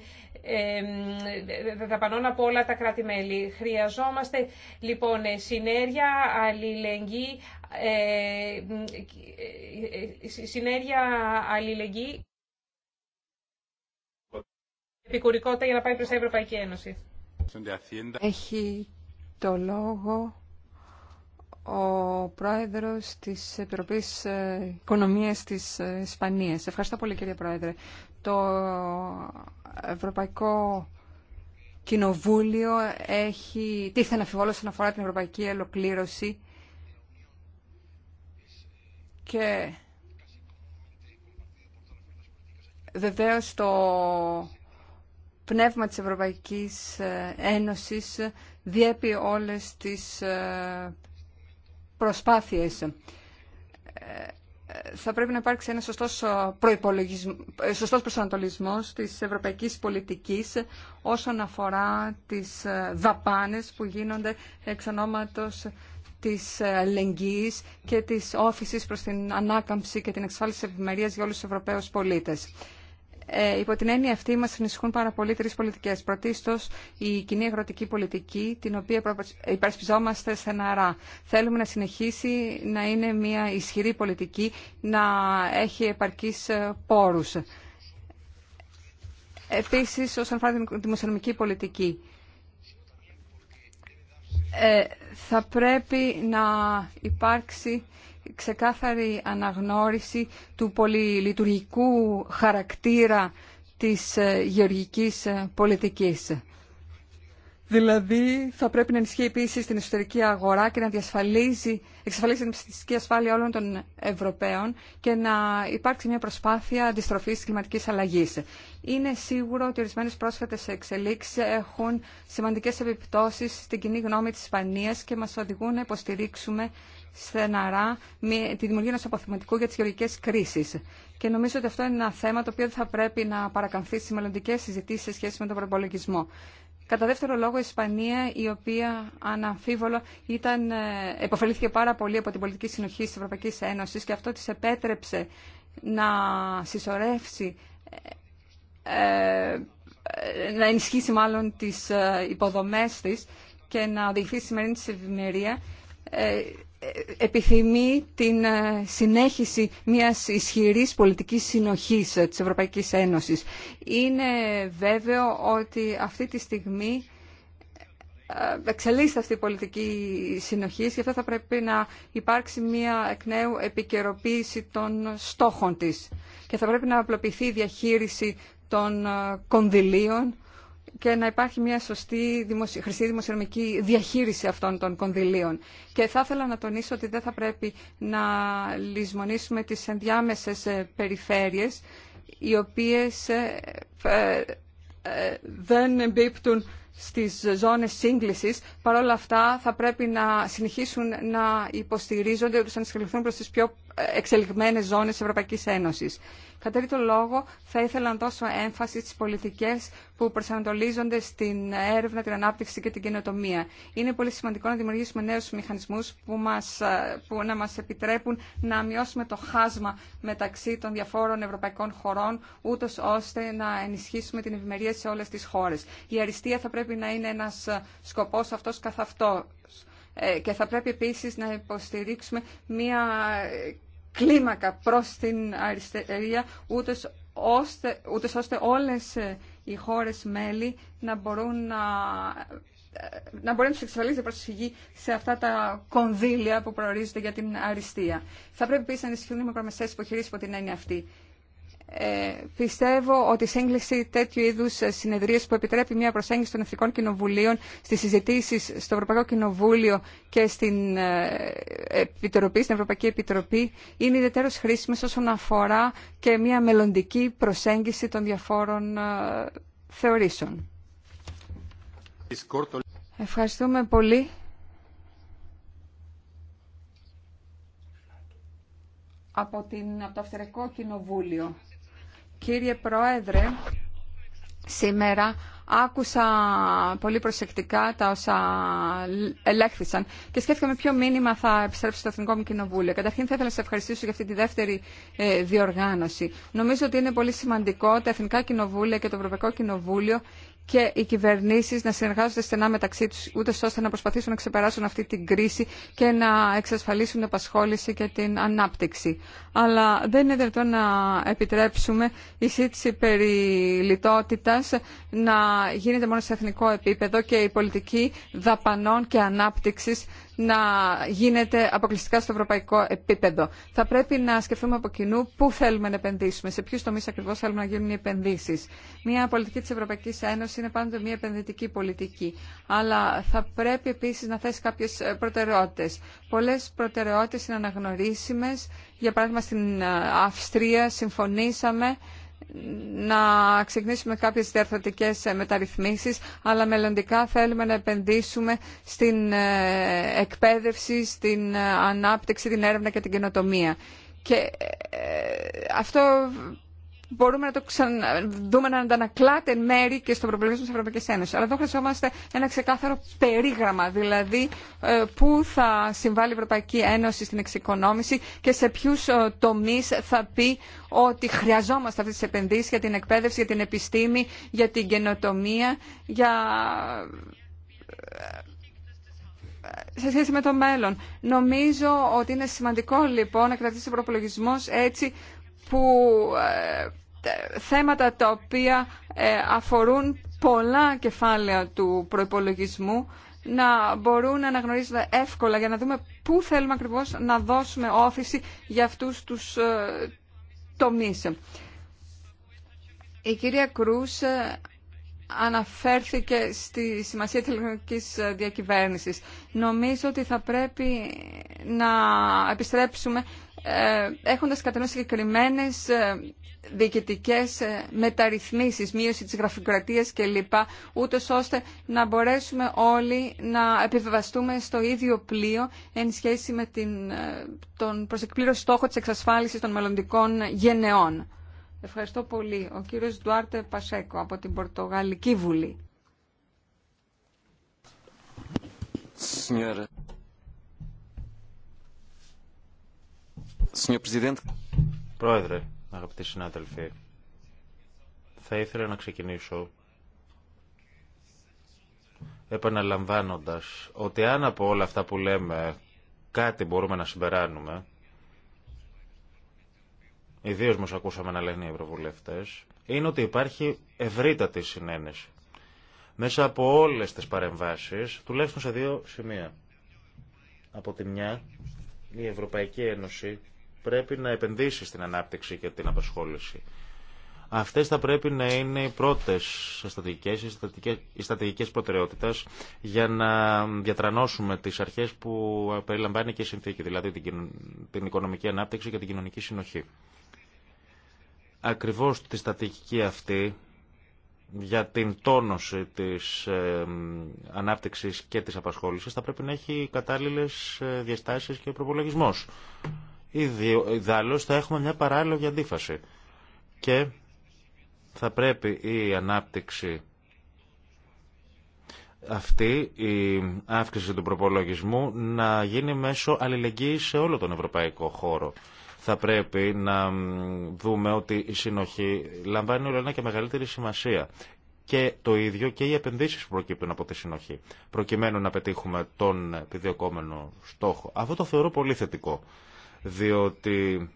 δαπανών από όλα τα κράτη-μέλη. Χρειαζόμαστε λοιπόν συνέργεια, αλληλεγγύη, ε, ε, συνέργεια, αλληλεγγύη επικουρικότητα για να πάει προς την Ευρωπαϊκή Ένωση. Έχει το λόγο ο πρόεδρος της Επιτροπής ε, Οικονομίας της Ισπανίας. Ευχαριστώ πολύ κύριε πρόεδρε το Ευρωπαϊκό Κοινοβούλιο έχει τίθεν να όσον αφορά την ευρωπαϊκή ελοκλήρωση και βεβαίω το πνεύμα της Ευρωπαϊκής Ένωσης διέπει όλες τις προσπάθειες θα πρέπει να υπάρξει ένα σωστός, ε, ε, σωστός προσανατολισμός της ευρωπαϊκής πολιτικής όσον αφορά τις ε, δαπάνες που γίνονται εξ ονόματος της αλληλεγγύης και της όφησης προς την ανάκαμψη και την της ευημερίας για όλους τους Ευρωπαίους πολίτες. Ε, υπό την έννοια αυτή μα ενισχύουν πάρα πολύ τρει πολιτικές. Πρωτίστως η κοινή αγροτική πολιτική, την οποία υπερασπιζόμαστε στεναρά. Θέλουμε να συνεχίσει να είναι μια ισχυρή πολιτική, να έχει επαρκείς ε, πόρους. Επίσης, όσον αφορά τη δημοσιονομική πολιτική, ε, θα πρέπει να υπάρξει ξεκάθαρη αναγνώριση του πολυλειτουργικού χαρακτήρα της ε, γεωργικής ε, πολιτικής. Δηλαδή θα πρέπει να ενισχύει επίση την εσωτερική αγορά και να διασφαλίζει, εξασφαλίζει την ψηφιστική ασφάλεια όλων των Ευρωπαίων και να υπάρξει μια προσπάθεια αντιστροφή τη κλιματικής αλλαγής. Είναι σίγουρο ότι ορισμένε πρόσφατες εξελίξει έχουν σημαντικέ επιπτώσει στην κοινή γνώμη τη Ισπανίας και μα οδηγούν να υποστηρίξουμε στεναρά τη δημιουργία ενό αποθυματικού για τι γεωργικέ κρίσει. Και νομίζω ότι αυτό είναι ένα θέμα το οποίο θα πρέπει να παρακαμφθεί στι μελλοντικέ συζητήσει σε σχέση με τον προπολογισμό. Κατά δεύτερο λόγο, η Ισπανία, η οποία αναμφίβολο ήταν, ε, επωφελήθηκε πάρα πολύ από την πολιτική συνοχή τη Ευρωπαϊκή Ένωση και αυτό τη επέτρεψε να συσσωρεύσει ε, ε, να ενισχύσει μάλλον τις υποδομές της και να οδηγηθεί στη σημερινή τη ευημερία επιθυμεί την ε, συνέχιση μιας ισχυρής πολιτικής συνοχής ε, της Ευρωπαϊκής Ένωσης. Είναι βέβαιο ότι αυτή τη στιγμή ε, εξελίσσεται αυτή η πολιτική συνοχή και αυτό θα πρέπει να υπάρξει μια εκ νέου επικαιροποίηση των στόχων της και θα πρέπει να απλοποιηθεί η διαχείριση των κονδυλίων και να υπάρχει μια σωστή χρηστή δημοσιονομική διαχείριση αυτών των κονδυλίων. Και θα ήθελα να τονίσω ότι δεν θα πρέπει να λησμονήσουμε τις ενδιάμεσες ε, περιφέρειες οι οποίες ε, ε, δεν εμπίπτουν στις ζώνες σύγκλησης. Παρ' όλα αυτά θα πρέπει να συνεχίσουν να υποστηρίζονται, να εξελιχθούν προς τις πιο εξελιγμένες ζώνες Ευρωπαϊκής Ένωσης. Κατά τρίτο λόγο, θα ήθελα να δώσω έμφαση στις πολιτικές που προσανατολίζονται στην έρευνα, την ανάπτυξη και την καινοτομία. Είναι πολύ σημαντικό να δημιουργήσουμε νέους μηχανισμούς που, μας, ε, που να μας επιτρέπουν να μειώσουμε το χάσμα μεταξύ των διαφόρων ευρωπαϊκών χωρών, ούτως ώστε να ενισχύσουμε την ευημερία σε όλες τις χώρες. Η αριστεία θα πρέπει να είναι ένας ε, σκοπός αυτός καθ' αυτό. Ε, και θα πρέπει επίσης να υποστηρίξουμε μια κλίμακα προς την αριστερία, ούτως ώστε, ούτως ώστε όλες ε, οι χώρες μέλη να μπορούν να ε, να μπορεί να του προσφυγή σε αυτά τα κονδύλια που προορίζονται για την αριστεία. Θα πρέπει επίση να ενισχύουν οι μικρομεσαίε υποχειρήσεις από την έννοια αυτή. Ε, πιστεύω ότι η σύγκληση τέτοιου είδου συνεδρίες που επιτρέπει μια προσέγγιση των Εθνικών Κοινοβουλίων στι συζητήσει στο Ευρωπαϊκό Κοινοβούλιο και στην, ε, Επιτροπή, στην Ευρωπαϊκή Επιτροπή είναι ιδιαίτερω χρήσιμε όσον αφορά και μια μελλοντική προσέγγιση των διαφόρων ε, θεωρήσεων. Ευχαριστούμε πολύ. από, την, από το Αυστριακό Κοινοβούλιο. Κύριε Πρόεδρε, σήμερα άκουσα πολύ προσεκτικά τα όσα ελέγχθησαν και σκέφτηκα με ποιο μήνυμα θα επιστρέψει στο Εθνικό Κοινοβούλιο. Καταρχήν θα ήθελα να σα ευχαριστήσω για αυτή τη δεύτερη ε, διοργάνωση. Νομίζω ότι είναι πολύ σημαντικό τα Εθνικά Κοινοβούλια και το Ευρωπαϊκό Κοινοβούλιο και οι κυβερνήσεις να συνεργάζονται στενά μεταξύ τους, ούτε ώστε να προσπαθήσουν να ξεπεράσουν αυτή την κρίση και να εξασφαλίσουν την απασχόληση και την ανάπτυξη. Αλλά δεν είναι δυνατόν να επιτρέψουμε η σύντηση περί λιτότητας να γίνεται μόνο σε εθνικό επίπεδο και η πολιτική δαπανών και ανάπτυξης να γίνεται αποκλειστικά στο ευρωπαϊκό επίπεδο. Θα πρέπει να σκεφτούμε από κοινού πού θέλουμε να επενδύσουμε, σε ποιου τομεί ακριβώ θέλουμε να γίνουν οι επενδύσει. Μια πολιτική τη Ευρωπαϊκή Ένωση είναι πάντοτε μια επενδυτική πολιτική. Αλλά θα πρέπει επίση να θέσει κάποιε προτεραιότητε. Πολλέ προτεραιότητε είναι αναγνωρίσιμε. Για παράδειγμα, στην ε, Αυστρία συμφωνήσαμε να ξεκινήσουμε κάποιες διαρθρωτικές ε, μεταρρυθμίσεις, αλλά μελλοντικά θέλουμε να επενδύσουμε στην ε, εκπαίδευση, στην ε, ανάπτυξη, την έρευνα και την καινοτομία. Και αυτό μπορούμε να το ξαναδούμε να αντανακλάται μέρη και στον προπολογισμό της Ευρωπαϊκής Ένωσης. Αλλά εδώ χρειαζόμαστε ένα ξεκάθαρο περίγραμμα, δηλαδή ε, πού θα συμβάλλει η Ευρωπαϊκή Ένωση στην εξοικονόμηση και σε ποιους ε, τομεί θα πει ότι χρειαζόμαστε αυτές τις επενδύσεις για την εκπαίδευση, για την επιστήμη, για την καινοτομία, για ε, σε σχέση με το μέλλον. Νομίζω ότι είναι σημαντικό λοιπόν να κρατήσει ο προπολογισμό έτσι που ε, θέματα τα οποία ε, αφορούν πολλά κεφάλαια του προϋπολογισμού να μπορούν να αναγνωρίζονται εύκολα για να δούμε πού θέλουμε ακριβώς να δώσουμε όθηση για αυτούς τους ε, τομείς. Η κυρία Κρούς αναφέρθηκε στη σημασία της ελληνικής διακυβέρνησης. Νομίζω ότι θα πρέπει να επιστρέψουμε ε, έχοντας κατά νου συγκεκριμένε ε, διοικητικές ε, μεταρρυθμίσεις, μείωση της γραφειοκρατίας κλπ, ούτως ώστε να μπορέσουμε όλοι να επιβεβαστούμε στο ίδιο πλοίο εν σχέση με την, τον προσεκπλήρωση στόχο της εξασφάλισης των μελλοντικών γενεών. Ευχαριστώ πολύ. Ο κύριος Ντουάρτε Πασέκο από την Πορτογαλική Βουλή. Πρόεδρε, αγαπητοί συνάδελφοι, θα ήθελα να ξεκινήσω επαναλαμβάνοντας ότι αν από όλα αυτά που λέμε κάτι μπορούμε να συμπεράνουμε, ιδίω μας ακούσαμε να λένε οι ευρωβουλευτές, είναι ότι υπάρχει ευρύτατη συνένεση. Μέσα από όλες τις παρεμβάσεις, τουλάχιστον σε δύο σημεία. Από τη μια, η Ευρωπαϊκή Ένωση πρέπει να επενδύσει στην ανάπτυξη και την απασχόληση. Αυτέ θα πρέπει να είναι οι πρώτε οι στρατηγικέ για να διατρανώσουμε τι αρχέ που περιλαμβάνει και η συνθήκη, δηλαδή την οικονομική ανάπτυξη και την κοινωνική συνοχή. Ακριβώ τη στρατηγική αυτή για την τόνωση της ανάπτυξης και της απασχόλησης θα πρέπει να έχει κατάλληλες ε, διαστάσεις και προπολογισμό. Ιδάλλως θα έχουμε μια παράλληλη αντίφαση. Και θα πρέπει η ανάπτυξη αυτή η αύξηση του προπολογισμού να γίνει μέσω αλληλεγγύης σε όλο τον ευρωπαϊκό χώρο. Θα πρέπει να δούμε ότι η συνοχή λαμβάνει όλο και μεγαλύτερη σημασία. Και το ίδιο και οι επενδύσεις που προκύπτουν από τη συνοχή, προκειμένου να πετύχουμε τον επιδιωκόμενο στόχο. Αυτό το θεωρώ πολύ θετικό διότι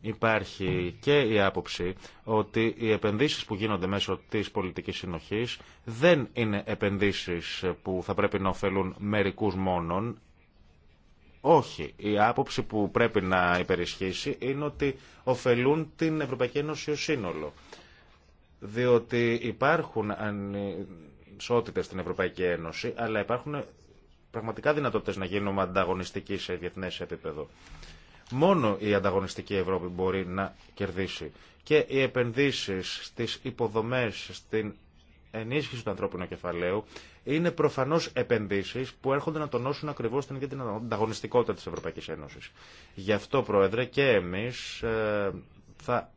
υπάρχει και η άποψη ότι οι επενδύσεις που γίνονται μέσω της πολιτικής συνοχής δεν είναι επενδύσεις που θα πρέπει να ωφελούν μερικούς μόνον. Όχι. Η άποψη που πρέπει να υπερισχύσει είναι ότι ωφελούν την Ευρωπαϊκή Ένωση ως σύνολο. Διότι υπάρχουν ανισότητες στην Ευρωπαϊκή Ένωση, αλλά υπάρχουν πραγματικά δυνατότητε να γίνουμε ανταγωνιστικοί σε διεθνέ επίπεδο. Μόνο η ανταγωνιστική Ευρώπη μπορεί να κερδίσει. Και οι επενδύσεις στις υποδομές, στην ενίσχυση του ανθρώπινου κεφαλαίου, είναι προφανώς επενδύσεις που έρχονται να τονώσουν ακριβώ την ανταγωνιστικότητα τη Ευρωπαϊκή Ένωση. Γι' αυτό, Πρόεδρε, και εμείς ε, θα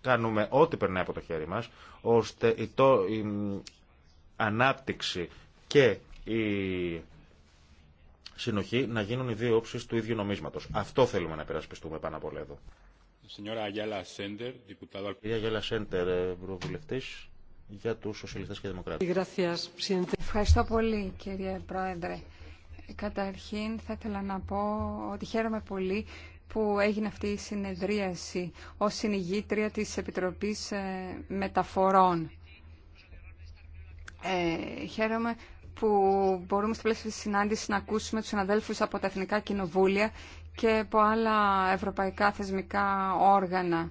κάνουμε ό,τι περνάει από το χέρι μα, ώστε η, το, ανάπτυξη και η συνοχή να γίνουν οι δύο όψει του ίδιου νομίσματο. Αυτό θέλουμε να περασπιστούμε πάνω από όλα εδώ. Κυρία Σέντερ, Ευρωβουλευτή για του Σοσιαλιστέ και Δημοκράτε. Ευχαριστώ πολύ, κύριε Πρόεδρε. Καταρχήν θα ήθελα να πω ότι χαίρομαι πολύ που έγινε αυτή η συνεδρίαση ως συνηγήτρια της Επιτροπής ε, Μεταφορών. Ε, χαίρομαι που μπορούμε στο πλαίσιο της συνάντησης να ακούσουμε τους συναδέλφους από τα Εθνικά Κοινοβούλια και από άλλα ευρωπαϊκά θεσμικά όργανα.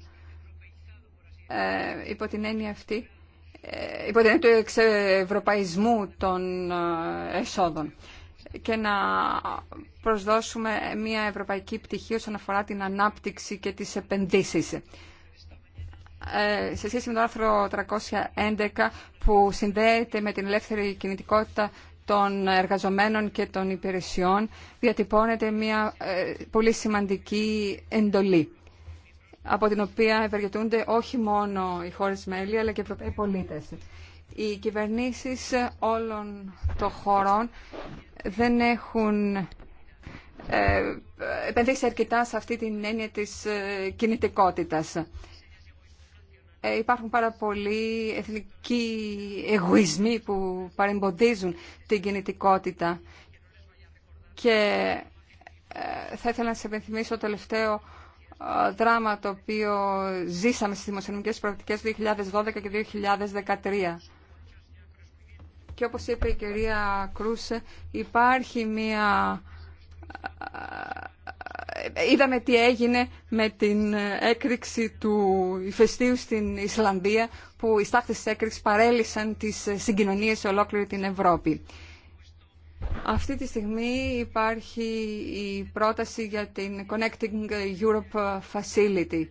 Ε, υπό την έννοια αυτή, ε, υπό την έννοια του εξευρωπαϊσμού των ε, εσόδων και να προσδώσουμε μια ευρωπαϊκή πτυχή όσον αφορά την ανάπτυξη και τις επενδύσεις. Ε, σε σχέση με το άρθρο 311 που συνδέεται με την ελεύθερη κινητικότητα των εργαζομένων και των υπηρεσιών διατυπώνεται μια ε, πολύ σημαντική εντολή από την οποία ευεργετούνται όχι μόνο οι χώρες μέλη αλλά και οι Ευρωπαίοι πολίτες. Οι κυβερνήσεις όλων των χωρών δεν έχουν ε, επενδύσει αρκετά σε αυτή την έννοια της κινητικότητας. Ε, υπάρχουν πάρα πολλοί εθνικοί εγωισμοί που παρεμποδίζουν την κινητικότητα. Και ε, θα ήθελα να σε επενθυμίσω το τελευταίο ε, δράμα το οποίο ζήσαμε στις δημοσιονομικές πρακτικές 2012 και 2013. Και όπως είπε η κυρία Κρούσε, υπάρχει μία ε, είδαμε τι έγινε με την έκρηξη του ηφαιστείου στην Ισλανδία που οι στάχτες της έκρηξης παρέλυσαν τις συγκοινωνίες σε ολόκληρη την Ευρώπη. Αυτή τη στιγμή υπάρχει η πρόταση για την Connecting Europe Facility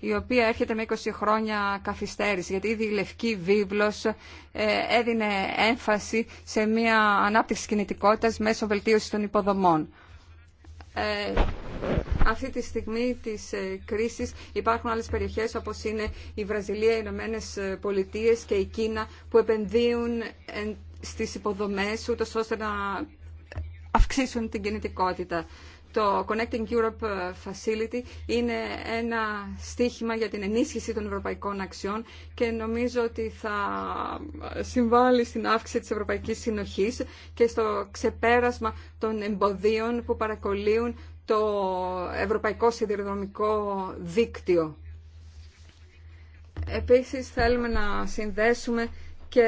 η οποία έρχεται με 20 χρόνια καθυστέρηση, γιατί ήδη η Λευκή Βίβλος ε, έδινε έμφαση σε μια ανάπτυξη κινητικότητας μέσω βελτίωσης των υποδομών. Ε, αυτή τη στιγμή της ε, κρίσης υπάρχουν άλλες περιοχές όπως είναι η Βραζιλία, οι Ηνωμένε Πολιτείε και η Κίνα που επενδύουν ε, στις υποδομές ούτως ώστε να αυξήσουν την κινητικότητα. Το Connecting Europe ε, Facility είναι ένα στίχημα για την ενίσχυση των ευρωπαϊκών αξιών και νομίζω ότι θα ε, συμβάλλει στην αύξηση της ευρωπαϊκής συνοχής και στο ξεπέρασμα των εμποδίων που παρακολύουν το ευρωπαϊκό σιδηροδρομικό δίκτυο. Επίσης θέλουμε να συνδέσουμε και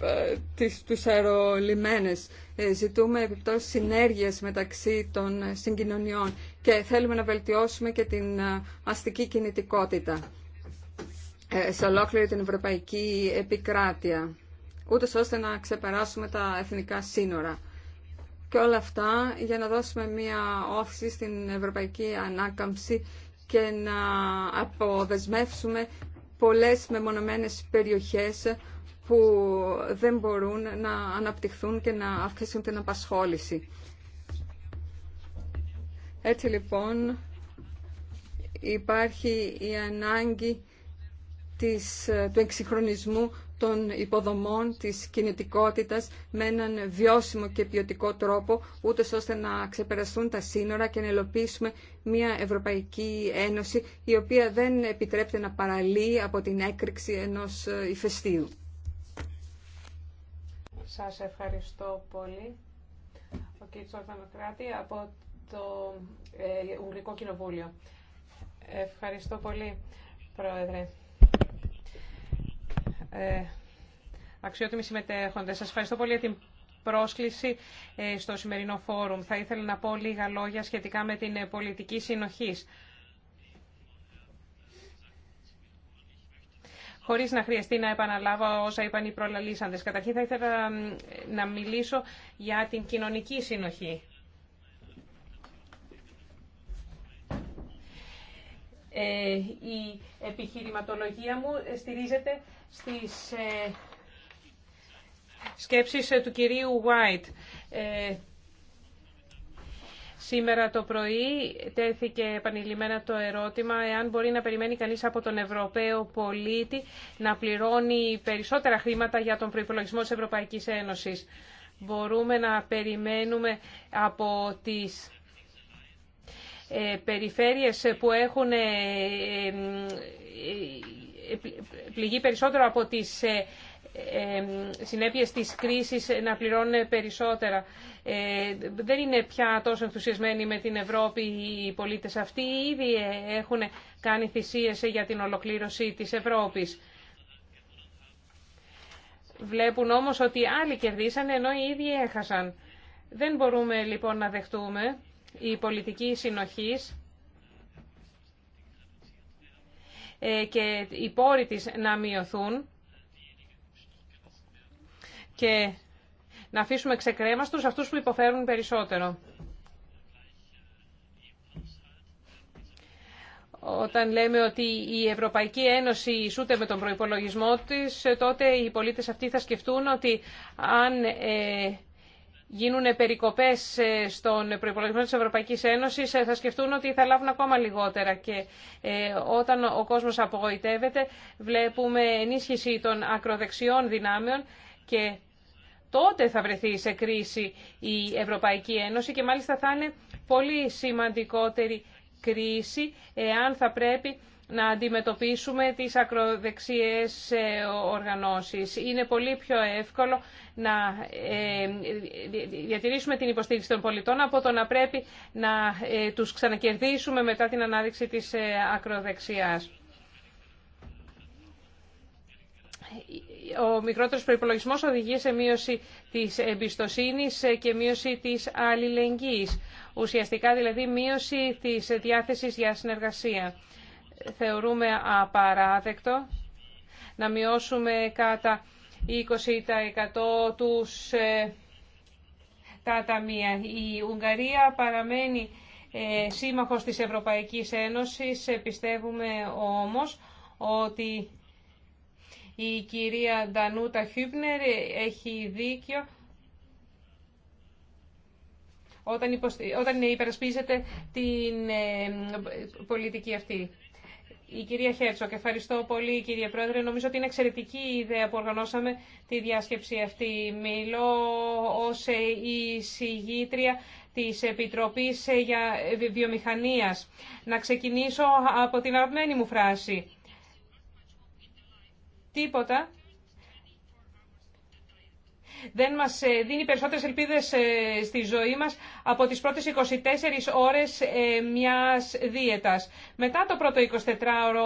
ε, τις, τους αερολιμένες. Ε, ζητούμε επιπτώσει συνέργειας μεταξύ των συγκοινωνιών και θέλουμε να βελτιώσουμε και την ε, αστική κινητικότητα σε ολόκληρη την ευρωπαϊκή επικράτεια, ούτε ώστε να ξεπεράσουμε τα εθνικά σύνορα. Και όλα αυτά για να δώσουμε μία όθηση στην ευρωπαϊκή ανάκαμψη και να αποδεσμεύσουμε πολλές μεμονωμένες περιοχές που δεν μπορούν να αναπτυχθούν και να αυξήσουν την απασχόληση. Έτσι λοιπόν υπάρχει η ανάγκη της, του εξυγχρονισμού των υποδομών της κινητικότητας με έναν βιώσιμο και ποιοτικό τρόπο, ούτε ώστε να ξεπεραστούν τα σύνορα και να ελοπίσουμε μια Ευρωπαϊκή Ένωση η οποία δεν επιτρέπεται να παραλύει από την έκρηξη ενός ηφαιστείου. Σας ευχαριστώ πολύ. Ο κ. Ορθανοκράτη από το ε, Ουγγρικό Κοινοβούλιο. Ευχαριστώ πολύ, Πρόεδρε. Ε, αξιότιμοι συμμετέχοντες, σας ευχαριστώ πολύ για την πρόσκληση ε, στο σημερινό φόρουμ. Θα ήθελα να πω λίγα λόγια σχετικά με την ε, πολιτική συνοχή. χωρί να χρειαστεί να επαναλάβω όσα είπαν οι προλαλήσαντε. Καταρχήν θα ήθελα να μιλήσω για την κοινωνική συνοχή. Ε, η επιχειρηματολογία μου στηρίζεται στις ε, σκέψεις ε, του κυρίου White. Ε, σήμερα το πρωί τέθηκε επανειλημμένα το ερώτημα εάν μπορεί να περιμένει κανείς από τον Ευρωπαίο πολίτη να πληρώνει περισσότερα χρήματα για τον προϋπολογισμό της Ευρωπαϊκής Ένωσης. Μπορούμε να περιμένουμε από τις περιφέρειες που έχουν πληγεί περισσότερο από τις ε, ε, συνέπειες της κρίσης να πληρώνουν περισσότερα. Ε, δεν είναι πια τόσο ενθουσιασμένοι με την Ευρώπη οι πολίτες αυτοί. Ήδη έχουν κάνει θυσίες για την ολοκλήρωση της Ευρώπης. Βλέπουν όμως ότι άλλοι κερδίσανε ενώ οι ίδιοι έχασαν. Δεν μπορούμε λοιπόν να δεχτούμε η πολιτική συνοχής Ε, και οι πόροι της να μειωθούν και να αφήσουμε ξεκρέμαστους αυτούς που υποφέρουν περισσότερο. Όταν λέμε ότι η Ευρωπαϊκή Ένωση ισούται με τον προϋπολογισμό της, τότε οι πολίτες αυτοί θα σκεφτούν ότι αν ε, γίνουν περικοπέ ε, στον προπολογισμό τη Ευρωπαϊκή Ένωση. Ε, θα σκεφτούν ότι θα λάβουν ακόμα λιγότερα και ε, όταν ο κόσμος απογοητεύεται βλέπουμε ενίσχυση των ακροδεξιών δυνάμεων και τότε θα βρεθεί σε κρίση η Ευρωπαϊκή Ένωση και μάλιστα θα είναι πολύ σημαντικότερη κρίση εάν θα πρέπει να αντιμετωπίσουμε τις ακροδεξιές ε, οργανώσεις. Είναι πολύ πιο εύκολο να ε, διατηρήσουμε την υποστήριξη των πολιτών από το να πρέπει να ε, τους ξανακερδίσουμε μετά την ανάδειξη της ακροδεξιάς. Ο μικρότερος προϋπολογισμός οδηγεί σε μείωση της εμπιστοσύνης και μείωση της αλληλεγγύης. Ουσιαστικά δηλαδή μείωση της διάθεσης για συνεργασία θεωρούμε απαράδεκτο να μειώσουμε κατά 20% τους, ε, τα ταμεία. Η Ουγγαρία παραμένει ε, σύμμαχος της Ευρωπαϊκής Ένωσης. Ε, πιστεύουμε όμως ότι η κυρία Ντανούτα Χιούπνερ έχει δίκιο όταν υπερασπίζεται την πολιτική αυτή. Η κυρία Χέρτσοκ, ευχαριστώ πολύ κύριε Πρόεδρε. Νομίζω ότι είναι εξαιρετική η ιδέα που οργανώσαμε τη διάσκεψη αυτή. Μιλώ ως η συγγήτρια της Επιτροπής για Βιομηχανίας. Να ξεκινήσω από την αγαπημένη μου φράση. Τίποτα δεν μας ε, δίνει περισσότερες ελπίδες ε, στη ζωή μας από τις πρώτες 24 ώρες ε, μιας δίαιτας. Μετά το πρώτο 24ωρο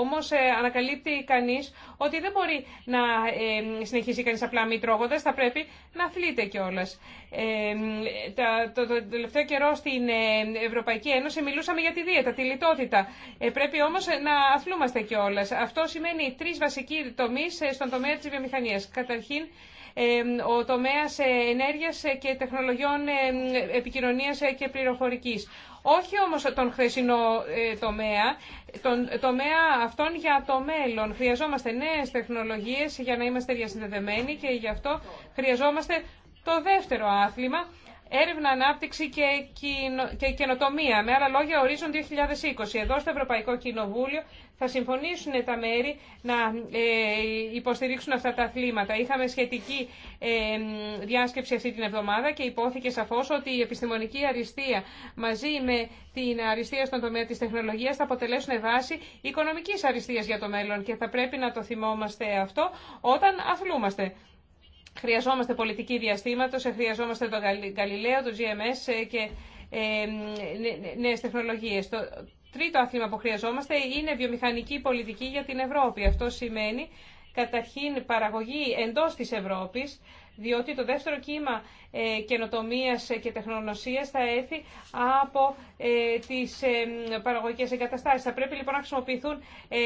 όμως ανακαλύπτει κανείς ότι δεν μπορεί να συνεχίσει κανείς απλά μη τρώγοντας, θα πρέπει να αθλείται κιόλα. το, τελευταίο καιρό στην Ευρωπαϊκή Ένωση μιλούσαμε για τη δίαιτα, τη λιτότητα. πρέπει όμως να αθλούμαστε κιόλα. Αυτό σημαίνει τρεις βασικοί τομείς στον τομέα της βιομηχανίας. Καταρχήν, ο τομέας ε, ενέργειας ε, και τεχνολογιών ε, επικοινωνίας και πληροφορική. Όχι όμως τον χθεσινό τομέα, τον τομέα αυτόν για το μέλλον. Χρειαζόμαστε νέες τεχνολογίες για να είμαστε διασυνδεδεμένοι και γι' αυτό χρειαζόμαστε το δεύτερο άθλημα, έρευνα, ανάπτυξη και, και καινοτομία. Με άλλα λόγια, ορίζον 2020. Εδώ στο Ευρωπαϊκό Κοινοβούλιο θα συμφωνήσουν τα μέρη να ε, υποστηρίξουν αυτά τα αθλήματα. Είχαμε σχετική ε, διάσκεψη αυτή την εβδομάδα και υπόθηκε σαφώς ότι η επιστημονική αριστεία μαζί με την αριστεία στον τομέα της τεχνολογίας θα αποτελέσουν βάση οικονομικής αριστείας για το μέλλον και θα πρέπει να το θυμόμαστε αυτό όταν αθλούμαστε. Χρειαζόμαστε πολιτική διαστήματος, χρειαζόμαστε τον Γαλιλαίο, το GMS ε, και νέες τεχνολογίες τρίτο άθλημα που χρειαζόμαστε είναι βιομηχανική πολιτική για την Ευρώπη. Αυτό σημαίνει καταρχήν παραγωγή εντός της Ευρώπης, διότι το δεύτερο κύμα ε, καινοτομίας ε, και τεχνονοσία θα έρθει από ε, τις παραγωγικές εγκαταστάσεις. Θα πρέπει λοιπόν να χρησιμοποιηθούν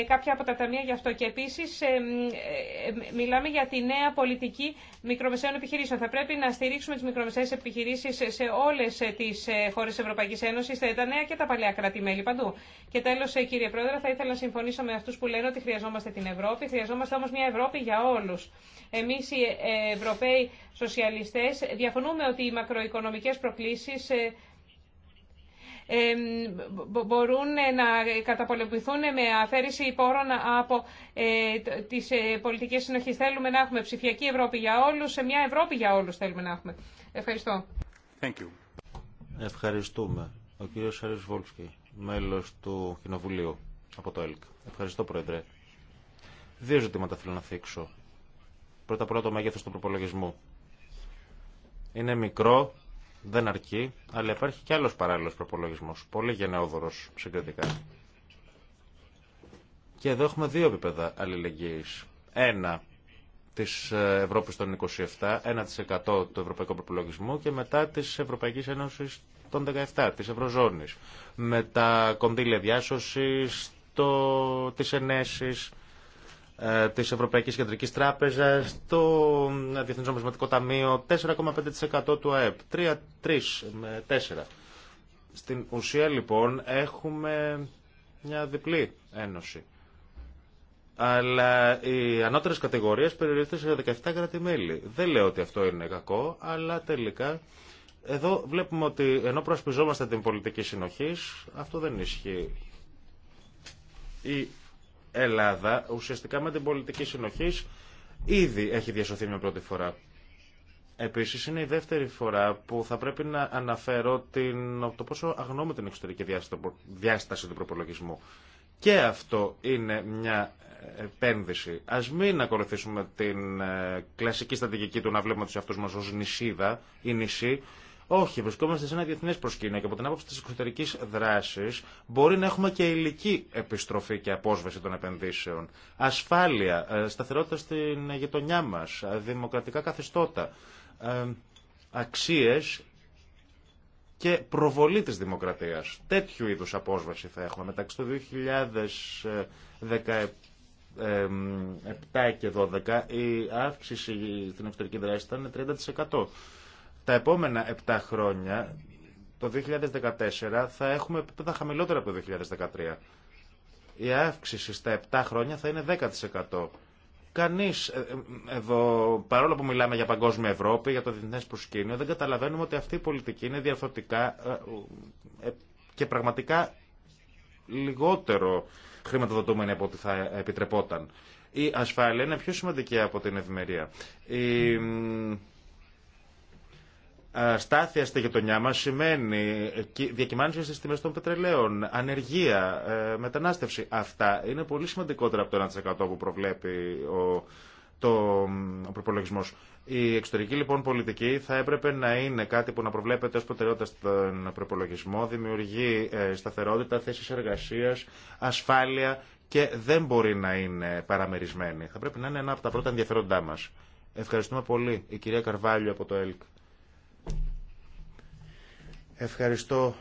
κάποια από τα ταμεία γι' αυτό. Και επίσης μιλάμε για τη νέα πολιτική μικρομεσαίων επιχειρήσεων. Θα πρέπει να στηρίξουμε τις μικρομεσαίες επιχειρήσεις σε όλες τις χώρες Ευρωπαϊκής Ένωσης, τα νέα και τα παλιά κράτη-μέλη παντού. Και τέλος, κύριε Πρόεδρε, θα ήθελα να συμφωνήσω με αυτού που λένε ότι χρειαζόμαστε την Ευρώπη, χρειαζόμαστε όμως μια Ευρώπη για όλους. Εμείς οι Ευρωπαίοι Ευρωπαίοι σοσιαλιστές διαφωνούμε ότι οι μακροοικονομικές προκλήσεις ε, μπορούν να καταπολεμηθούν με αφαίρεση πόρων από ε, τις ε, πολιτικές συνοχές. Θέλουμε να έχουμε ψηφιακή Ευρώπη για όλους, σε μια Ευρώπη για όλους θέλουμε να έχουμε. Ευχαριστώ. Thank you. Ευχαριστούμε. Ο κύριος Σάρις Βόλσκι, μέλος του Κοινοβουλίου από το ΕΛΚ. Ευχαριστώ, Πρόεδρε. Δύο ζητήματα θέλω να θίξω. Πρώτα απ' όλα το μέγεθος του προπολογισμού. Είναι μικρό, δεν αρκεί, αλλά υπάρχει και άλλος παράλληλος προπολογισμός, πολύ γενναιόδωρος συγκριτικά. Και εδώ έχουμε δύο επίπεδα αλληλεγγύης. Ένα της Ευρώπης των 27, 1% του ευρωπαϊκού προπολογισμού και μετά της Ευρωπαϊκής Ένωσης των 17, της Ευρωζώνης. Με τα κονδύλια διάσωσης, το, τις ε, της Ευρωπαϊκής Κεντρικής Τράπεζας, το ε, Διεθνές Νομισματικό Ταμείο, 4,5% του ΑΕΠ, 3, με 4. Στην ουσία λοιπόν έχουμε μια διπλή ένωση. Αλλά οι ανώτερε κατηγορίε περιορίζονται σε 17 κράτη-μέλη. Δεν λέω ότι αυτό είναι κακό, αλλά τελικά εδώ βλέπουμε ότι ενώ προσπιζόμαστε την πολιτική συνοχή, αυτό δεν ισχύει. Η Ελλάδα ουσιαστικά με την πολιτική συνοχή ήδη έχει διασωθεί μια πρώτη φορά. Επίση, είναι η δεύτερη φορά που θα πρέπει να αναφέρω την, το πόσο αγνώμη την εξωτερική διάσταση του προπολογισμού. Και αυτό είναι μια επένδυση. Ας μην ακολουθήσουμε την ε, κλασική στρατηγική του να βλέπουμε του εαυτού μα ω νησίδα ή νησί, όχι, βρισκόμαστε σε ένα διεθνέ προσκήνιο και από την άποψη τη εξωτερική δράση μπορεί να έχουμε και υλική επιστροφή και απόσβεση των επενδύσεων. Ασφάλεια, ε, σταθερότητα στην γειτονιά μα, ε, δημοκρατικά καθεστώτα, ε, αξίε και προβολή της δημοκρατίας. Τέτοιου είδους απόσβαση θα έχουμε μεταξύ του 2017 και 2012 η αύξηση στην εξωτερική δράση ήταν 30%. Τα επόμενα 7 χρόνια, το 2014, θα έχουμε επίπεδα χαμηλότερα από το 2013. Η αύξηση στα 7 χρόνια θα είναι 10%. Κανεί ε, ε, εδώ, παρόλο που μιλάμε για παγκόσμια Ευρώπη, για το διεθνέ προσκήνιο, δεν καταλαβαίνουμε ότι αυτή η πολιτική είναι διαρθωτικά ε, και πραγματικά λιγότερο χρηματοδοτούμενη από ό,τι θα επιτρεπόταν. Η ασφάλεια είναι πιο σημαντική από την ευημερία. Η ε, στάθεια στη γειτονιά μα σημαίνει διακυμάνωση στι τιμέ των πετρελαίων, ανεργία, ε, μετανάστευση. Αυτά είναι πολύ σημαντικότερα από το 1% που προβλέπει ο, το, ο προπολογισμό. Η εξωτερική λοιπόν πολιτική θα έπρεπε να είναι κάτι που να προβλέπεται ω προτεραιότητα στον προπολογισμό, δημιουργεί ε, σταθερότητα, θέσει εργασία, ασφάλεια και δεν μπορεί να είναι παραμερισμένη. Θα πρέπει να είναι ένα από τα πρώτα ενδιαφέροντά μα. Ευχαριστούμε πολύ. Η κυρία Καρβάλιο από το ΕΛΚ. Ευχαριστώ,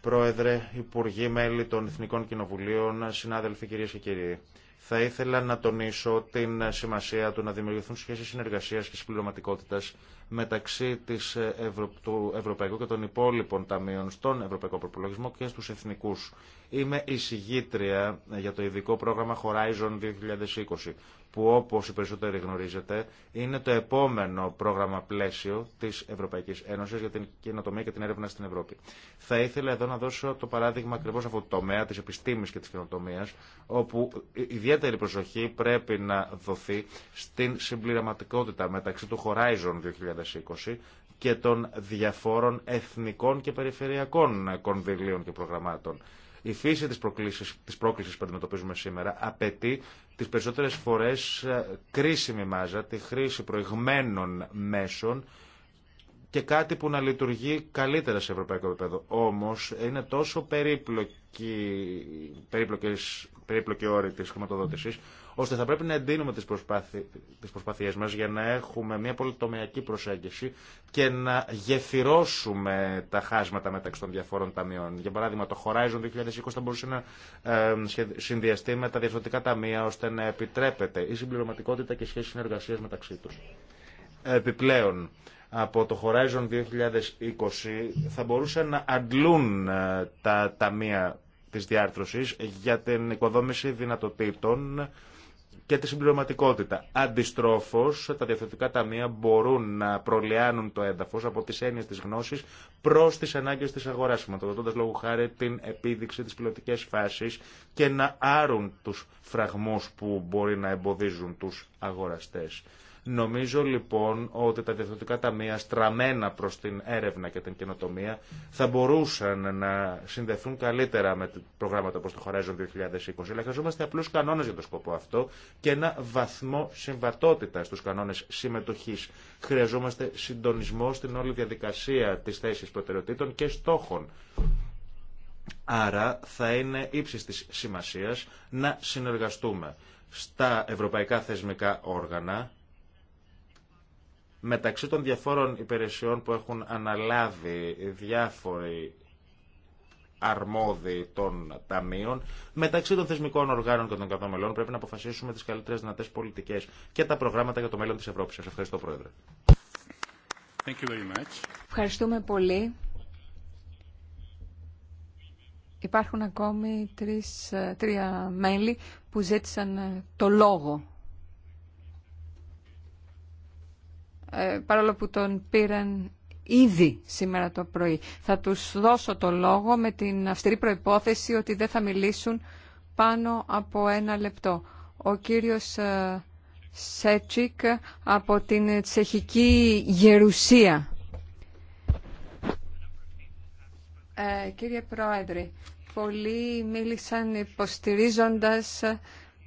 Πρόεδρε, Υπουργοί, μέλη των Εθνικών Κοινοβουλίων, συνάδελφοι, κυρίες και κύριοι. Θα ήθελα να τονίσω την σημασία του να δημιουργηθούν σχέσεις συνεργασίας και συμπληρωματικότητας μεταξύ της του Ευρωπαϊκού και των υπόλοιπων ταμείων στον Ευρωπαϊκό Προπολογισμό και στους εθνικούς. Είμαι εισηγήτρια για το ειδικό πρόγραμμα Horizon 2020, που όπως οι περισσότεροι γνωρίζετε είναι το επόμενο πρόγραμμα πλαίσιο της Ευρωπαϊκής Ένωσης για την καινοτομία και την έρευνα στην Ευρώπη. Θα ήθελα εδώ να δώσω το παράδειγμα ακριβώς από το τομέα της επιστήμης και της καινοτομίας όπου ιδιαίτερη προσοχή πρέπει να δοθεί στην συμπληρωματικότητα μεταξύ του Horizon 2020 και των διαφόρων εθνικών και περιφερειακών κονδυλίων και προγραμμάτων. Η φύση της, της πρόκλησης που αντιμετωπίζουμε σήμερα απαιτεί τις περισσότερες φορές ε, κρίσιμη μάζα, τη χρήση προηγμένων μέσων και κάτι που να λειτουργεί καλύτερα σε ευρωπαϊκό επίπεδο. Όμως είναι τόσο περίπλοκη, περίπλοκη, περίπλοκη όρη της χρηματοδότησης ώστε θα πρέπει να εντείνουμε τις, προσπάθει, τις προσπάθειές μας για να έχουμε μια πολυτομιακή προσέγγιση και να γεφυρώσουμε τα χάσματα μεταξύ των διαφόρων ταμείων. Για παράδειγμα, το Horizon 2020 θα μπορούσε να συνδυαστεί με τα διαφορετικά ταμεία ώστε να επιτρέπεται η συμπληρωματικότητα και σχέση συνεργασίας μεταξύ τους. Επιπλέον, από το Horizon 2020 θα μπορούσε να αντλούν ε, τα ταμεία της διάρθρωσης για την οικοδόμηση δυνατοτήτων και τη συμπληρωματικότητα. Αντιστρόφω, τα διαφορετικά ταμεία μπορούν να προλιάνουν το έδαφο από τι έννοιε τη γνώση προ τι ανάγκε τη αγορά, σηματοδοτώντα λόγου χάρη την επίδειξη τη πιλωτική φάση και να άρουν του φραγμού που μπορεί να εμποδίζουν του αγοραστέ. Νομίζω λοιπόν ότι τα διευθυντικά ταμεία στραμμένα προς την έρευνα και την καινοτομία θα μπορούσαν να συνδεθούν καλύτερα με προγράμματα όπως το Horizon 2020. Αλλά χρειαζόμαστε απλούς κανόνες για το σκοπό αυτό και ένα βαθμό συμβατότητα στους κανόνες συμμετοχής. Χρειαζόμαστε συντονισμό στην όλη διαδικασία της θέσης προτεραιοτήτων και στόχων. Άρα θα είναι ύψης της σημασίας να συνεργαστούμε στα ευρωπαϊκά θεσμικά όργανα μεταξύ των διαφόρων υπηρεσιών που έχουν αναλάβει διάφοροι αρμόδιοι των ταμείων, μεταξύ των θεσμικών οργάνων και των καθομελών πρέπει να αποφασίσουμε τις καλύτερες δυνατές πολιτικές και τα προγράμματα για το μέλλον της Ευρώπης. Σας ευχαριστώ Πρόεδρε. Thank you very much. Ευχαριστούμε πολύ. Υπάρχουν ακόμη τρεις, τρία μέλη που ζήτησαν το λόγο. Ε, παρόλο που τον πήραν ήδη σήμερα το πρωί. Θα τους δώσω το λόγο με την αυστηρή προϋπόθεση ότι δεν θα μιλήσουν πάνω από ένα λεπτό. Ο κύριος ε, Σέτσικ από την Τσεχική Γερουσία. Ε, κύριε Πρόεδρε, πολλοί μίλησαν υποστηρίζοντας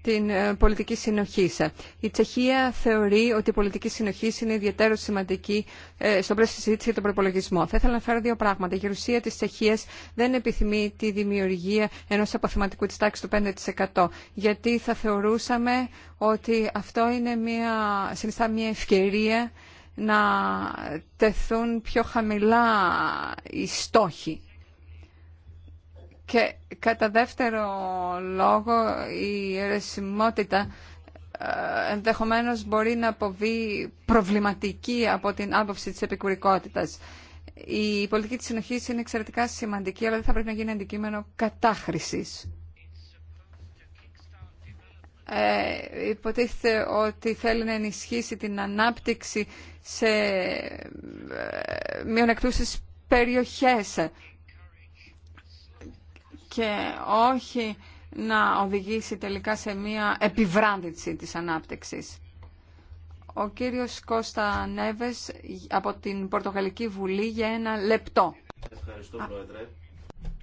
την ε, πολιτική συνοχή. Η Τσεχία θεωρεί ότι η πολιτική συνοχή είναι ιδιαίτερο σημαντική ε, στον πλαίσιο συζήτηση για τον προπολογισμό. Θα ήθελα να φέρω δύο πράγματα. Η γερουσία τη Τσεχία δεν επιθυμεί τη δημιουργία ενό αποθεματικού τη τάξη του 5%. Γιατί θα θεωρούσαμε ότι αυτό είναι μια, συνιστά μια ευκαιρία να τεθούν πιο χαμηλά οι στόχοι και κατά δεύτερο λόγο η αιρεσιμότητα ε, ενδεχομένως μπορεί να αποβεί προβληματική από την άποψη της επικουρικότητας. Η πολιτική της συνοχής είναι εξαιρετικά σημαντική, αλλά δεν θα πρέπει να γίνει αντικείμενο κατάχρησης. Ε, υποτίθεται ότι θέλει να ενισχύσει την ανάπτυξη σε ε, μειονεκτούσες περιοχές και όχι να οδηγήσει τελικά σε μια επιβράδυνση της ανάπτυξης. Ο κύριος Κώστα Νέβες από την Πορτογαλική Βουλή για ένα λεπτό. Ευχαριστώ Πρόεδρε.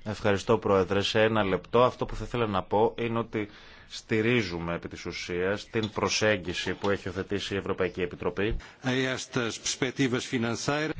Ευχαριστώ Πρόεδρε. Σε ένα λεπτό αυτό που θα ήθελα να πω είναι ότι Στηρίζουμε επί της ουσίας την προσέγγιση που έχει οθετήσει η Ευρωπαϊκή Επιτροπή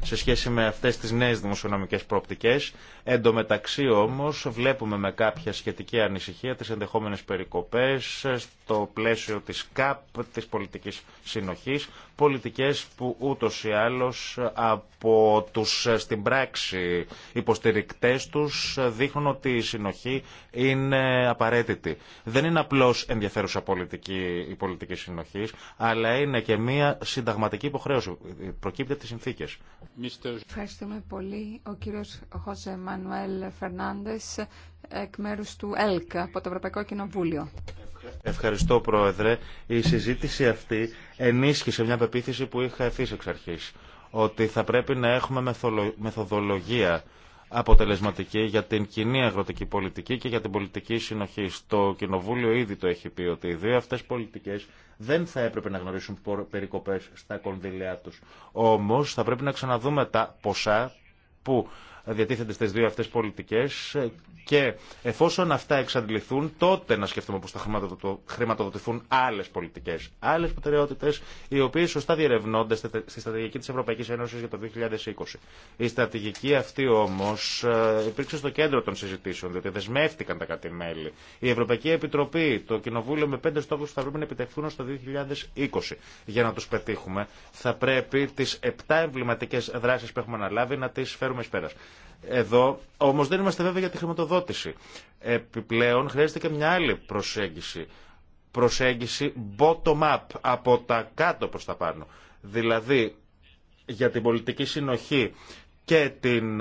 σε σχέση με αυτές τις νέες δημοσιονομικές προοπτικές. Εν τω μεταξύ όμως βλέπουμε με κάποια σχετική ανησυχία τις ενδεχόμενες περικοπές στο πλαίσιο της ΚΑΠ, της πολιτικής συνοχής, πολιτικές που ούτως ή άλλως από τους στην πράξη υποστηρικτές τους δείχνουν ότι η συνοχή είναι απαραίτητη. Δεν είναι απλό απλώς ενδιαφέρουσα πολιτική, η πολιτική συνοχή, αλλά είναι και μια συνταγματική υποχρέωση. Προκύπτει από τις συνθήκες. Ευχαριστούμε πολύ. Ο κύριος Χώσε Μανουέλ Φερνάντες, εκ μέρους του ΕΛΚ, από το Ευρωπαϊκό Κοινοβούλιο. Ευχαριστώ, Πρόεδρε. Η συζήτηση αυτή ενίσχυσε μια πεποίθηση που είχα ευθύ εξ αρχής, ότι θα πρέπει να έχουμε μεθοδολογία αποτελεσματική για την κοινή αγροτική πολιτική και για την πολιτική συνοχή. Το Κοινοβούλιο ήδη το έχει πει ότι οι δύο αυτέ πολιτικέ δεν θα έπρεπε να γνωρίσουν περικοπέ στα κονδυλιά του. Όμω θα πρέπει να ξαναδούμε τα ποσά που διατίθεται στι δύο αυτέ πολιτικέ και εφόσον αυτά εξαντληθούν τότε να σκεφτούμε πώ θα χρηματοδοτηθούν άλλε πολιτικέ, άλλε προτεραιότητε, οι οποίε σωστά διερευνώνται στη στρατηγική τη Ευρωπαϊκή Ένωση για το 2020. Η στρατηγική αυτή όμω ε, υπήρξε στο κέντρο των συζητήσεων διότι δεσμεύτηκαν τα κάτι μέλη. Η Ευρωπαϊκή Επιτροπή, το Κοινοβούλιο με πέντε στόχου που θα πρέπει να επιτευχθούν στο το 2020. Για να του πετύχουμε θα πρέπει τι επτά εμβληματικέ δράσει που έχουμε αναλάβει να τι φέρουμε ει εδώ όμως δεν είμαστε βέβαια για τη χρηματοδότηση. Επιπλέον χρειάζεται και μια άλλη προσέγγιση. Προσέγγιση bottom-up, από τα κάτω προς τα πάνω. Δηλαδή για την πολιτική συνοχή και την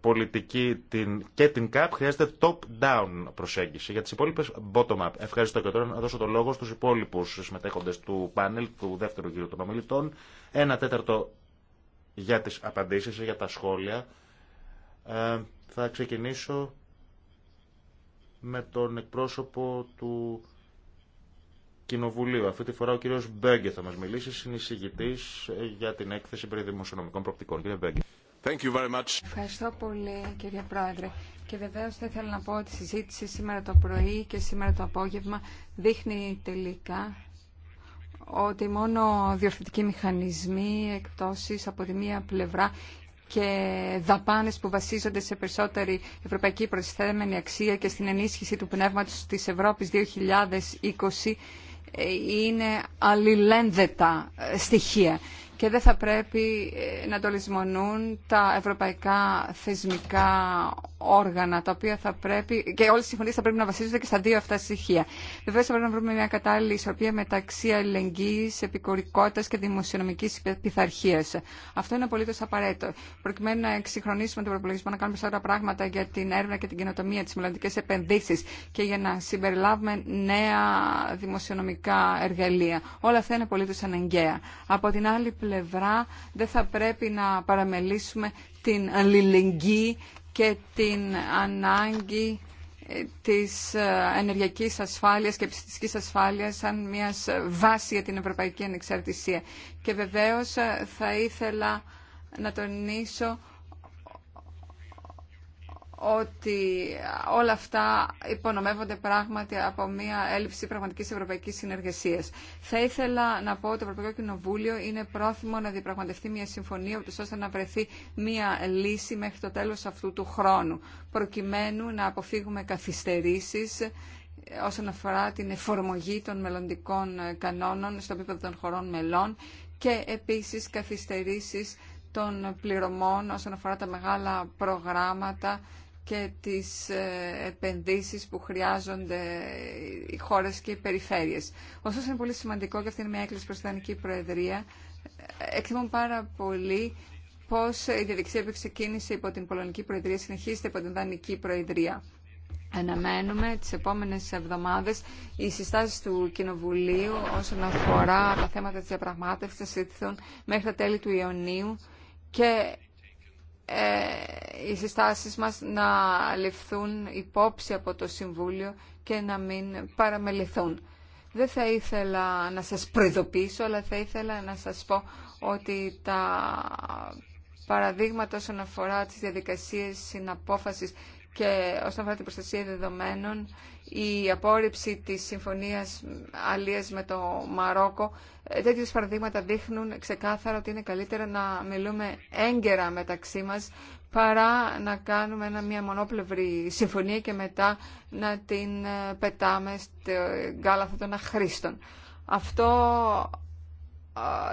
πολιτική την, και την ΚΑΠ χρειάζεται top-down προσέγγιση. Για τις υπόλοιπες bottom-up. Ευχαριστώ και τώρα να δώσω το λόγο στους υπόλοιπους συμμετέχοντες του πάνελ του δεύτερου γύρου των ομιλητών. Ένα τέταρτο για τις απαντήσεις, για τα σχόλια. Ε, θα ξεκινήσω με τον εκπρόσωπο του Κοινοβουλίου. Αυτή τη φορά ο κύριος Μπέγκε θα μας μιλήσει, συνεισηγητής για την έκθεση περί δημοσιονομικών προπτικών. Κύριε Μπέγκε. Thank you very much. Ευχαριστώ πολύ κύριε Πρόεδρε. Και βεβαίως θα ήθελα να πω ότι η συζήτηση σήμερα το πρωί και σήμερα το απόγευμα δείχνει τελικά ότι μόνο διορθωτικοί μηχανισμοί, εκτόσεις από τη μία πλευρά και δαπάνες που βασίζονται σε περισσότερη ευρωπαϊκή προσθέμενη αξία και στην ενίσχυση του πνεύματος της Ευρώπης 2020 ε, είναι αλληλένδετα ε, στοιχεία και δεν θα πρέπει ε, να το λησμονούν τα ευρωπαϊκά θεσμικά όργανα, τα οποία θα πρέπει, και όλες οι συμφωνίες θα πρέπει να βασίζονται και στα δύο αυτά στοιχεία. Βεβαίω θα πρέπει να βρούμε μια κατάλληλη ισορροπία μεταξύ αλληλεγγύης, επικορικότητας και δημοσιονομικής πειθαρχία. Αυτό είναι απολύτω απαραίτητο. Προκειμένου να εξυγχρονίσουμε τον προπολογισμό, να κάνουμε σωστά πράγματα για την έρευνα και την καινοτομία, τι μελλοντικέ επενδύσει και για να συμπεριλάβουμε νέα δημοσιονομικά εργαλεία. Όλα αυτά είναι απολύτω αναγκαία. Από την άλλη πλευρά δεν θα πρέπει να παραμελήσουμε την αλληλεγγύη και την ανάγκη ε, της ε, ενεργειακής ασφάλειας και ψηφιστικής ασφάλειας σαν μια βάση για την ευρωπαϊκή ανεξαρτησία. Και βεβαίως ε, θα ήθελα να τονίσω ότι όλα αυτά υπονομεύονται πράγματι από μια έλλειψη πραγματικής ευρωπαϊκής Συνεργασία. Θα ήθελα να πω ότι το Ευρωπαϊκό Κοινοβούλιο είναι πρόθυμο να διαπραγματευτεί μια συμφωνία ώστε να βρεθεί μια λύση μέχρι το τέλος αυτού του χρόνου προκειμένου να αποφύγουμε καθυστερήσεις όσον αφορά την εφαρμογή των μελλοντικών κανόνων στο επίπεδο των χωρών μελών και επίσης καθυστερήσεις των πληρωμών όσον αφορά τα μεγάλα προγράμματα και τις ε, επενδύσεις που χρειάζονται οι χώρες και οι περιφέρειες. Ωστόσο είναι πολύ σημαντικό και αυτή είναι μια έκκληση προς την Δανική Προεδρία. Εκτιμώ πάρα πολύ πώς η διαδικασία που ξεκίνησε υπό την Πολωνική Προεδρία συνεχίζεται υπό την Δανική Προεδρία. Αναμένουμε τις επόμενες εβδομάδες οι συστάσεις του Κοινοβουλίου όσον αφορά τα θέματα της διαπραγμάτευσης θα μέχρι τα τέλη του Ιωνίου και ε, οι συστάσεις μας να ληφθούν υπόψη από το Συμβούλιο και να μην παραμεληθούν. Δεν θα ήθελα να σας προειδοποιήσω, αλλά θα ήθελα να σας πω ότι τα παραδείγματα όσον αφορά τις διαδικασίες συναπόφασης και όσον αφορά την προστασία δεδομένων, η απόρριψη της συμφωνίας αλίας με το Μαρόκο, ε, τέτοιες παραδείγματα δείχνουν ξεκάθαρα ότι είναι καλύτερα να μιλούμε έγκαιρα μεταξύ μας παρά να κάνουμε ένα, μια μονόπλευρη συμφωνία και μετά να την ε, πετάμε στην κάλαθο των αχρήστων. Αυτό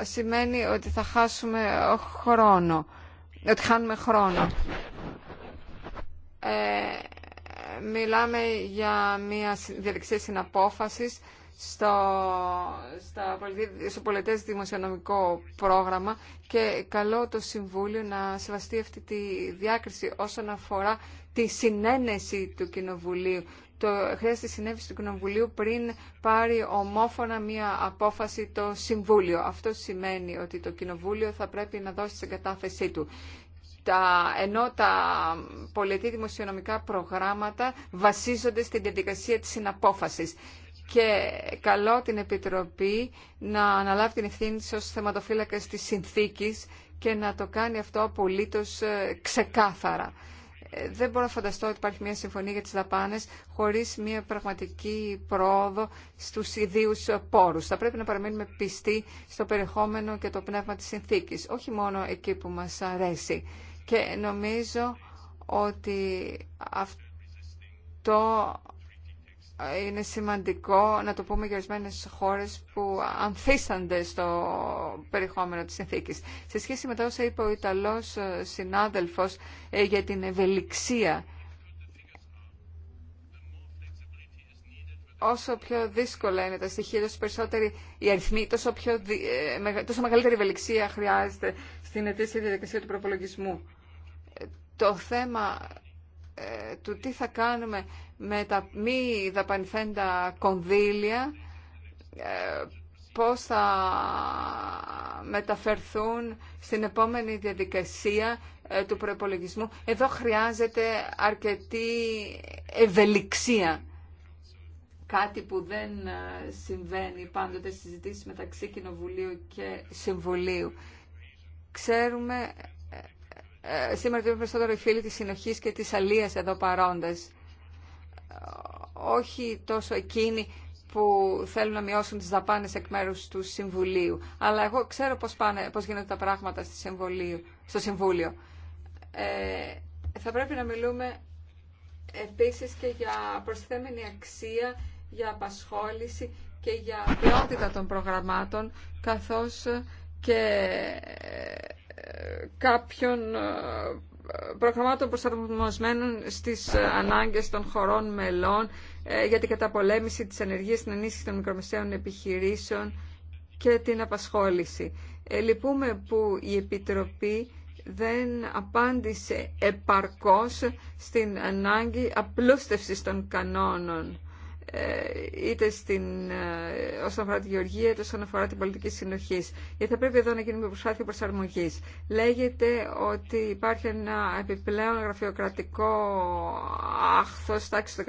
σημαίνει ότι θα χάσουμε ε, χρόνο, ότι χάνουμε χρόνο. Ε, μιλάμε για μια διαδικασία συναπόφασης στο, στο πολιτές δημοσιονομικό πρόγραμμα και καλό το Συμβούλιο να σεβαστεί αυτή τη διάκριση όσον αφορά τη συνένεση του Κοινοβουλίου. Το, χρειάζεται συνένεση του Κοινοβουλίου πριν πάρει ομόφωνα μία απόφαση το Συμβούλιο. Αυτό σημαίνει ότι το Κοινοβούλιο θα πρέπει να δώσει την κατάθεσή του τα, ενώ τα πολιτή δημοσιονομικά προγράμματα βασίζονται στην διαδικασία της συναπόφασης. Και καλώ την Επιτροπή να αναλάβει την ευθύνη της ως θεματοφύλακας της συνθήκης και να το κάνει αυτό απολύτως ε, ξεκάθαρα. Ε, δεν μπορώ να φανταστώ ότι υπάρχει μια συμφωνία για τις δαπάνες χωρίς μια πραγματική πρόοδο στους ιδίους πόρους. Θα πρέπει να παραμείνουμε πιστοί στο περιεχόμενο και το πνεύμα της συνθήκης, όχι μόνο εκεί που μας αρέσει και νομίζω ότι αυτό είναι σημαντικό να το πούμε για ορισμένε χώρε που ανθίστανται στο περιεχόμενο τη συνθήκη. Σε σχέση με τα όσα είπε ο Ιταλό συνάδελφο ε, για την ευελιξία όσο πιο δύσκολα είναι τα στοιχεία, τόσο περισσότεροι η αριθμοί, ε, τόσο, μεγαλύτερη ευελιξία χρειάζεται στην ετήσια διαδικασία του προπολογισμού. Ε, το θέμα ε, του τι θα κάνουμε με τα μη δαπανηθέντα κονδύλια, ε, πώς θα μεταφερθούν στην επόμενη διαδικασία του προπολογισμού. Εδώ χρειάζεται αρκετή ευελιξία κάτι που δεν ε, συμβαίνει πάντοτε στις συζητήσεις μεταξύ Κοινοβουλίου και Συμβουλίου. Ξέρουμε, ε, ε, σήμερα το περισσότερο οι φίλοι της συνοχής και της αλίας εδώ παρόντες. Όχι τόσο εκείνοι που θέλουν να μειώσουν τις δαπάνες εκ μέρους του Συμβουλίου. Αλλά εγώ ξέρω πώς, πάνε, πώς γίνονται τα πράγματα στο Συμβούλιο. Ε, θα πρέπει να μιλούμε επίσης και για προσθέμενη αξία για απασχόληση και για ποιότητα των προγραμμάτων, καθώς και ε, κάποιων ε, προγραμμάτων προσαρμοσμένων στις ε, ανάγκες των χωρών μελών για την καταπολέμηση της ενεργείας, την ενίσχυση των μικρομεσαίων επιχειρήσεων και την απασχόληση. Λυπούμε που η Επιτροπή δεν απάντησε επαρκώς στην ανάγκη απλούστευσης των κανόνων ε, είτε στην, ε, όσον αφορά τη γεωργία, είτε όσον αφορά την πολιτική συνοχή. Γιατί θα πρέπει εδώ να γίνει μια προσπάθεια προσαρμογή. Λέγεται ότι υπάρχει ένα επιπλέον γραφειοκρατικό άχθο τάξη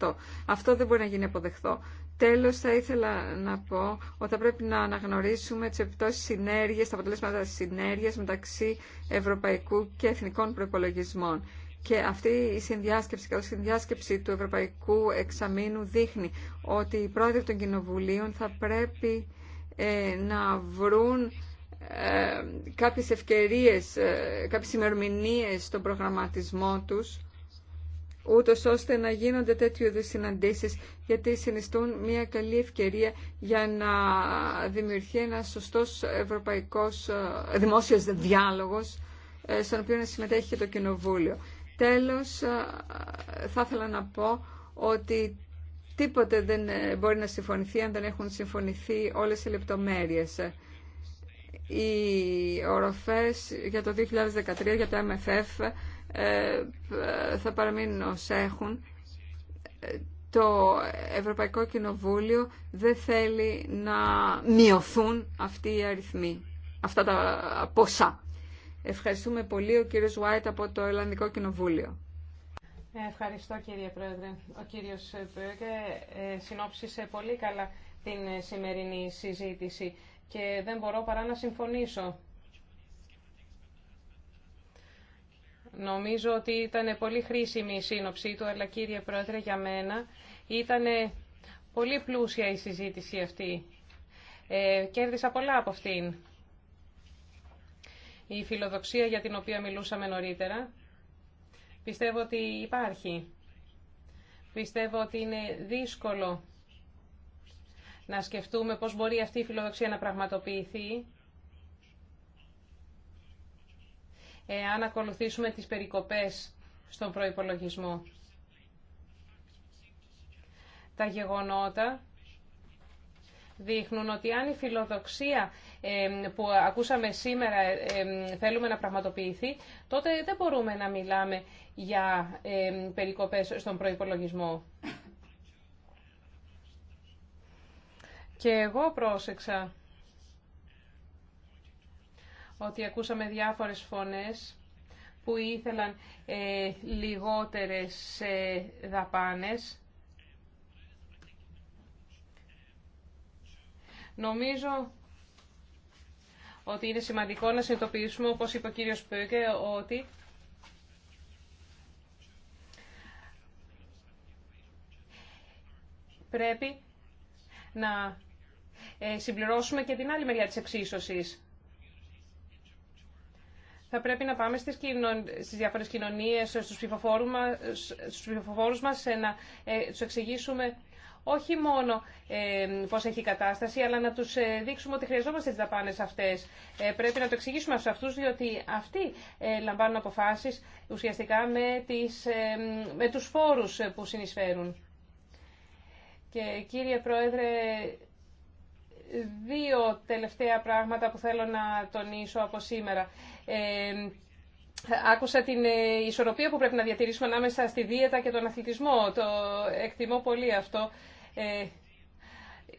15-20%. Αυτό δεν μπορεί να γίνει αποδεχτό. Τέλος, θα ήθελα να πω ότι θα πρέπει να αναγνωρίσουμε τις επιπτώσεις συνέργειας, τα αποτελέσματα συνέργειας μεταξύ ευρωπαϊκού και εθνικών προπολογισμών. Και αυτή η συνδιάσκεψη, η συνδιάσκεψη του Ευρωπαϊκού Εξαμήνου δείχνει ότι οι πρόεδροι των κοινοβουλίων θα πρέπει ε, να βρουν ε, κάποιες ευκαιρίες, ε, κάποιες ημερομηνίες στον προγραμματισμό τους ούτως ώστε να γίνονται τέτοιου είδους συναντήσεις γιατί συνιστούν μια καλή ευκαιρία για να δημιουργεί ένα σωστός ευρωπαϊκός ε, δημόσιος διάλογος ε, στον οποίο να συμμετέχει και το Κοινοβούλιο. Τέλος, θα ήθελα να πω ότι τίποτε δεν ε, μπορεί να συμφωνηθεί αν δεν έχουν συμφωνηθεί όλες οι λεπτομέρειες. Οι οροφές για το 2013, για το MFF, ε, θα παραμείνουν ως έχουν. Το Ευρωπαϊκό Κοινοβούλιο δεν θέλει να μειωθούν αυτοί οι αριθμοί, αυτά τα ποσά. Ευχαριστούμε πολύ ο κύριος Βάιτ από το Ελλανδικό Κοινοβούλιο. Ευχαριστώ κύριε Πρόεδρε. Ο κύριος Πρόεδρε ε, συνόψισε πολύ καλά την σημερινή συζήτηση και δεν μπορώ παρά να συμφωνήσω. Νομίζω ότι ήταν πολύ χρήσιμη η σύνοψή του, αλλά κύριε Πρόεδρε για μένα ήταν πολύ πλούσια η συζήτηση αυτή. Ε, κέρδισα πολλά από αυτήν η φιλοδοξία για την οποία μιλούσαμε νωρίτερα. Πιστεύω ότι υπάρχει. Πιστεύω ότι είναι δύσκολο να σκεφτούμε πώς μπορεί αυτή η φιλοδοξία να πραγματοποιηθεί ...εάν ακολουθήσουμε τις περικοπές στον προϋπολογισμό. Τα γεγονότα δείχνουν ότι αν η φιλοδοξία που ακούσαμε σήμερα θέλουμε να πραγματοποιηθεί, τότε δεν μπορούμε να μιλάμε για περικοπές στον προϋπολογισμό. Και εγώ πρόσεξα ότι ακούσαμε διάφορες φωνές που ήθελαν ε, λιγότερες ε, δαπάνες. Νομίζω ότι είναι σημαντικό να συνειδητοποιήσουμε, όπως είπε ο κύριος Πέκε, ότι πρέπει να ε, συμπληρώσουμε και την άλλη μεριά της εξίσωσης. Θα πρέπει να πάμε στις, κοινων... στις διάφορες κοινωνίες, στους ψηφοφόρους μας, στους μας να ε, τους εξηγήσουμε όχι μόνο ε, πώ έχει η κατάσταση, αλλά να του ε, δείξουμε ότι χρειαζόμαστε τι δαπάνε αυτέ. Ε, πρέπει να το εξηγήσουμε σε αυτού, διότι αυτοί ε, λαμβάνουν αποφάσει ουσιαστικά με, τις, με του φόρου που συνεισφέρουν. Και κύριε Πρόεδρε, δύο τελευταία πράγματα που θέλω να τονίσω από σήμερα. Άκουσα την ισορροπία που πρέπει να διατηρήσουμε ανάμεσα στη δίαιτα και τον αθλητισμό. Το εκτιμώ πολύ αυτό. Ε,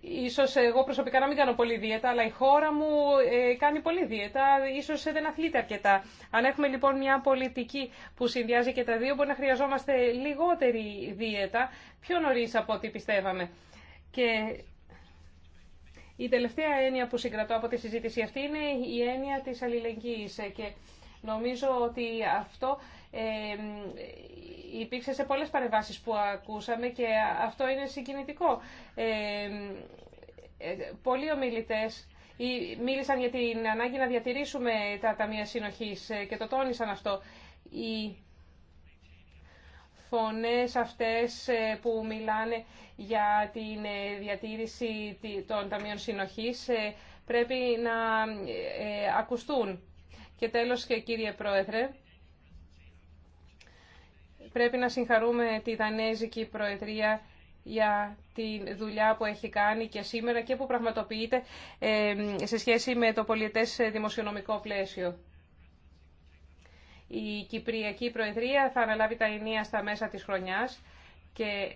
ίσως εγώ προσωπικά να μην κάνω πολύ δίαιτα, αλλά η χώρα μου ε, κάνει πολύ δίαιτα, ίσως δεν αθλείται αρκετά. Αν έχουμε λοιπόν μια πολιτική που συνδυάζει και τα δύο, μπορεί να χρειαζόμαστε λιγότερη δίαιτα, πιο νωρί από ό,τι πιστεύαμε. Και η τελευταία έννοια που συγκρατώ από τη συζήτηση αυτή είναι η έννοια της αλληλεγγύης ε, και νομίζω ότι αυτό ε, υπήρξε σε πολλές παρεμβάσεις που ακούσαμε και αυτό είναι συγκινητικό. Ε, ε πολλοί ομιλητές μίλησαν για την ανάγκη να διατηρήσουμε τα ταμεία συνοχής ε, και το τόνισαν αυτό. Οι φωνές αυτές ε, που μιλάνε για την διατήρηση των ταμείων συνοχής πρέπει να ακουστούν. Και τέλος και κύριε Πρόεδρε, Πρέπει να συγχαρούμε τη Δανέζικη Προεδρία για τη δουλειά που έχει κάνει και σήμερα και που πραγματοποιείται σε σχέση με το πολιετές δημοσιονομικό πλαίσιο. Η Κυπριακή Προεδρία θα αναλάβει τα ενία στα μέσα της χρονιάς και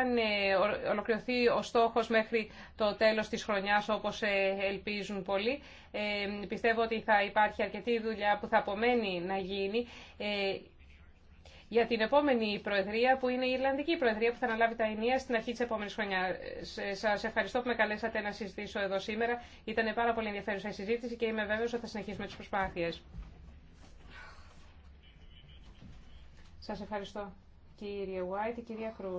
αν ε, ολοκληρωθεί ο στόχος μέχρι το τέλος της χρονιάς όπως ε, ελπίζουν πολλοί, ε, πιστεύω ότι θα υπάρχει αρκετή δουλειά που θα απομένει να γίνει για την επόμενη Προεδρία που είναι η Ιρλανδική Προεδρία που θα αναλάβει τα ενία στην αρχή τη επόμενη χρονιά. Σα ευχαριστώ που με καλέσατε να συζητήσω εδώ σήμερα. Ήταν πάρα πολύ ενδιαφέρουσα η συζήτηση και είμαι βέβαιο ότι θα συνεχίσουμε τι προσπάθειε. Σας ευχαριστώ κύριε White, κυρία Κρού.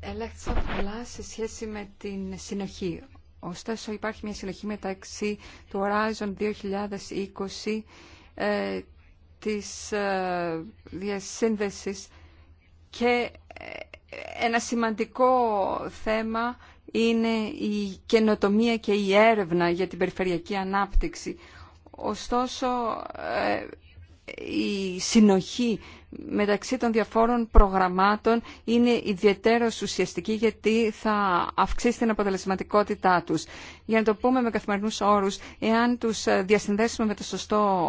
Ελέγχθησαν πολλά σε σχέση με την συνοχή. Ωστόσο υπάρχει μια συνοχή μεταξύ του Horizon 2020 ε, της ε, διασύνδεσης και ε, ένα σημαντικό θέμα είναι η καινοτομία και η έρευνα για την περιφερειακή ανάπτυξη. Ωστόσο, ε, η συνοχή μεταξύ των διαφόρων προγραμμάτων είναι ιδιαίτερο ουσιαστική γιατί θα αυξήσει την αποτελεσματικότητά τους. Για να το πούμε με καθημερινούς όρους, εάν τους διασυνδέσουμε με το σωστό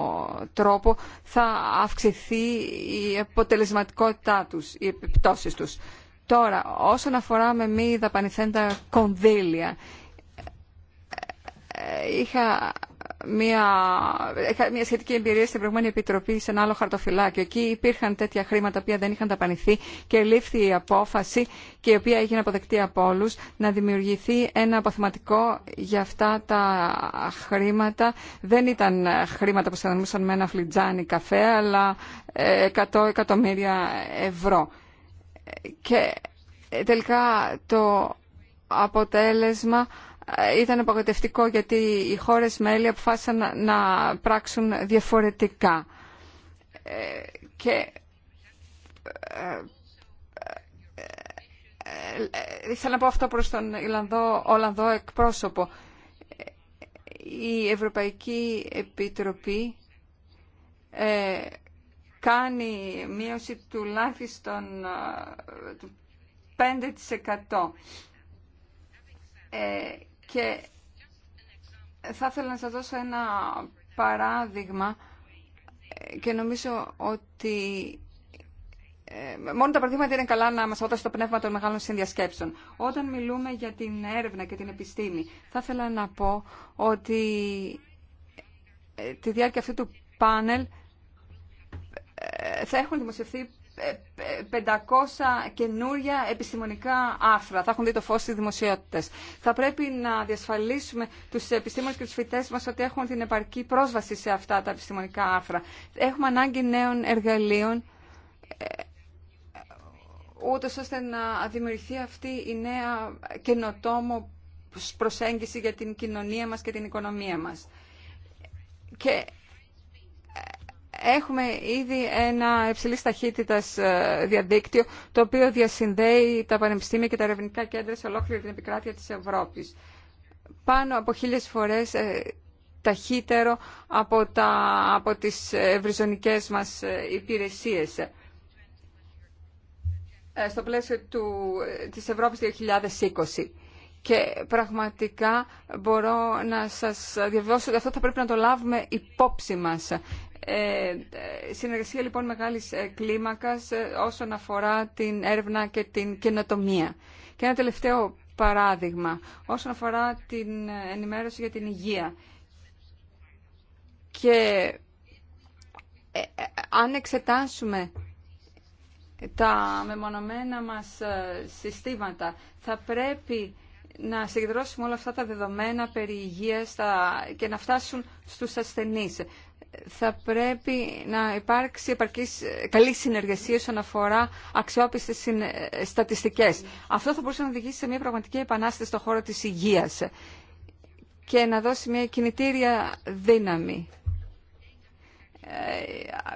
τρόπο θα αυξηθεί η αποτελεσματικότητά τους, οι επιπτώσει τους. Τώρα, όσον αφορά με μη δαπανηθέντα κονδύλια, ε, είχα μια, μια σχετική εμπειρία στην προηγούμενη επιτροπή σε ένα άλλο χαρτοφυλάκιο. Εκεί υπήρχαν τέτοια χρήματα που δεν είχαν ταπανηθεί και λήφθη η απόφαση και η οποία έγινε αποδεκτή από όλου να δημιουργηθεί ένα αποθεματικό για αυτά τα χρήματα. Δεν ήταν χρήματα που συναντούσαν με ένα φλιτζάνι καφέ, αλλά 100 ε, εκατομμύρια ευρώ. Και ε, τελικά το αποτέλεσμα ήταν απογοητευτικό γιατί οι χώρες μέλη αποφάσισαν να πράξουν διαφορετικά. Και ήθελα να πω αυτό προς τον Ιλανδό, Ολλανδό εκπρόσωπο. Η Ευρωπαϊκή Επιτροπή κάνει μείωση τουλάχιστον του 5%. Και θα ήθελα να σας δώσω ένα παράδειγμα και νομίζω ότι ε, μόνο τα παραδείγματα είναι καλά να μας φωτά το πνεύμα των μεγάλων συνδιασκέψεων. Όταν μιλούμε για την έρευνα και την επιστήμη, θα ήθελα να πω ότι ε, τη διάρκεια αυτού του πάνελ ε, θα έχουν δημοσιευθεί 500 καινούρια επιστημονικά άφρα. Θα έχουν δει το φως στις δημοσιότητες. Θα πρέπει να διασφαλίσουμε τους επιστήμονες και τους φοιτές μας ότι έχουν την επαρκή πρόσβαση σε αυτά τα επιστημονικά άφρα. Έχουμε ανάγκη νέων εργαλείων ε, ούτως ώστε να δημιουργηθεί αυτή η νέα καινοτόμο προσέγγιση για την κοινωνία μας και την οικονομία μας. Και Έχουμε ήδη ένα υψηλής ταχύτητας ε, διαδίκτυο το οποίο διασυνδέει τα πανεπιστήμια και τα ερευνητικά κέντρα σε ολόκληρη την επικράτεια της Ευρώπης. Πάνω από χίλιες φορές ε, ταχύτερο από, τα, από τις ευρυζωνικές μας ε, υπηρεσίες. Στο πλαίσιο του, της Ευρώπης 2020. Και πραγματικά μπορώ να σας διαβεβαιώσω ότι αυτό θα πρέπει να το λάβουμε υπόψη μας. Ε, συνεργασία λοιπόν μεγάλης ε, κλίμακας ε, όσον αφορά την έρευνα και την καινοτομία. Και ένα τελευταίο παράδειγμα όσον αφορά την ε, ενημέρωση για την υγεία. Και ε, αν εξετάσουμε τα μεμονωμένα μας συστήματα θα πρέπει να συγκεντρώσουμε όλα αυτά τα δεδομένα περί υγείας και να φτάσουν στους ασθενείς θα πρέπει να υπάρξει επαρκής, καλή συνεργασία όσον αφορά αξιόπιστες ε, στατιστικές. Αυτό θα μπορούσε να οδηγήσει σε μια πραγματική επανάσταση στον χώρο της υγείας και να δώσει μια κινητήρια δύναμη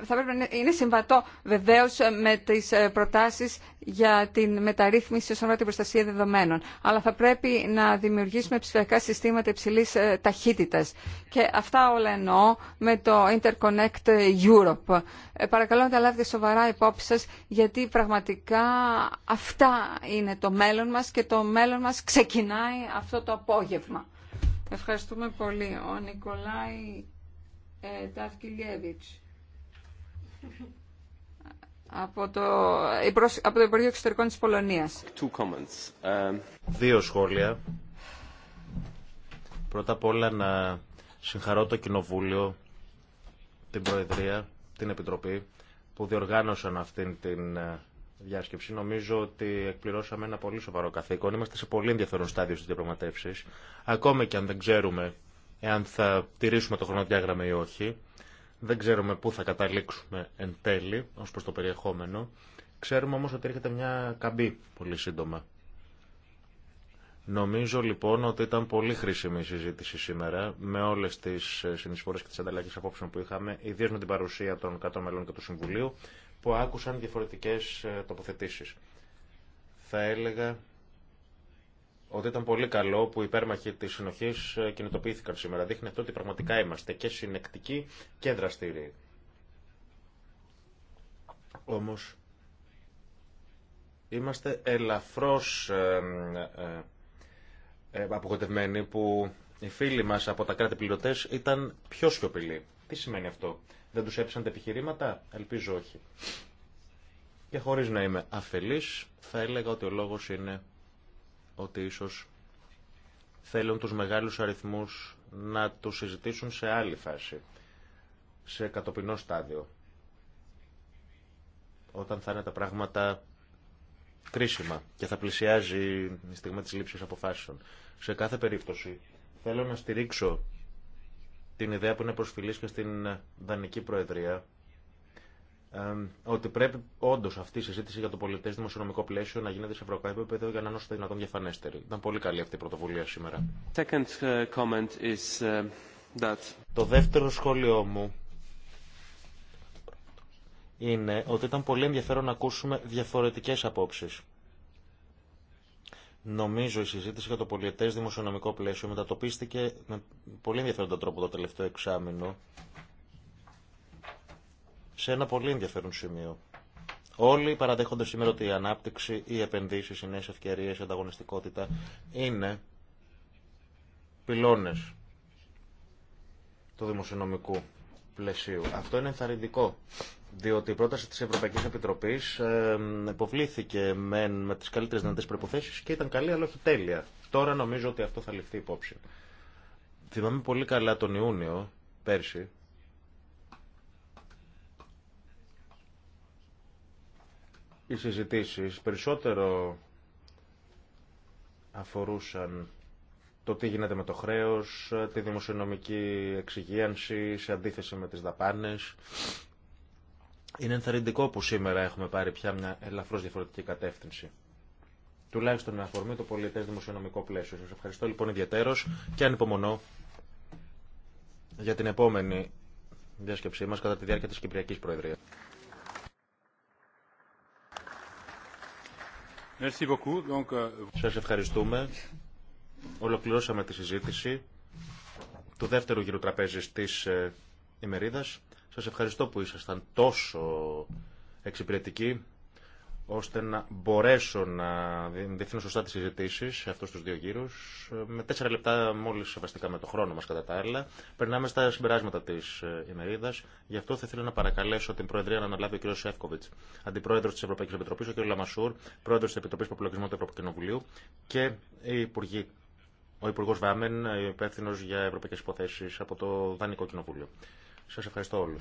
θα πρέπει είναι συμβατό βεβαίω με τι ε, προτάσει για την μεταρρύθμιση όσον αφορά την προστασία δεδομένων. Αλλά θα πρέπει να δημιουργήσουμε ψηφιακά συστήματα υψηλή ε, ταχύτητα. Και αυτά όλα εννοώ με το Interconnect Europe. Ε, παρακαλώ να τα λάβετε σοβαρά υπόψη σα, γιατί πραγματικά αυτά είναι το μέλλον μα και το μέλλον μα ξεκινάει αυτό το απόγευμα. Ευχαριστούμε πολύ. Ο Νικολάη ε, Ταυκυλιέβιτς από το, από το Υπουργείο Εξωτερικών της Πολωνίας. Um, Δύο σχόλια. Πρώτα απ' όλα να συγχαρώ το Κοινοβούλιο, την Προεδρία, την Επιτροπή που διοργάνωσαν αυτήν την ε, διάσκεψη. Νομίζω ότι εκπληρώσαμε ένα πολύ σοβαρό καθήκον. Είμαστε σε πολύ ενδιαφέρον στάδιο στις διαπραγματεύσεις. Ακόμη και αν δεν ξέρουμε εάν θα τηρήσουμε το χρονοδιάγραμμα ή όχι. Δεν ξέρουμε πού θα καταλήξουμε εν τέλει ω προς το περιεχόμενο. Ξέρουμε όμως ότι έρχεται μια καμπή πολύ σύντομα. Νομίζω λοιπόν ότι ήταν πολύ χρήσιμη η συζήτηση σήμερα με όλες τις ε, συνεισφορές και τις ανταλλαγές απόψεων που είχαμε, ιδίως με την παρουσία των κάτω μελών και του Συμβουλίου, που άκουσαν διαφορετικές ε, τοποθετήσεις. Θα έλεγα ότι ήταν πολύ καλό που οι υπέρμαχοι τη συνοχή ε, κινητοποιήθηκαν σήμερα. Δείχνει αυτό ότι πραγματικά είμαστε και συνεκτικοί και δραστηροί. Όμως είμαστε ελαφρώς ε, ε που οι φίλοι μας από τα κράτη πληρωτέ ήταν πιο σιωπηλοί. Τι σημαίνει αυτό. Δεν τους έψαν τα επιχειρήματα. Ελπίζω όχι. Και χωρί να είμαι αφελή, θα έλεγα ότι ο λόγο είναι ότι ίσως θέλουν τους μεγάλους αριθμούς να τους συζητήσουν σε άλλη φάση, σε κατοπινό στάδιο, όταν θα είναι τα πράγματα κρίσιμα και θα πλησιάζει η στιγμή της λήψης αποφάσεων. Σε κάθε περίπτωση θέλω να στηρίξω την ιδέα που είναι προσφυλής και στην Δανική Προεδρία ότι πρέπει όντω αυτή η συζήτηση για το πολιτέ δημοσιονομικό πλαίσιο να γίνεται σε ευρωπαϊκό επίπεδο για να είναι όσο δυνατόν διαφανέστερη. Ήταν πολύ καλή αυτή η πρωτοβουλία σήμερα. Second uh, is uh, that... Το δεύτερο σχόλιο μου είναι ότι ήταν πολύ ενδιαφέρον να ακούσουμε διαφορετικέ απόψει. Νομίζω η συζήτηση για το πολιτέ δημοσιονομικό πλαίσιο μετατοπίστηκε με πολύ ενδιαφέροντα τρόπο το τελευταίο εξάμεινο σε ένα πολύ ενδιαφέρον σημείο. Όλοι παραδέχονται σήμερα ότι η ανάπτυξη, οι επενδύσει, οι νέε ευκαιρίε, η ανταγωνιστικότητα είναι πυλώνε του δημοσιονομικού πλαισίου. Αυτό είναι ενθαρρυντικό, διότι η πρόταση τη Ευρωπαϊκή Επιτροπή υποβλήθηκε με, με τι καλύτερε δυνατέ προποθέσει και ήταν καλή, αλλά όχι τέλεια. Τώρα νομίζω ότι αυτό θα ληφθεί υπόψη. Θυμάμαι πολύ καλά τον Ιούνιο πέρσι, οι συζητήσεις περισσότερο αφορούσαν το τι γίνεται με το χρέος, τη δημοσιονομική εξυγίανση σε αντίθεση με τις δαπάνες. Είναι ενθαρρυντικό που σήμερα έχουμε πάρει πια μια ελαφρώς διαφορετική κατεύθυνση. Τουλάχιστον με αφορμή το πολιτές δημοσιονομικό πλαίσιο. Σας ευχαριστώ λοιπόν ιδιαίτερος και ανυπομονώ για την επόμενη διάσκεψή μας κατά τη διάρκεια της Κυπριακής Προεδρίας. Euh, Σας ευχαριστούμε. Ολοκληρώσαμε τη συζήτηση του δεύτερου γύρου τραπέζης της ε, ημερίδας. Σας ευχαριστώ που ήσασταν τόσο εξυπηρετικοί ώστε να μπορέσω να διευθύνω σωστά τι συζητήσει σε αυτού του δύο γύρου. Με τέσσερα λεπτά μόλι σεβαστικά με το χρόνο μα κατά τα άλλα, περνάμε στα συμπεράσματα τη ε, ημερίδα. Γι' αυτό θα ήθελα να παρακαλέσω την Προεδρία να αναλάβει ο κ. Σεύκοβιτ, Αντιπρόεδρο τη Ευρωπαϊκή Επιτροπή, ο κ. Λαμασούρ, Πρόεδρο τη Επιτροπή Προπολογισμού του Ευρωπαϊκού Κοινοβουλίου και Ο Υπουργό Βάμεν, ε, υπεύθυνο για ευρωπαϊκέ υποθέσει από το Δανικό Κοινοβούλιο. Σα ευχαριστώ όλου.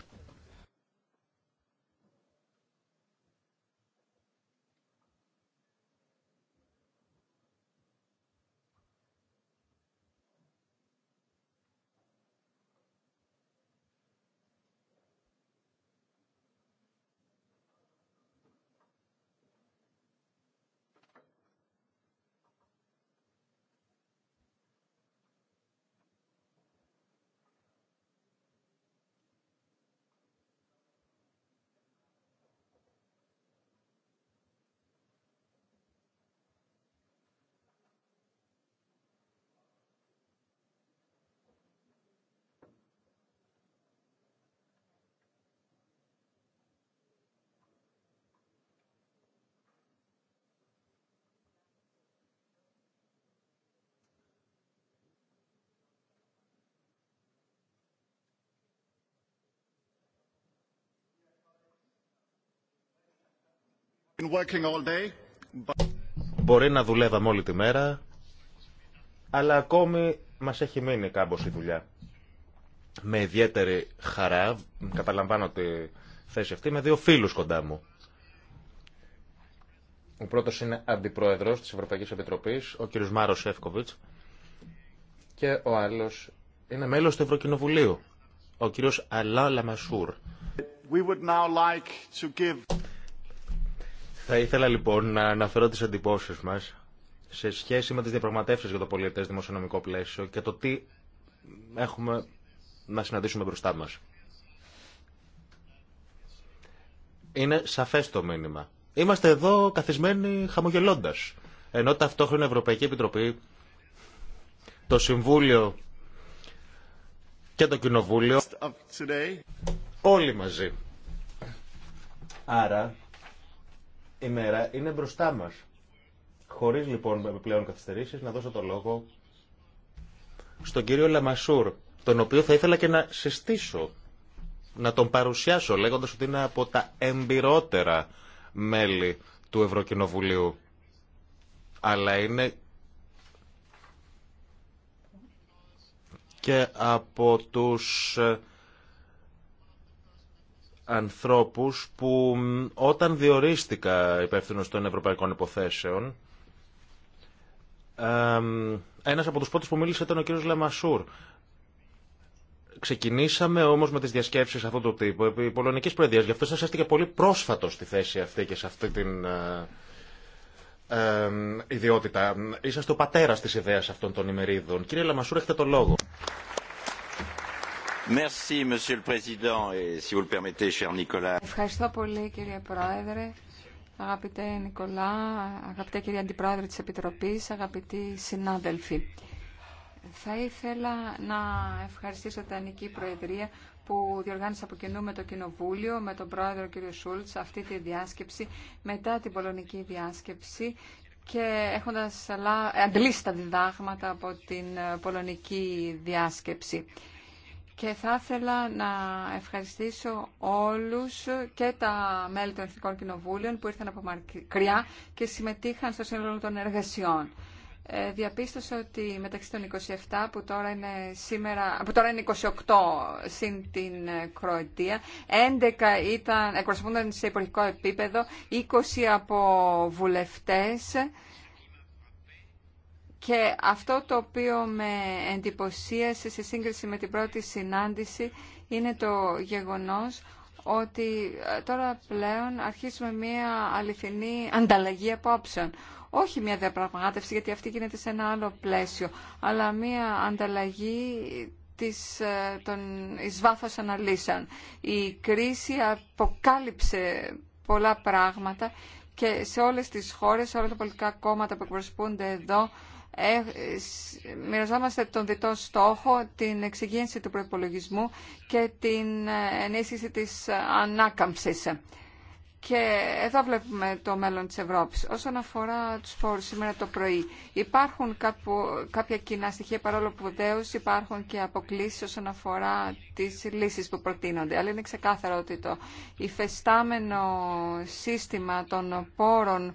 Μπορεί να δουλεύαμε όλη τη μέρα, αλλά ακόμη μας έχει μείνει κάμπος η δουλειά. Με ιδιαίτερη χαρά, καταλαμβάνω τη θέση αυτή, με δύο φίλους κοντά μου. Ο πρώτος είναι αντιπρόεδρος της Ευρωπαϊκής Επιτροπής, ο κ. Μάρος Σεύκοβιτς, και ο άλλος είναι μέλος του Ευρωκοινοβουλίου, ο κ. Αλά Λαμασούρ. We would now θα ήθελα λοιπόν να αναφέρω τις εντυπώσει μας σε σχέση με τι διαπραγματεύσεις για το πολιτεύσιο δημοσιονομικό πλαίσιο και το τι έχουμε να συναντήσουμε μπροστά μας. Είναι σαφέ το μήνυμα. Είμαστε εδώ καθισμένοι χαμογελώντα. Ενώ ταυτόχρονα η Ευρωπαϊκή Επιτροπή, το Συμβούλιο και το Κοινοβούλιο, όλοι μαζί. Άρα, η μέρα είναι μπροστά μας. Χωρίς λοιπόν επιπλέον καθυστερήσεις να δώσω το λόγο στον κύριο Λαμασούρ, τον οποίο θα ήθελα και να συστήσω, να τον παρουσιάσω λέγοντας ότι είναι από τα εμπειρότερα μέλη του Ευρωκοινοβουλίου. Αλλά είναι και από τους ε, ανθρώπους που όταν διορίστηκα υπεύθυνο των ευρωπαϊκών υποθέσεων ένας από τους πρώτους που μίλησε ήταν ο κύριος Λαμασούρ ξεκινήσαμε όμω με τι διασκέψει αυτού του τύπου επί πολωνική προεδρία. Γι' αυτό σα έστηκε πολύ πρόσφατο στη θέση αυτή και σε αυτή την ε, ιδιότητα. Είσαστε ο πατέρα τη ιδέα αυτών των ημερίδων. Κύριε Λαμασούρ, έχετε το λόγο. Ευχαριστώ πολύ, κύριε Πρόεδρε, αγαπητέ Νικολά, αγαπητέ κύριε Αντιπρόεδρε της Επιτροπής, αγαπητοί συνάδελφοι. Θα ήθελα να ευχαριστήσω την Ανική Προεδρία που διοργάνωσε από κοινού με το Κοινοβούλιο, με τον Πρόεδρο κύριο Σούλτς, αυτή τη διάσκεψη, μετά την Πολωνική διάσκεψη και έχοντας αντλήσει τα διδάγματα από την Πολωνική διάσκεψη και θα ήθελα να ευχαριστήσω όλους και τα μέλη των Εθνικών Κοινοβούλων που ήρθαν από μακριά και συμμετείχαν στο σύνολο των εργασιών. Ε, διαπίστωσα ότι μεταξύ των 27 που τώρα είναι, σήμερα, που τώρα είναι 28 συν την ε, Κροατία, 11 ήταν, εκπροσωπούνταν σε υπουργικό επίπεδο, 20 από βουλευτές, και αυτό το οποίο με εντυπωσίασε σε σύγκριση με την πρώτη συνάντηση είναι το γεγονός ότι ε, τώρα πλέον αρχίζουμε μία αληθινή ανταλλαγή απόψεων. Όχι μία διαπραγμάτευση, γιατί αυτή γίνεται σε ένα άλλο πλαίσιο, αλλά μία ανταλλαγή της, ε, των εις αναλύσεων. Η κρίση αποκάλυψε πολλά πράγματα και σε όλες τις χώρες, σε όλα τα πολιτικά κόμματα που εκπροσπούνται εδώ, ε, μοιραζόμαστε τον διτό στόχο, την εξηγήνση του προπολογισμού και την ε, ενίσχυση της ανάκαμψης. Και εδώ βλέπουμε το μέλλον της Ευρώπης. Όσον αφορά τους φόρους σήμερα το πρωί, υπάρχουν κάποια κοινά στοιχεία, παρόλο που βεβαίω υπάρχουν και αποκλήσεις όσον αφορά τις λύσεις που προτείνονται. Αλλά είναι ξεκάθαρο ότι το υφεστάμενο σύστημα των πόρων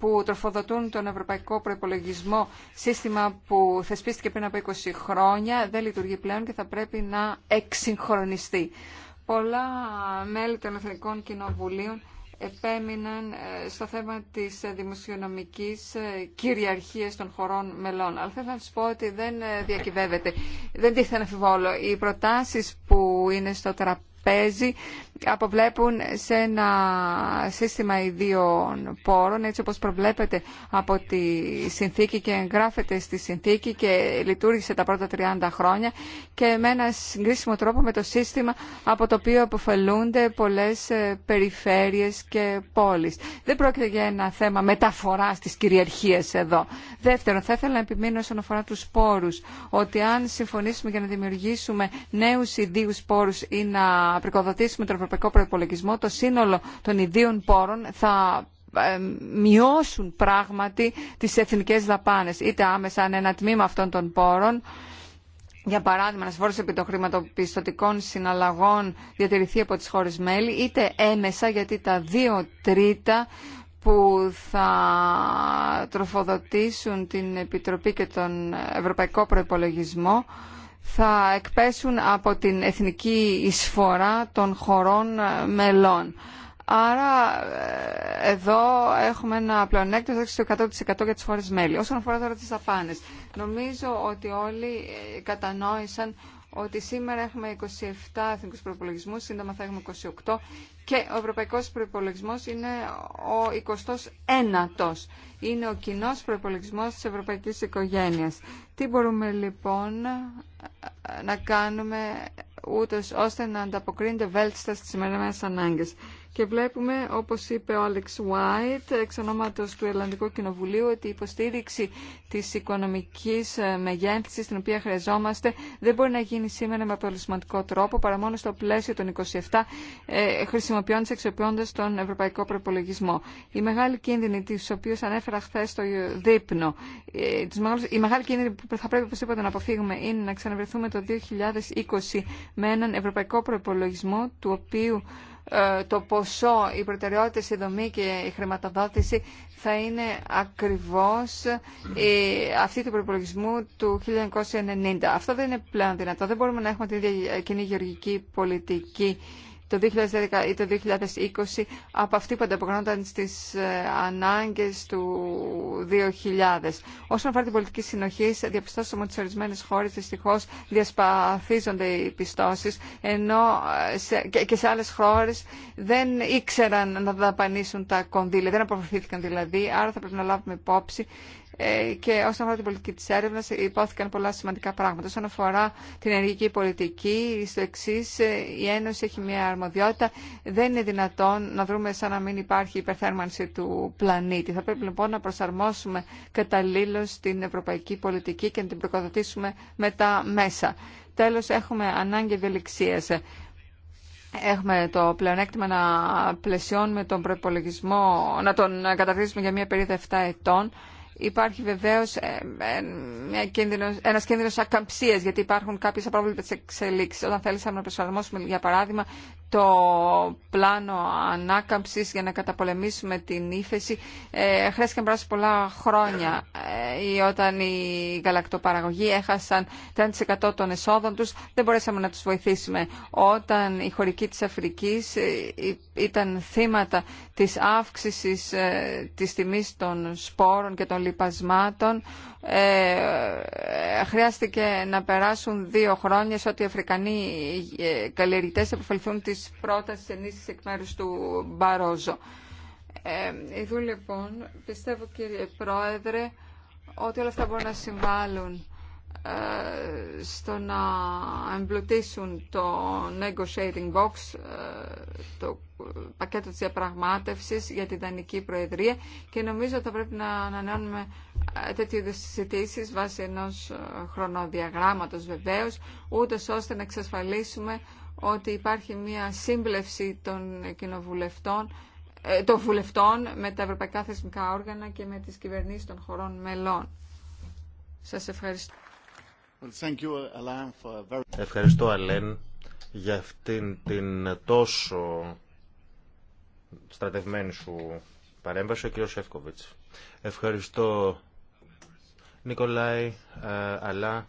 που τροφοδοτούν τον ευρωπαϊκό προπολογισμό, σύστημα που θεσπίστηκε πριν από 20 χρόνια, δεν λειτουργεί πλέον και θα πρέπει να εξυγχρονιστεί. Πολλά μέλη των Εθνικών Κοινοβουλίων επέμειναν ε, στο θέμα της ε, δημοσιονομικής ε, κυριαρχίας των χωρών μελών. Αλλά θέλω να σας πω ότι δεν διακυβεύεται. Δεν τίθεται να αμφιβόλο. Οι προτάσεις που είναι στο τραπέζι αποβλέπουν σε ένα σύστημα ιδίων πόρων, έτσι όπως προβλέπεται από τη συνθήκη και εγγράφεται στη συνθήκη και λειτουργήσε τα πρώτα 30 χρόνια και με ένα συγκρίσιμο τρόπο με το σύστημα από το οποίο αποφελούνται πολλές ε, περιφέρειες και πόλεις. Δεν πρόκειται για ένα θέμα μεταφοράς της κυριαρχίας εδώ. Δεύτερον, θα ήθελα να επιμείνω όσον αφορά τους πόρους, ότι αν συμφωνήσουμε για να δημιουργήσουμε νέους ιδίους πόρους ή να να πρικοδοτήσουμε τον ευρωπαϊκό προπολογισμό, το σύνολο των ιδίων πόρων θα ε, μειώσουν πράγματι τις εθνικές δαπάνες, είτε άμεσα αν ένα τμήμα αυτών των πόρων, για παράδειγμα, να φόρο επί των χρηματοπιστωτικών συναλλαγών διατηρηθεί από τις χώρες μέλη, είτε έμεσα, γιατί τα δύο τρίτα που θα τροφοδοτήσουν την Επιτροπή και τον Ευρωπαϊκό Προϋπολογισμό θα εκπέσουν από την εθνική εισφορά των χωρών μελών. Άρα ε, εδώ έχουμε ένα πλεονέκτημα στο 100% για τις χώρες μέλη. Όσον αφορά τώρα τις δαπάνες, νομίζω ότι όλοι ε, κατανόησαν ότι σήμερα έχουμε 27 εθνικού προπολογισμού, σύντομα θα έχουμε 28 και ο ευρωπαϊκό προπολογισμό είναι ο 29ο. Είναι ο κοινό προπολογισμό τη ευρωπαϊκή οικογένεια. Τι μπορούμε λοιπόν να κάνουμε ούτως ώστε να ανταποκρίνεται βέλτιστα στις σημερινές ανάγκες και βλέπουμε, όπως είπε ο Άλεξ Βάιτ, εξ ονόματος του Ελλανδικού Κοινοβουλίου, ότι η υποστήριξη της οικονομικής ε, μεγέθυνσης την οποία χρειαζόμαστε, δεν μπορεί να γίνει σήμερα με απολυσματικό τρόπο, παρά μόνο στο πλαίσιο των 27, ε, χρησιμοποιώντας, εξοπλώντας τον ευρωπαϊκό προπολογισμό. Η μεγάλη κίνδυνη, τη οποία ανέφερα χθε στο δείπνο, ε, η μεγάλη κίνδυνη που θα πρέπει είπατε, να αποφύγουμε είναι να ξαναβρεθούμε το 2020 με έναν ευρωπαϊκό προπολογισμό, του οποίου ε, το ποσό, η προτεραιότητα, η δομή και η χρηματοδότηση θα είναι ακριβώς ε, αυτή του προπολογισμού του 1990. Αυτό δεν είναι πλέον δυνατό. Δεν μπορούμε να έχουμε την ίδια ε, κοινή γεωργική πολιτική το 2010 ή το 2020 από αυτή που ανταποκρινόταν στις ε, ανάγκες του 2000. Όσον αφορά την πολιτική συνοχή, διαπιστώσαμε ότι σε ορισμένε χώρες δυστυχώ διασπαθίζονται οι πιστώσει, ενώ ε, και σε άλλε χώρες δεν ήξεραν να δαπανίσουν τα κονδύλια, δεν αποφευθήθηκαν δηλαδή, άρα θα πρέπει να λάβουμε υπόψη ε, και όσον αφορά την πολιτική της έρευνας υπόθηκαν πολλά σημαντικά πράγματα. Όσον αφορά την ενεργική πολιτική, στο εξή ε, η Ένωση έχει μια αρμοδιότητα. Δεν είναι δυνατόν να βρούμε σαν να μην υπάρχει υπερθέρμανση του πλανήτη. Θα πρέπει λοιπόν να προσαρμόσουμε καταλήλω την ευρωπαϊκή πολιτική και να την προκοδοτήσουμε με τα μέσα. Τέλος, έχουμε ανάγκη ευελιξίας. Έχουμε το πλεονέκτημα να πλαισιώνουμε τον προπολογισμό, να τον καταρτήσουμε για μια περίοδο 7 ετών υπάρχει βεβαίω ένα ε, ε, κίνδυνο ακαμψία, γιατί υπάρχουν κάποιες απρόβλεπτε εξελίξει. Όταν θέλησαμε να προσαρμόσουμε για παράδειγμα το πλάνο ανάκαμψη για να καταπολεμήσουμε την ύφεση ε, χρειάστηκαν να πολλά χρόνια ή όταν οι γαλακτοπαραγωγοί έχασαν 30% των εσόδων του. δεν μπορέσαμε να του βοηθήσουμε. Όταν οι χωρικοί της Αφρικής ήταν θύματα της αύξησης τη τιμή των σπόρων και των ε, χρειάστηκε να περάσουν δύο χρόνια σε ότι οι Αφρικανοί ε, καλλιεργητές επωφελθούν τις πρώτες ενίσχυσης εκ μέρους του Μπαρόζο. Ε, λοιπόν, πιστεύω κύριε Πρόεδρε, ότι όλα αυτά μπορούν να συμβάλλουν ε, στο να εμπλουτίσουν το negotiating box, ε, το πακέτο της διαπραγμάτευσης για την Δανική Προεδρία και νομίζω ότι θα πρέπει να ανανεώνουμε ε, τέτοιου είδους συζητήσεις βάσει ενός χρονοδιαγράμματος βεβαίως, ούτε ώστε να εξασφαλίσουμε ότι υπάρχει μια σύμπλευση των κοινοβουλευτών των βουλευτών με τα ευρωπαϊκά θεσμικά όργανα και με τις κυβερνήσεις των χωρών μελών. Σας ευχαριστώ. Ευχαριστώ, Αλέν, για αυτήν την τόσο στρατευμένη σου παρέμβαση, ο κ. Σεύκοβιτς. Ευχαριστώ, Νικολάη, ε, αλλά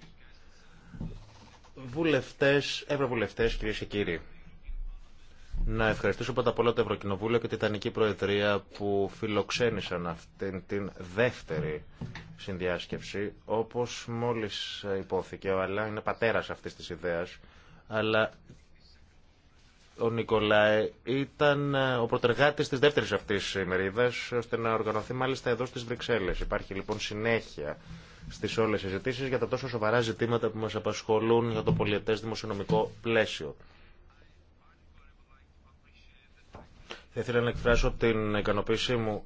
βουλευτές, ευρωβουλευτές, κυρίες και κύριοι. Να ευχαριστήσω πρώτα απ' όλα το Ευρωκοινοβούλιο και την Τανική Προεδρία που φιλοξένησαν αυτήν την δεύτερη συνδιάσκεψη. όπω μόλι υπόθηκε, ο Αλά είναι πατέρα αυτή τη ιδέα, αλλά ο Νικολάη ήταν ε, ο πρωτεργάτη της δεύτερης αυτής ημερίδα, ώστε να οργανωθεί μάλιστα εδώ στις Βρυξέλλες. Υπάρχει λοιπόν συνέχεια στι όλε τι συζητήσεις για τα τόσο σοβαρά ζητήματα που μα απασχολούν για το πολιετέ δημοσιονομικό πλαίσιο. Θα ήθελα να εκφράσω την ικανοποίησή μου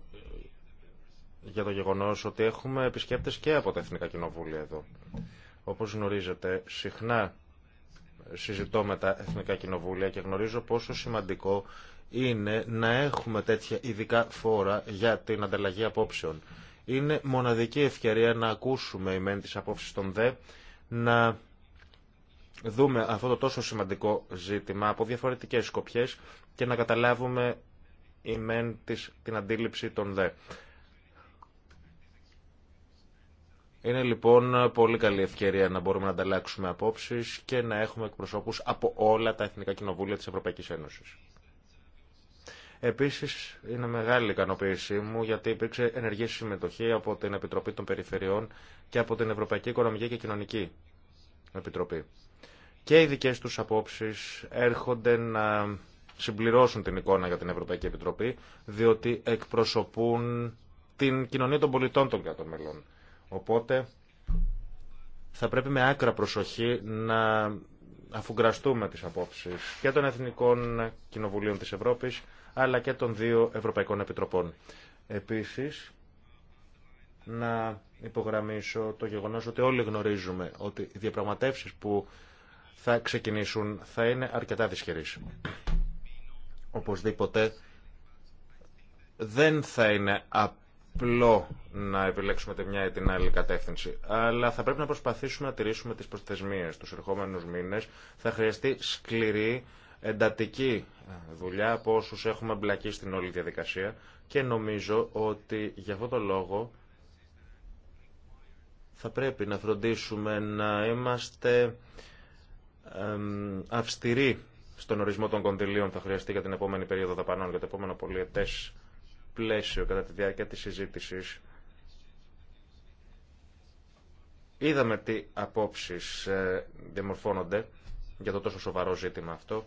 για το γεγονός ότι έχουμε επισκέπτες και από τα Εθνικά Κοινοβούλια εδώ. Όπως γνωρίζετε, συχνά συζητώ με τα Εθνικά Κοινοβούλια και γνωρίζω πόσο σημαντικό είναι να έχουμε τέτοια ειδικά φόρα για την ανταλλαγή απόψεων. Είναι μοναδική ευκαιρία να ακούσουμε οι μεν τις απόψεις των ΔΕ, να δούμε αυτό το τόσο σημαντικό ζήτημα από διαφορετικές σκοπιές και να καταλάβουμε ή μεν την αντίληψη των δε. Είναι λοιπόν πολύ καλή ευκαιρία να μπορούμε να ανταλλάξουμε απόψεις και να έχουμε εκπροσώπους από όλα τα Εθνικά Κοινοβούλια της Ευρωπαϊκής Ένωσης. Επίσης είναι μεγάλη ικανοποίησή μου γιατί υπήρξε ενεργή συμμετοχή από την Επιτροπή των Περιφερειών και από την Ευρωπαϊκή Οικονομική και Κοινωνική Επιτροπή. Και οι δικές τους απόψεις έρχονται να συμπληρώσουν την εικόνα για την Ευρωπαϊκή Επιτροπή, διότι εκπροσωπούν την κοινωνία των πολιτών των κρατών Οπότε θα πρέπει με άκρα προσοχή να αφουγκραστούμε τις απόψεις και των Εθνικών Κοινοβουλίων της Ευρώπης, αλλά και των δύο Ευρωπαϊκών Επιτροπών. Επίσης, να υπογραμμίσω το γεγονός ότι όλοι γνωρίζουμε ότι οι διαπραγματεύσεις που θα ξεκινήσουν θα είναι αρκετά δυσχερείς. Οπωσδήποτε δεν θα είναι απλό να επιλέξουμε τη μια ή την άλλη κατεύθυνση. Αλλά θα πρέπει να προσπαθήσουμε να τηρήσουμε τις προσθεσμίες τους ερχόμενους μήνες. Θα χρειαστεί σκληρή, εντατική δουλειά από όσους έχουμε μπλακεί στην όλη διαδικασία και νομίζω ότι για αυτό το λόγο θα πρέπει να φροντίσουμε να είμαστε αυστηροί στον ορισμό των κονδυλίων θα χρειαστεί για την επόμενη περίοδο δαπανών, για το επόμενο πολιετέ πλαίσιο κατά τη διάρκεια τη συζήτηση. Είδαμε τι απόψει ε, διαμορφώνονται για το τόσο σοβαρό ζήτημα αυτό.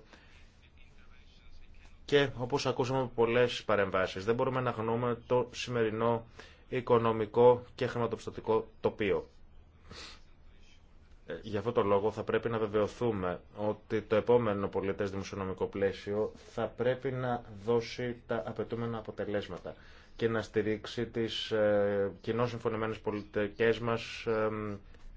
Και όπως ακούσαμε από πολλές παρεμβάσεις, δεν μπορούμε να γνώμε το σημερινό οικονομικό και χρηματοπιστωτικό τοπίο. Ε, Γι' αυτό το λόγο θα πρέπει να βεβαιωθούμε ότι το επόμενο πολιτές δημοσιονομικό πλαίσιο θα πρέπει να δώσει τα απαιτούμενα αποτελέσματα και να στηρίξει τις ε, κοινώ συμφωνημένες πολιτικές μας ε,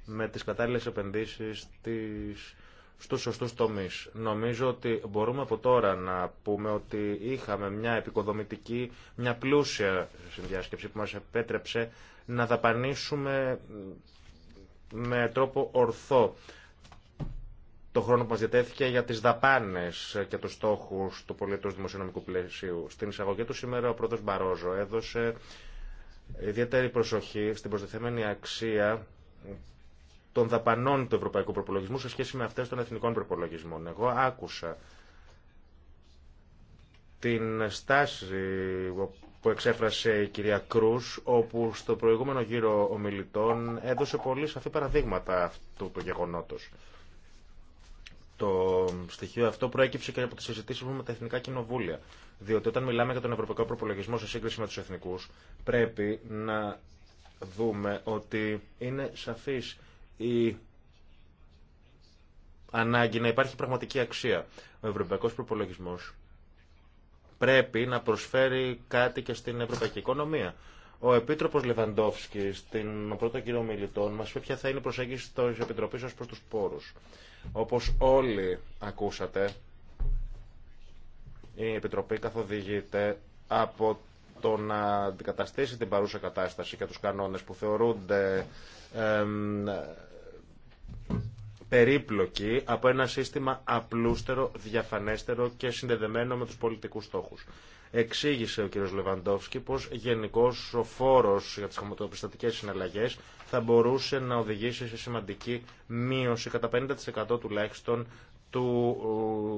με τις κατάλληλες επενδύσεις τις, στους σωστούς τομείς. Νομίζω ότι μπορούμε από τώρα να πούμε ότι είχαμε μια επικοδομητική, μια πλούσια συνδιάσκεψη που μας επέτρεψε να δαπανίσουμε με τρόπο ορθό το χρόνο που μας διατέθηκε για τις δαπάνες και τους στόχους του πολιτικού δημοσιονομικού πλαισίου. Στην εισαγωγή του σήμερα ο πρόεδρος Μπαρόζο έδωσε ιδιαίτερη προσοχή στην προστιθέμενη αξία των δαπανών του ευρωπαϊκού προπολογισμού σε σχέση με αυτές των εθνικών προπολογισμών. Εγώ άκουσα την στάση που εξέφρασε η κυρία Κρούς, όπου στο προηγούμενο γύρο ομιλητών έδωσε πολύ σαφή παραδείγματα αυτού του γεγονότος. Το στοιχείο αυτό προέκυψε και από τις συζητήσει μου με τα εθνικά κοινοβούλια. Διότι όταν μιλάμε για τον ευρωπαϊκό προπολογισμό σε σύγκριση με τους εθνικούς πρέπει να δούμε ότι είναι σαφής η ανάγκη να υπάρχει πραγματική αξία. Ο ευρωπαϊκός προπολογισμό πρέπει να προσφέρει κάτι και στην ευρωπαϊκή οικονομία. Ο Επίτροπο Λεβαντόφσκι, στην πρώτο κύριο Μιλητών, μα είπε ποια θα είναι η προσέγγιση τη Επιτροπή ω προ του πόρου. Όπω όλοι ακούσατε, η Επιτροπή καθοδηγείται από το να αντικαταστήσει την παρούσα κατάσταση και τους κανόνες που θεωρούνται περίπλοκη από ένα σύστημα απλούστερο, διαφανέστερο και συνδεδεμένο με τους πολιτικούς στόχους. Εξήγησε ο κ. Λεβαντόφσκι πως γενικός ο φόρος για τις χρηματοπιστωτικές συναλλαγές θα μπορούσε να οδηγήσει σε σημαντική μείωση κατά 50% τουλάχιστον του,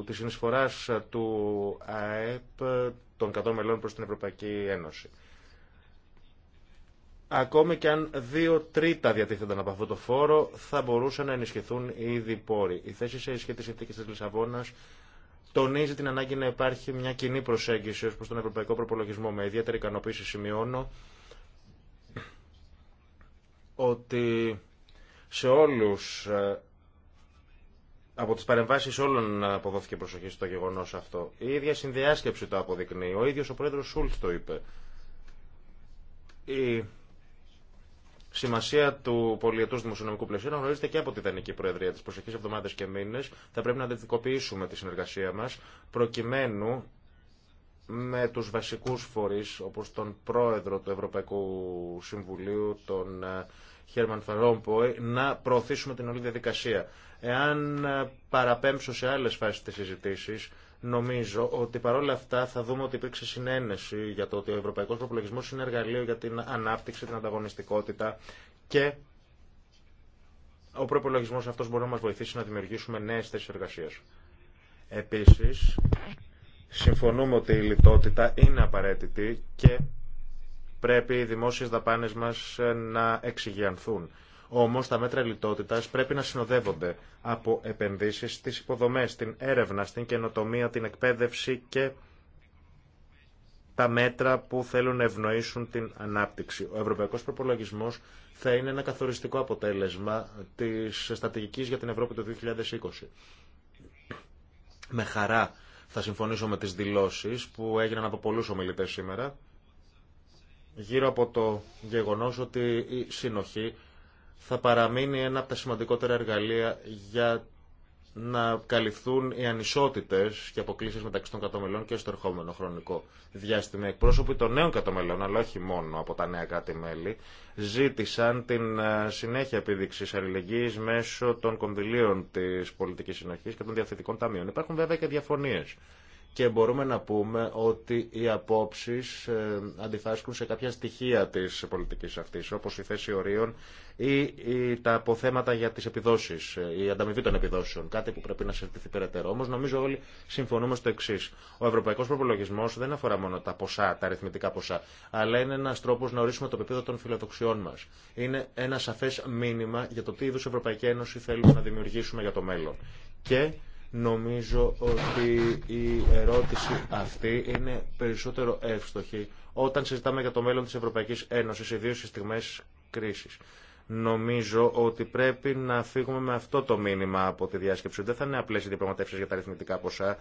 της συνεισφοράς του ΑΕΠ των 100 μελών προς την Ευρωπαϊκή Ένωση. Ακόμη και αν δύο τρίτα διατίθενταν από αυτό το φόρο, θα μπορούσαν να ενισχυθούν οι ήδη πόροι. Η θέση σε ισχύ τη συνθήκη τη Λισαβόνα τονίζει την ανάγκη να υπάρχει μια κοινή προσέγγιση ω προ τον ευρωπαϊκό προπολογισμό. Με ιδιαίτερη ικανοποίηση σημειώνω ότι σε όλου, ε, από τις παρεμβάσεις όλων αποδόθηκε προσοχή στο γεγονός αυτό. Η ίδια συνδιάσκεψη το αποδεικνύει. Ο ίδιος ο πρόεδρος Σούλτ το είπε. Η Σημασία του πολιετού δημοσιονομικού πλαισίου γνωρίζετε και από τη Δανική Προεδρία τι προσεχεί εβδομάδε και μήνε. Θα πρέπει να αντιδικοποιήσουμε τη συνεργασία μα προκειμένου με τους βασικούς φορείς όπως τον πρόεδρο του Ευρωπαϊκού Συμβουλίου, τον ε, Χέρμαν Φαρόμποη, να προωθήσουμε την όλη διαδικασία. Εάν ε, παραπέμψω σε άλλες φάσεις της συζητήσης, Νομίζω ότι παρόλα αυτά θα δούμε ότι υπήρξε συνένεση για το ότι ο ευρωπαϊκός προπολογισμός είναι εργαλείο για την ανάπτυξη, την ανταγωνιστικότητα και ο προπολογισμό αυτός μπορεί να μας βοηθήσει να δημιουργήσουμε νέες θέσεις εργασίας. Επίσης, συμφωνούμε ότι η λιτότητα είναι απαραίτητη και πρέπει οι δημόσιες δαπάνες μας να εξηγιανθούν. Όμω τα μέτρα λιτότητα πρέπει να συνοδεύονται από επενδύσει στι υποδομέ, στην έρευνα, στην καινοτομία, την εκπαίδευση και τα μέτρα που θέλουν να ευνοήσουν την ανάπτυξη. Ο ευρωπαϊκό προπολογισμό θα είναι ένα καθοριστικό αποτέλεσμα τη στρατηγική για την Ευρώπη το 2020. Με χαρά θα συμφωνήσω με τις δηλώσεις που έγιναν από πολλούς ομιλητές σήμερα γύρω από το γεγονός ότι η συνοχή θα παραμείνει ένα από τα σημαντικότερα εργαλεία για να καλυφθούν οι ανισότητε και αποκλήσει μεταξύ των κατομελών και στο ερχόμενο χρονικό διάστημα. Εκπρόσωποι των νέων κατομελών, αλλά όχι μόνο από τα νεα κάτι κράτη-μέλη, ζήτησαν την ε, συνέχεια επίδειξη αλληλεγγύη μέσω των κονδυλίων τη πολιτική συνοχή και των διαθετικών ταμείων. Υπάρχουν βέβαια και διαφωνίε και μπορούμε να πούμε ότι οι απόψεις ε, αντιφάσκουν σε κάποια στοιχεία της πολιτικής αυτής, όπως η θέση ορίων ή τα αποθέματα για τις επιδόσεις, ε, η ανταμοιβή των επιδόσεων, κάτι που πρέπει να συζητηθεί περαιτέρω. Όμως νομίζω όλοι συμφωνούμε στο εξή. Ο ευρωπαϊκός προπολογισμό δεν αφορά μόνο τα ποσά, τα αριθμητικά ποσά, αλλά είναι ένας τρόπος να ορίσουμε το επίπεδο των φιλοδοξιών μας. Είναι ένα σαφές μήνυμα για το τι είδους Ευρωπαϊκή Ένωση θέλουμε να δημιουργήσουμε για το μέλλον. Και Νομίζω ότι η ερώτηση αυτή είναι περισσότερο εύστοχη όταν συζητάμε για το μέλλον της Ευρωπαϊκής Ένωσης, ιδίως στις στιγμές κρίσης. Νομίζω ότι πρέπει να φύγουμε με αυτό το μήνυμα από τη διάσκεψη. Δεν θα είναι απλέ οι διαπραγματεύσει για τα αριθμητικά ποσά.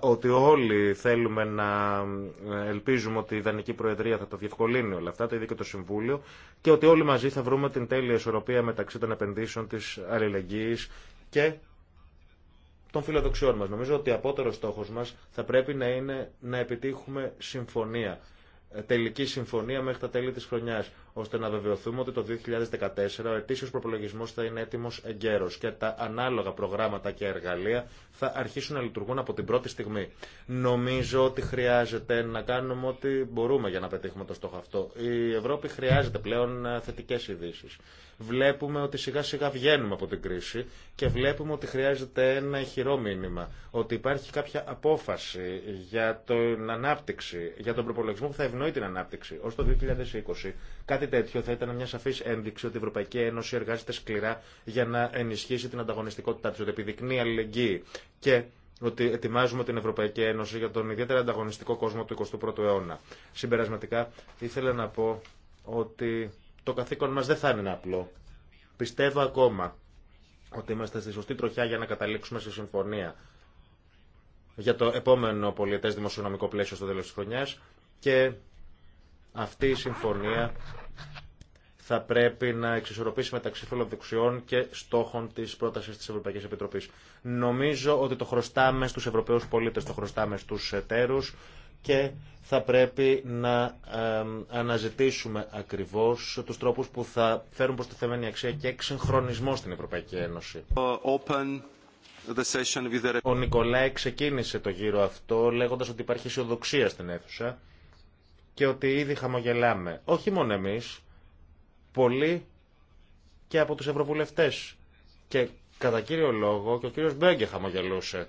Ότι όλοι θέλουμε να ελπίζουμε ότι η δανική Προεδρία θα το διευκολύνει όλα αυτά, το ίδιο και το Συμβούλιο, και ότι όλοι μαζί θα βρούμε την τέλεια ισορροπία μεταξύ των επενδύσεων, τη αλληλεγγύη και των φιλοδοξιών μας. Νομίζω ότι απότερος στόχος μας θα πρέπει να είναι να επιτύχουμε συμφωνία, τελική συμφωνία μέχρι τα τέλη της χρονιάς, ώστε να βεβαιωθούμε ότι το 2014 ο ετήσιος προπολογισμός θα είναι έτοιμος εγκαίρος και τα ανάλογα προγράμματα και εργαλεία θα αρχίσουν να λειτουργούν από την πρώτη στιγμή. Νομίζω ότι χρειάζεται να κάνουμε ό,τι μπορούμε για να πετύχουμε το στόχο αυτό. Η Ευρώπη χρειάζεται πλέον ε, θετικές ειδήσει. Βλέπουμε ότι σιγά σιγά βγαίνουμε από την κρίση και βλέπουμε ότι χρειάζεται ένα ηχηρό μήνυμα. Ότι υπάρχει κάποια απόφαση για την ανάπτυξη, για τον προπολογισμό που θα ευνοεί την ανάπτυξη. Ω το 2020 Κάτι τέτοιο θα ήταν μια σαφή ένδειξη ότι η Ευρωπαϊκή Ένωση εργάζεται σκληρά για να ενισχύσει την ανταγωνιστικότητά τη, ότι επιδεικνύει αλληλεγγύη και ότι ετοιμάζουμε την Ευρωπαϊκή Ένωση για τον ιδιαίτερα ανταγωνιστικό κόσμο του 21ου αιώνα. Συμπερασματικά, ήθελα να πω ότι το καθήκον μα δεν θα είναι απλό. Πιστεύω ακόμα ότι είμαστε στη σωστή τροχιά για να καταλήξουμε σε συμφωνία για το επόμενο πολιετές δημοσιονομικό πλαίσιο στο τέλος της χρονιάς και αυτή η συμφωνία θα πρέπει να εξισορροπήσει μεταξύ φιλοδοξιών και στόχων τη πρόταση τη Ευρωπαϊκή Επιτροπή. Νομίζω ότι το χρωστάμε στου Ευρωπαίου πολίτε, το χρωστάμε στου εταίρου και θα πρέπει να αναζητήσουμε ακριβώ του τρόπου που θα φέρουν προς τη θεμένη αξία και εξυγχρονισμό στην Ευρωπαϊκή Ένωση. Uh, Ο Νικολάη ξεκίνησε το γύρο αυτό λέγοντας ότι υπάρχει αισιοδοξία στην αίθουσα και ότι ήδη χαμογελάμε. Όχι μόνο εμείς, πολλοί και από τους ευρωβουλευτές. Και κατά κύριο λόγο και ο κύριος Μπέγκε χαμογελούσε.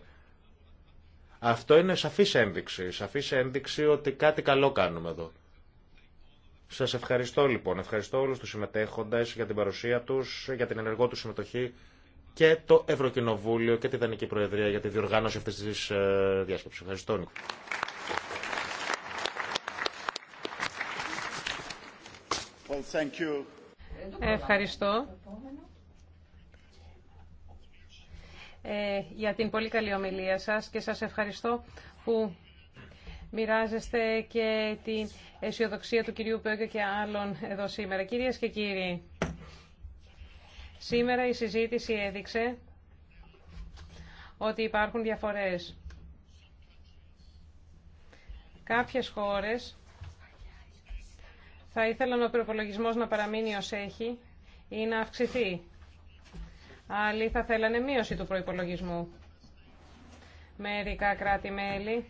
Αυτό είναι σαφής ένδειξη, σαφής ένδειξη ότι κάτι καλό κάνουμε εδώ. Σας ευχαριστώ λοιπόν, ευχαριστώ όλους τους συμμετέχοντες για την παρουσία τους, για την ενεργό του συμμετοχή και το Ευρωκοινοβούλιο και τη Δανική Προεδρία για τη διοργάνωση αυτής της ε, διάσκεψης. Ευχαριστώ. Ευχαριστώ ε, για την πολύ καλή ομιλία σας και σας ευχαριστώ που μοιράζεστε και την αισιοδοξία του κυρίου Πέγκο και άλλων εδώ σήμερα. Κυρίες και κύριοι, σήμερα η συζήτηση έδειξε ότι υπάρχουν διαφορές. Κάποιες χώρες θα ήθελα ο προπολογισμό να παραμείνει ως έχει ή να αυξηθεί. Άλλοι θα θέλανε μείωση του προϋπολογισμού. Μερικά κράτη-μέλη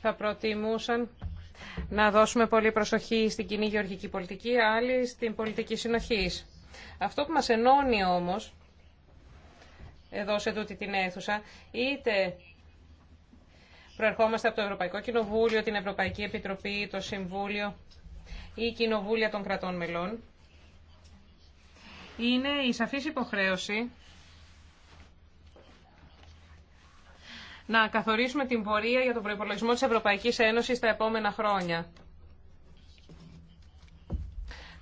θα προτιμούσαν να δώσουμε πολύ προσοχή στην κοινή γεωργική πολιτική, άλλοι στην πολιτική συνοχής. Αυτό που μας ενώνει όμως, εδώ σε τούτη την αίθουσα, είτε προερχόμαστε από το Ευρωπαϊκό Κοινοβούλιο, την Ευρωπαϊκή Επιτροπή, το Συμβούλιο ή κοινοβούλια των κρατών μελών είναι η σαφής υποχρέωση να καθορίσουμε την πορεία για τον προϋπολογισμό της Ευρωπαϊκής Ένωσης τα επόμενα χρόνια.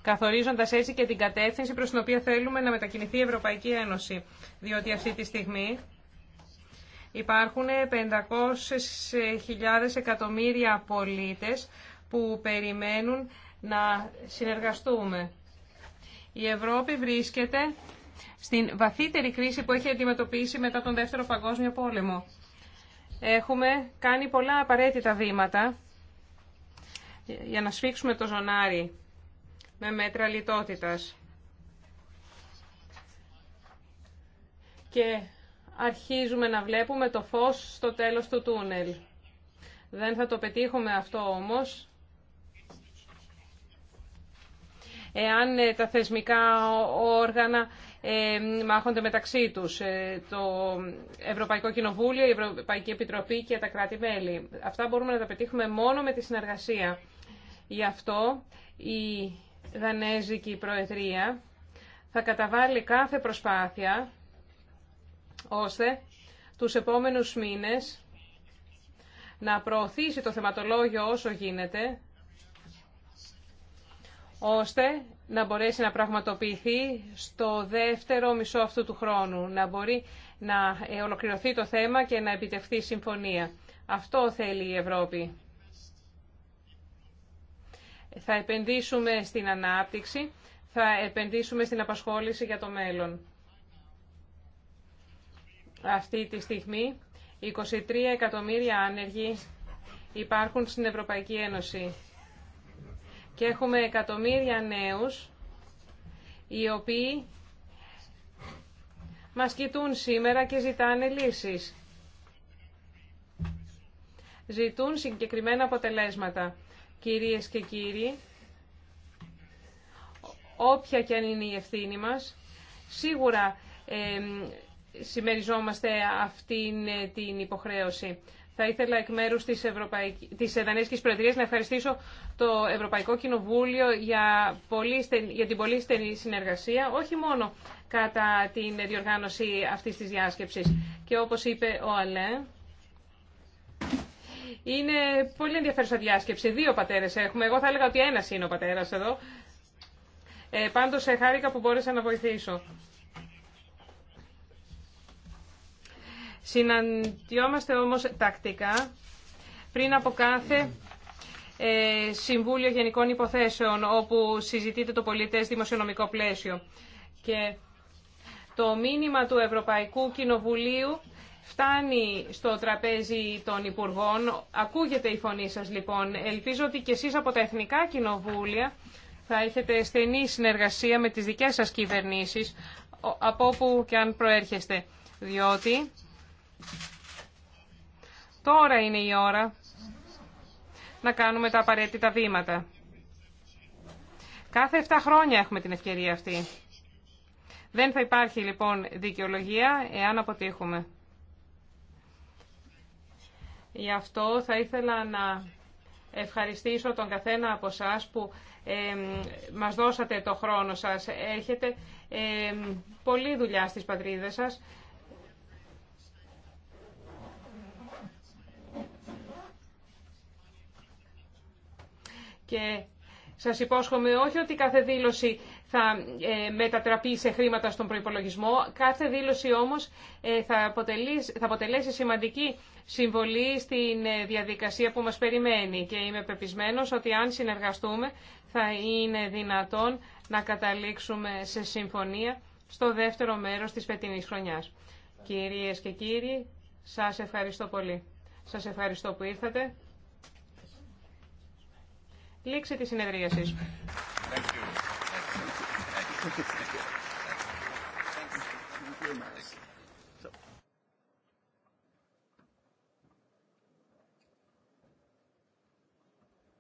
Καθορίζοντας έτσι και την κατεύθυνση προς την οποία θέλουμε να μετακινηθεί η Ευρωπαϊκή Ένωση. Διότι αυτή τη στιγμή υπάρχουν 500.000 εκατομμύρια πολίτες που περιμένουν να συνεργαστούμε. Η Ευρώπη βρίσκεται στην βαθύτερη κρίση που έχει αντιμετωπίσει μετά τον Δεύτερο Παγκόσμιο Πόλεμο. Έχουμε κάνει πολλά απαραίτητα βήματα για να σφίξουμε το ζωνάρι με μέτρα λιτότητας. Και αρχίζουμε να βλέπουμε το φως στο τέλος του τούνελ. Δεν θα το πετύχουμε αυτό όμως εάν ε, τα θεσμικά όργανα ε, μάχονται μεταξύ τους. Ε, το Ευρωπαϊκό Κοινοβούλιο, η Ευρωπαϊκή Επιτροπή και τα κράτη-μέλη. Αυτά μπορούμε να τα πετύχουμε μόνο με τη συνεργασία. Γι' αυτό η Δανέζικη Προεδρία θα καταβάλει κάθε προσπάθεια ώστε τους επόμενους μήνες να προωθήσει το θεματολόγιο όσο γίνεται ώστε να μπορέσει να πραγματοποιηθεί στο δεύτερο μισό αυτού του χρόνου, να μπορεί να ε, ολοκληρωθεί το θέμα και να επιτευχθεί συμφωνία. Αυτό θέλει η Ευρώπη. Θα επενδύσουμε στην ανάπτυξη, θα επενδύσουμε στην απασχόληση για το μέλλον. Αυτή τη στιγμή 23 εκατομμύρια άνεργοι υπάρχουν στην Ευρωπαϊκή Ένωση. Και έχουμε εκατομμύρια νέους οι οποίοι μας κοιτούν σήμερα και ζητάνε λύσεις. Ζητούν συγκεκριμένα αποτελέσματα. Κυρίες και κύριοι, όποια και αν είναι η ευθύνη μας, σίγουρα συμμεριζόμαστε αυτήν ε, την υποχρέωση. Θα ήθελα εκ μέρους της, Ευρωπαϊκ... της να ευχαριστήσω το Ευρωπαϊκό Κοινοβούλιο για, για την πολύ στενή συνεργασία, όχι μόνο κατά την διοργάνωση αυτής της διάσκεψης. Και όπως είπε ο Αλέ, είναι πολύ ενδιαφέρουσα διάσκεψη. Δύο πατέρες έχουμε. Εγώ θα έλεγα ότι ένας είναι ο πατέρας εδώ. Ε, πάντως, ε, χάρηκα που μπόρεσα να βοηθήσω. Συναντιόμαστε όμως τακτικά πριν από κάθε ε, Συμβούλιο Γενικών Υποθέσεων όπου συζητείται το πολιτές δημοσιονομικό πλαίσιο. Και το μήνυμα του Ευρωπαϊκού Κοινοβουλίου φτάνει στο τραπέζι των Υπουργών. Ακούγεται η φωνή σας λοιπόν. Ελπίζω ότι και εσείς από τα Εθνικά Κοινοβούλια θα έχετε στενή συνεργασία με τις δικές σας κυβερνήσεις από όπου και αν προέρχεστε. Διότι Τώρα είναι η ώρα να κάνουμε τα απαραίτητα βήματα. Κάθε 7 χρόνια έχουμε την ευκαιρία αυτή. Δεν θα υπάρχει λοιπόν δικαιολογία εάν αποτύχουμε. Γι' αυτό θα ήθελα να ευχαριστήσω τον καθένα από εσά που ε, μας δώσατε το χρόνο σας. Έχετε ε, πολλή δουλειά στις πατρίδες σας. Και σας υπόσχομαι όχι ότι κάθε δήλωση θα ε, μετατραπεί σε χρήματα στον προϋπολογισμό, κάθε δήλωση όμως ε, θα, θα αποτελέσει σημαντική συμβολή στην ε, διαδικασία που μας περιμένει. Και είμαι πεπισμένος ότι αν συνεργαστούμε θα είναι δυνατόν να καταλήξουμε σε συμφωνία στο δεύτερο μέρος της φετινής χρονιάς. Κυρίες και κύριοι, σας ευχαριστώ πολύ. Σας ευχαριστώ που ήρθατε. Λήξη τη συνεδρίασης. Thank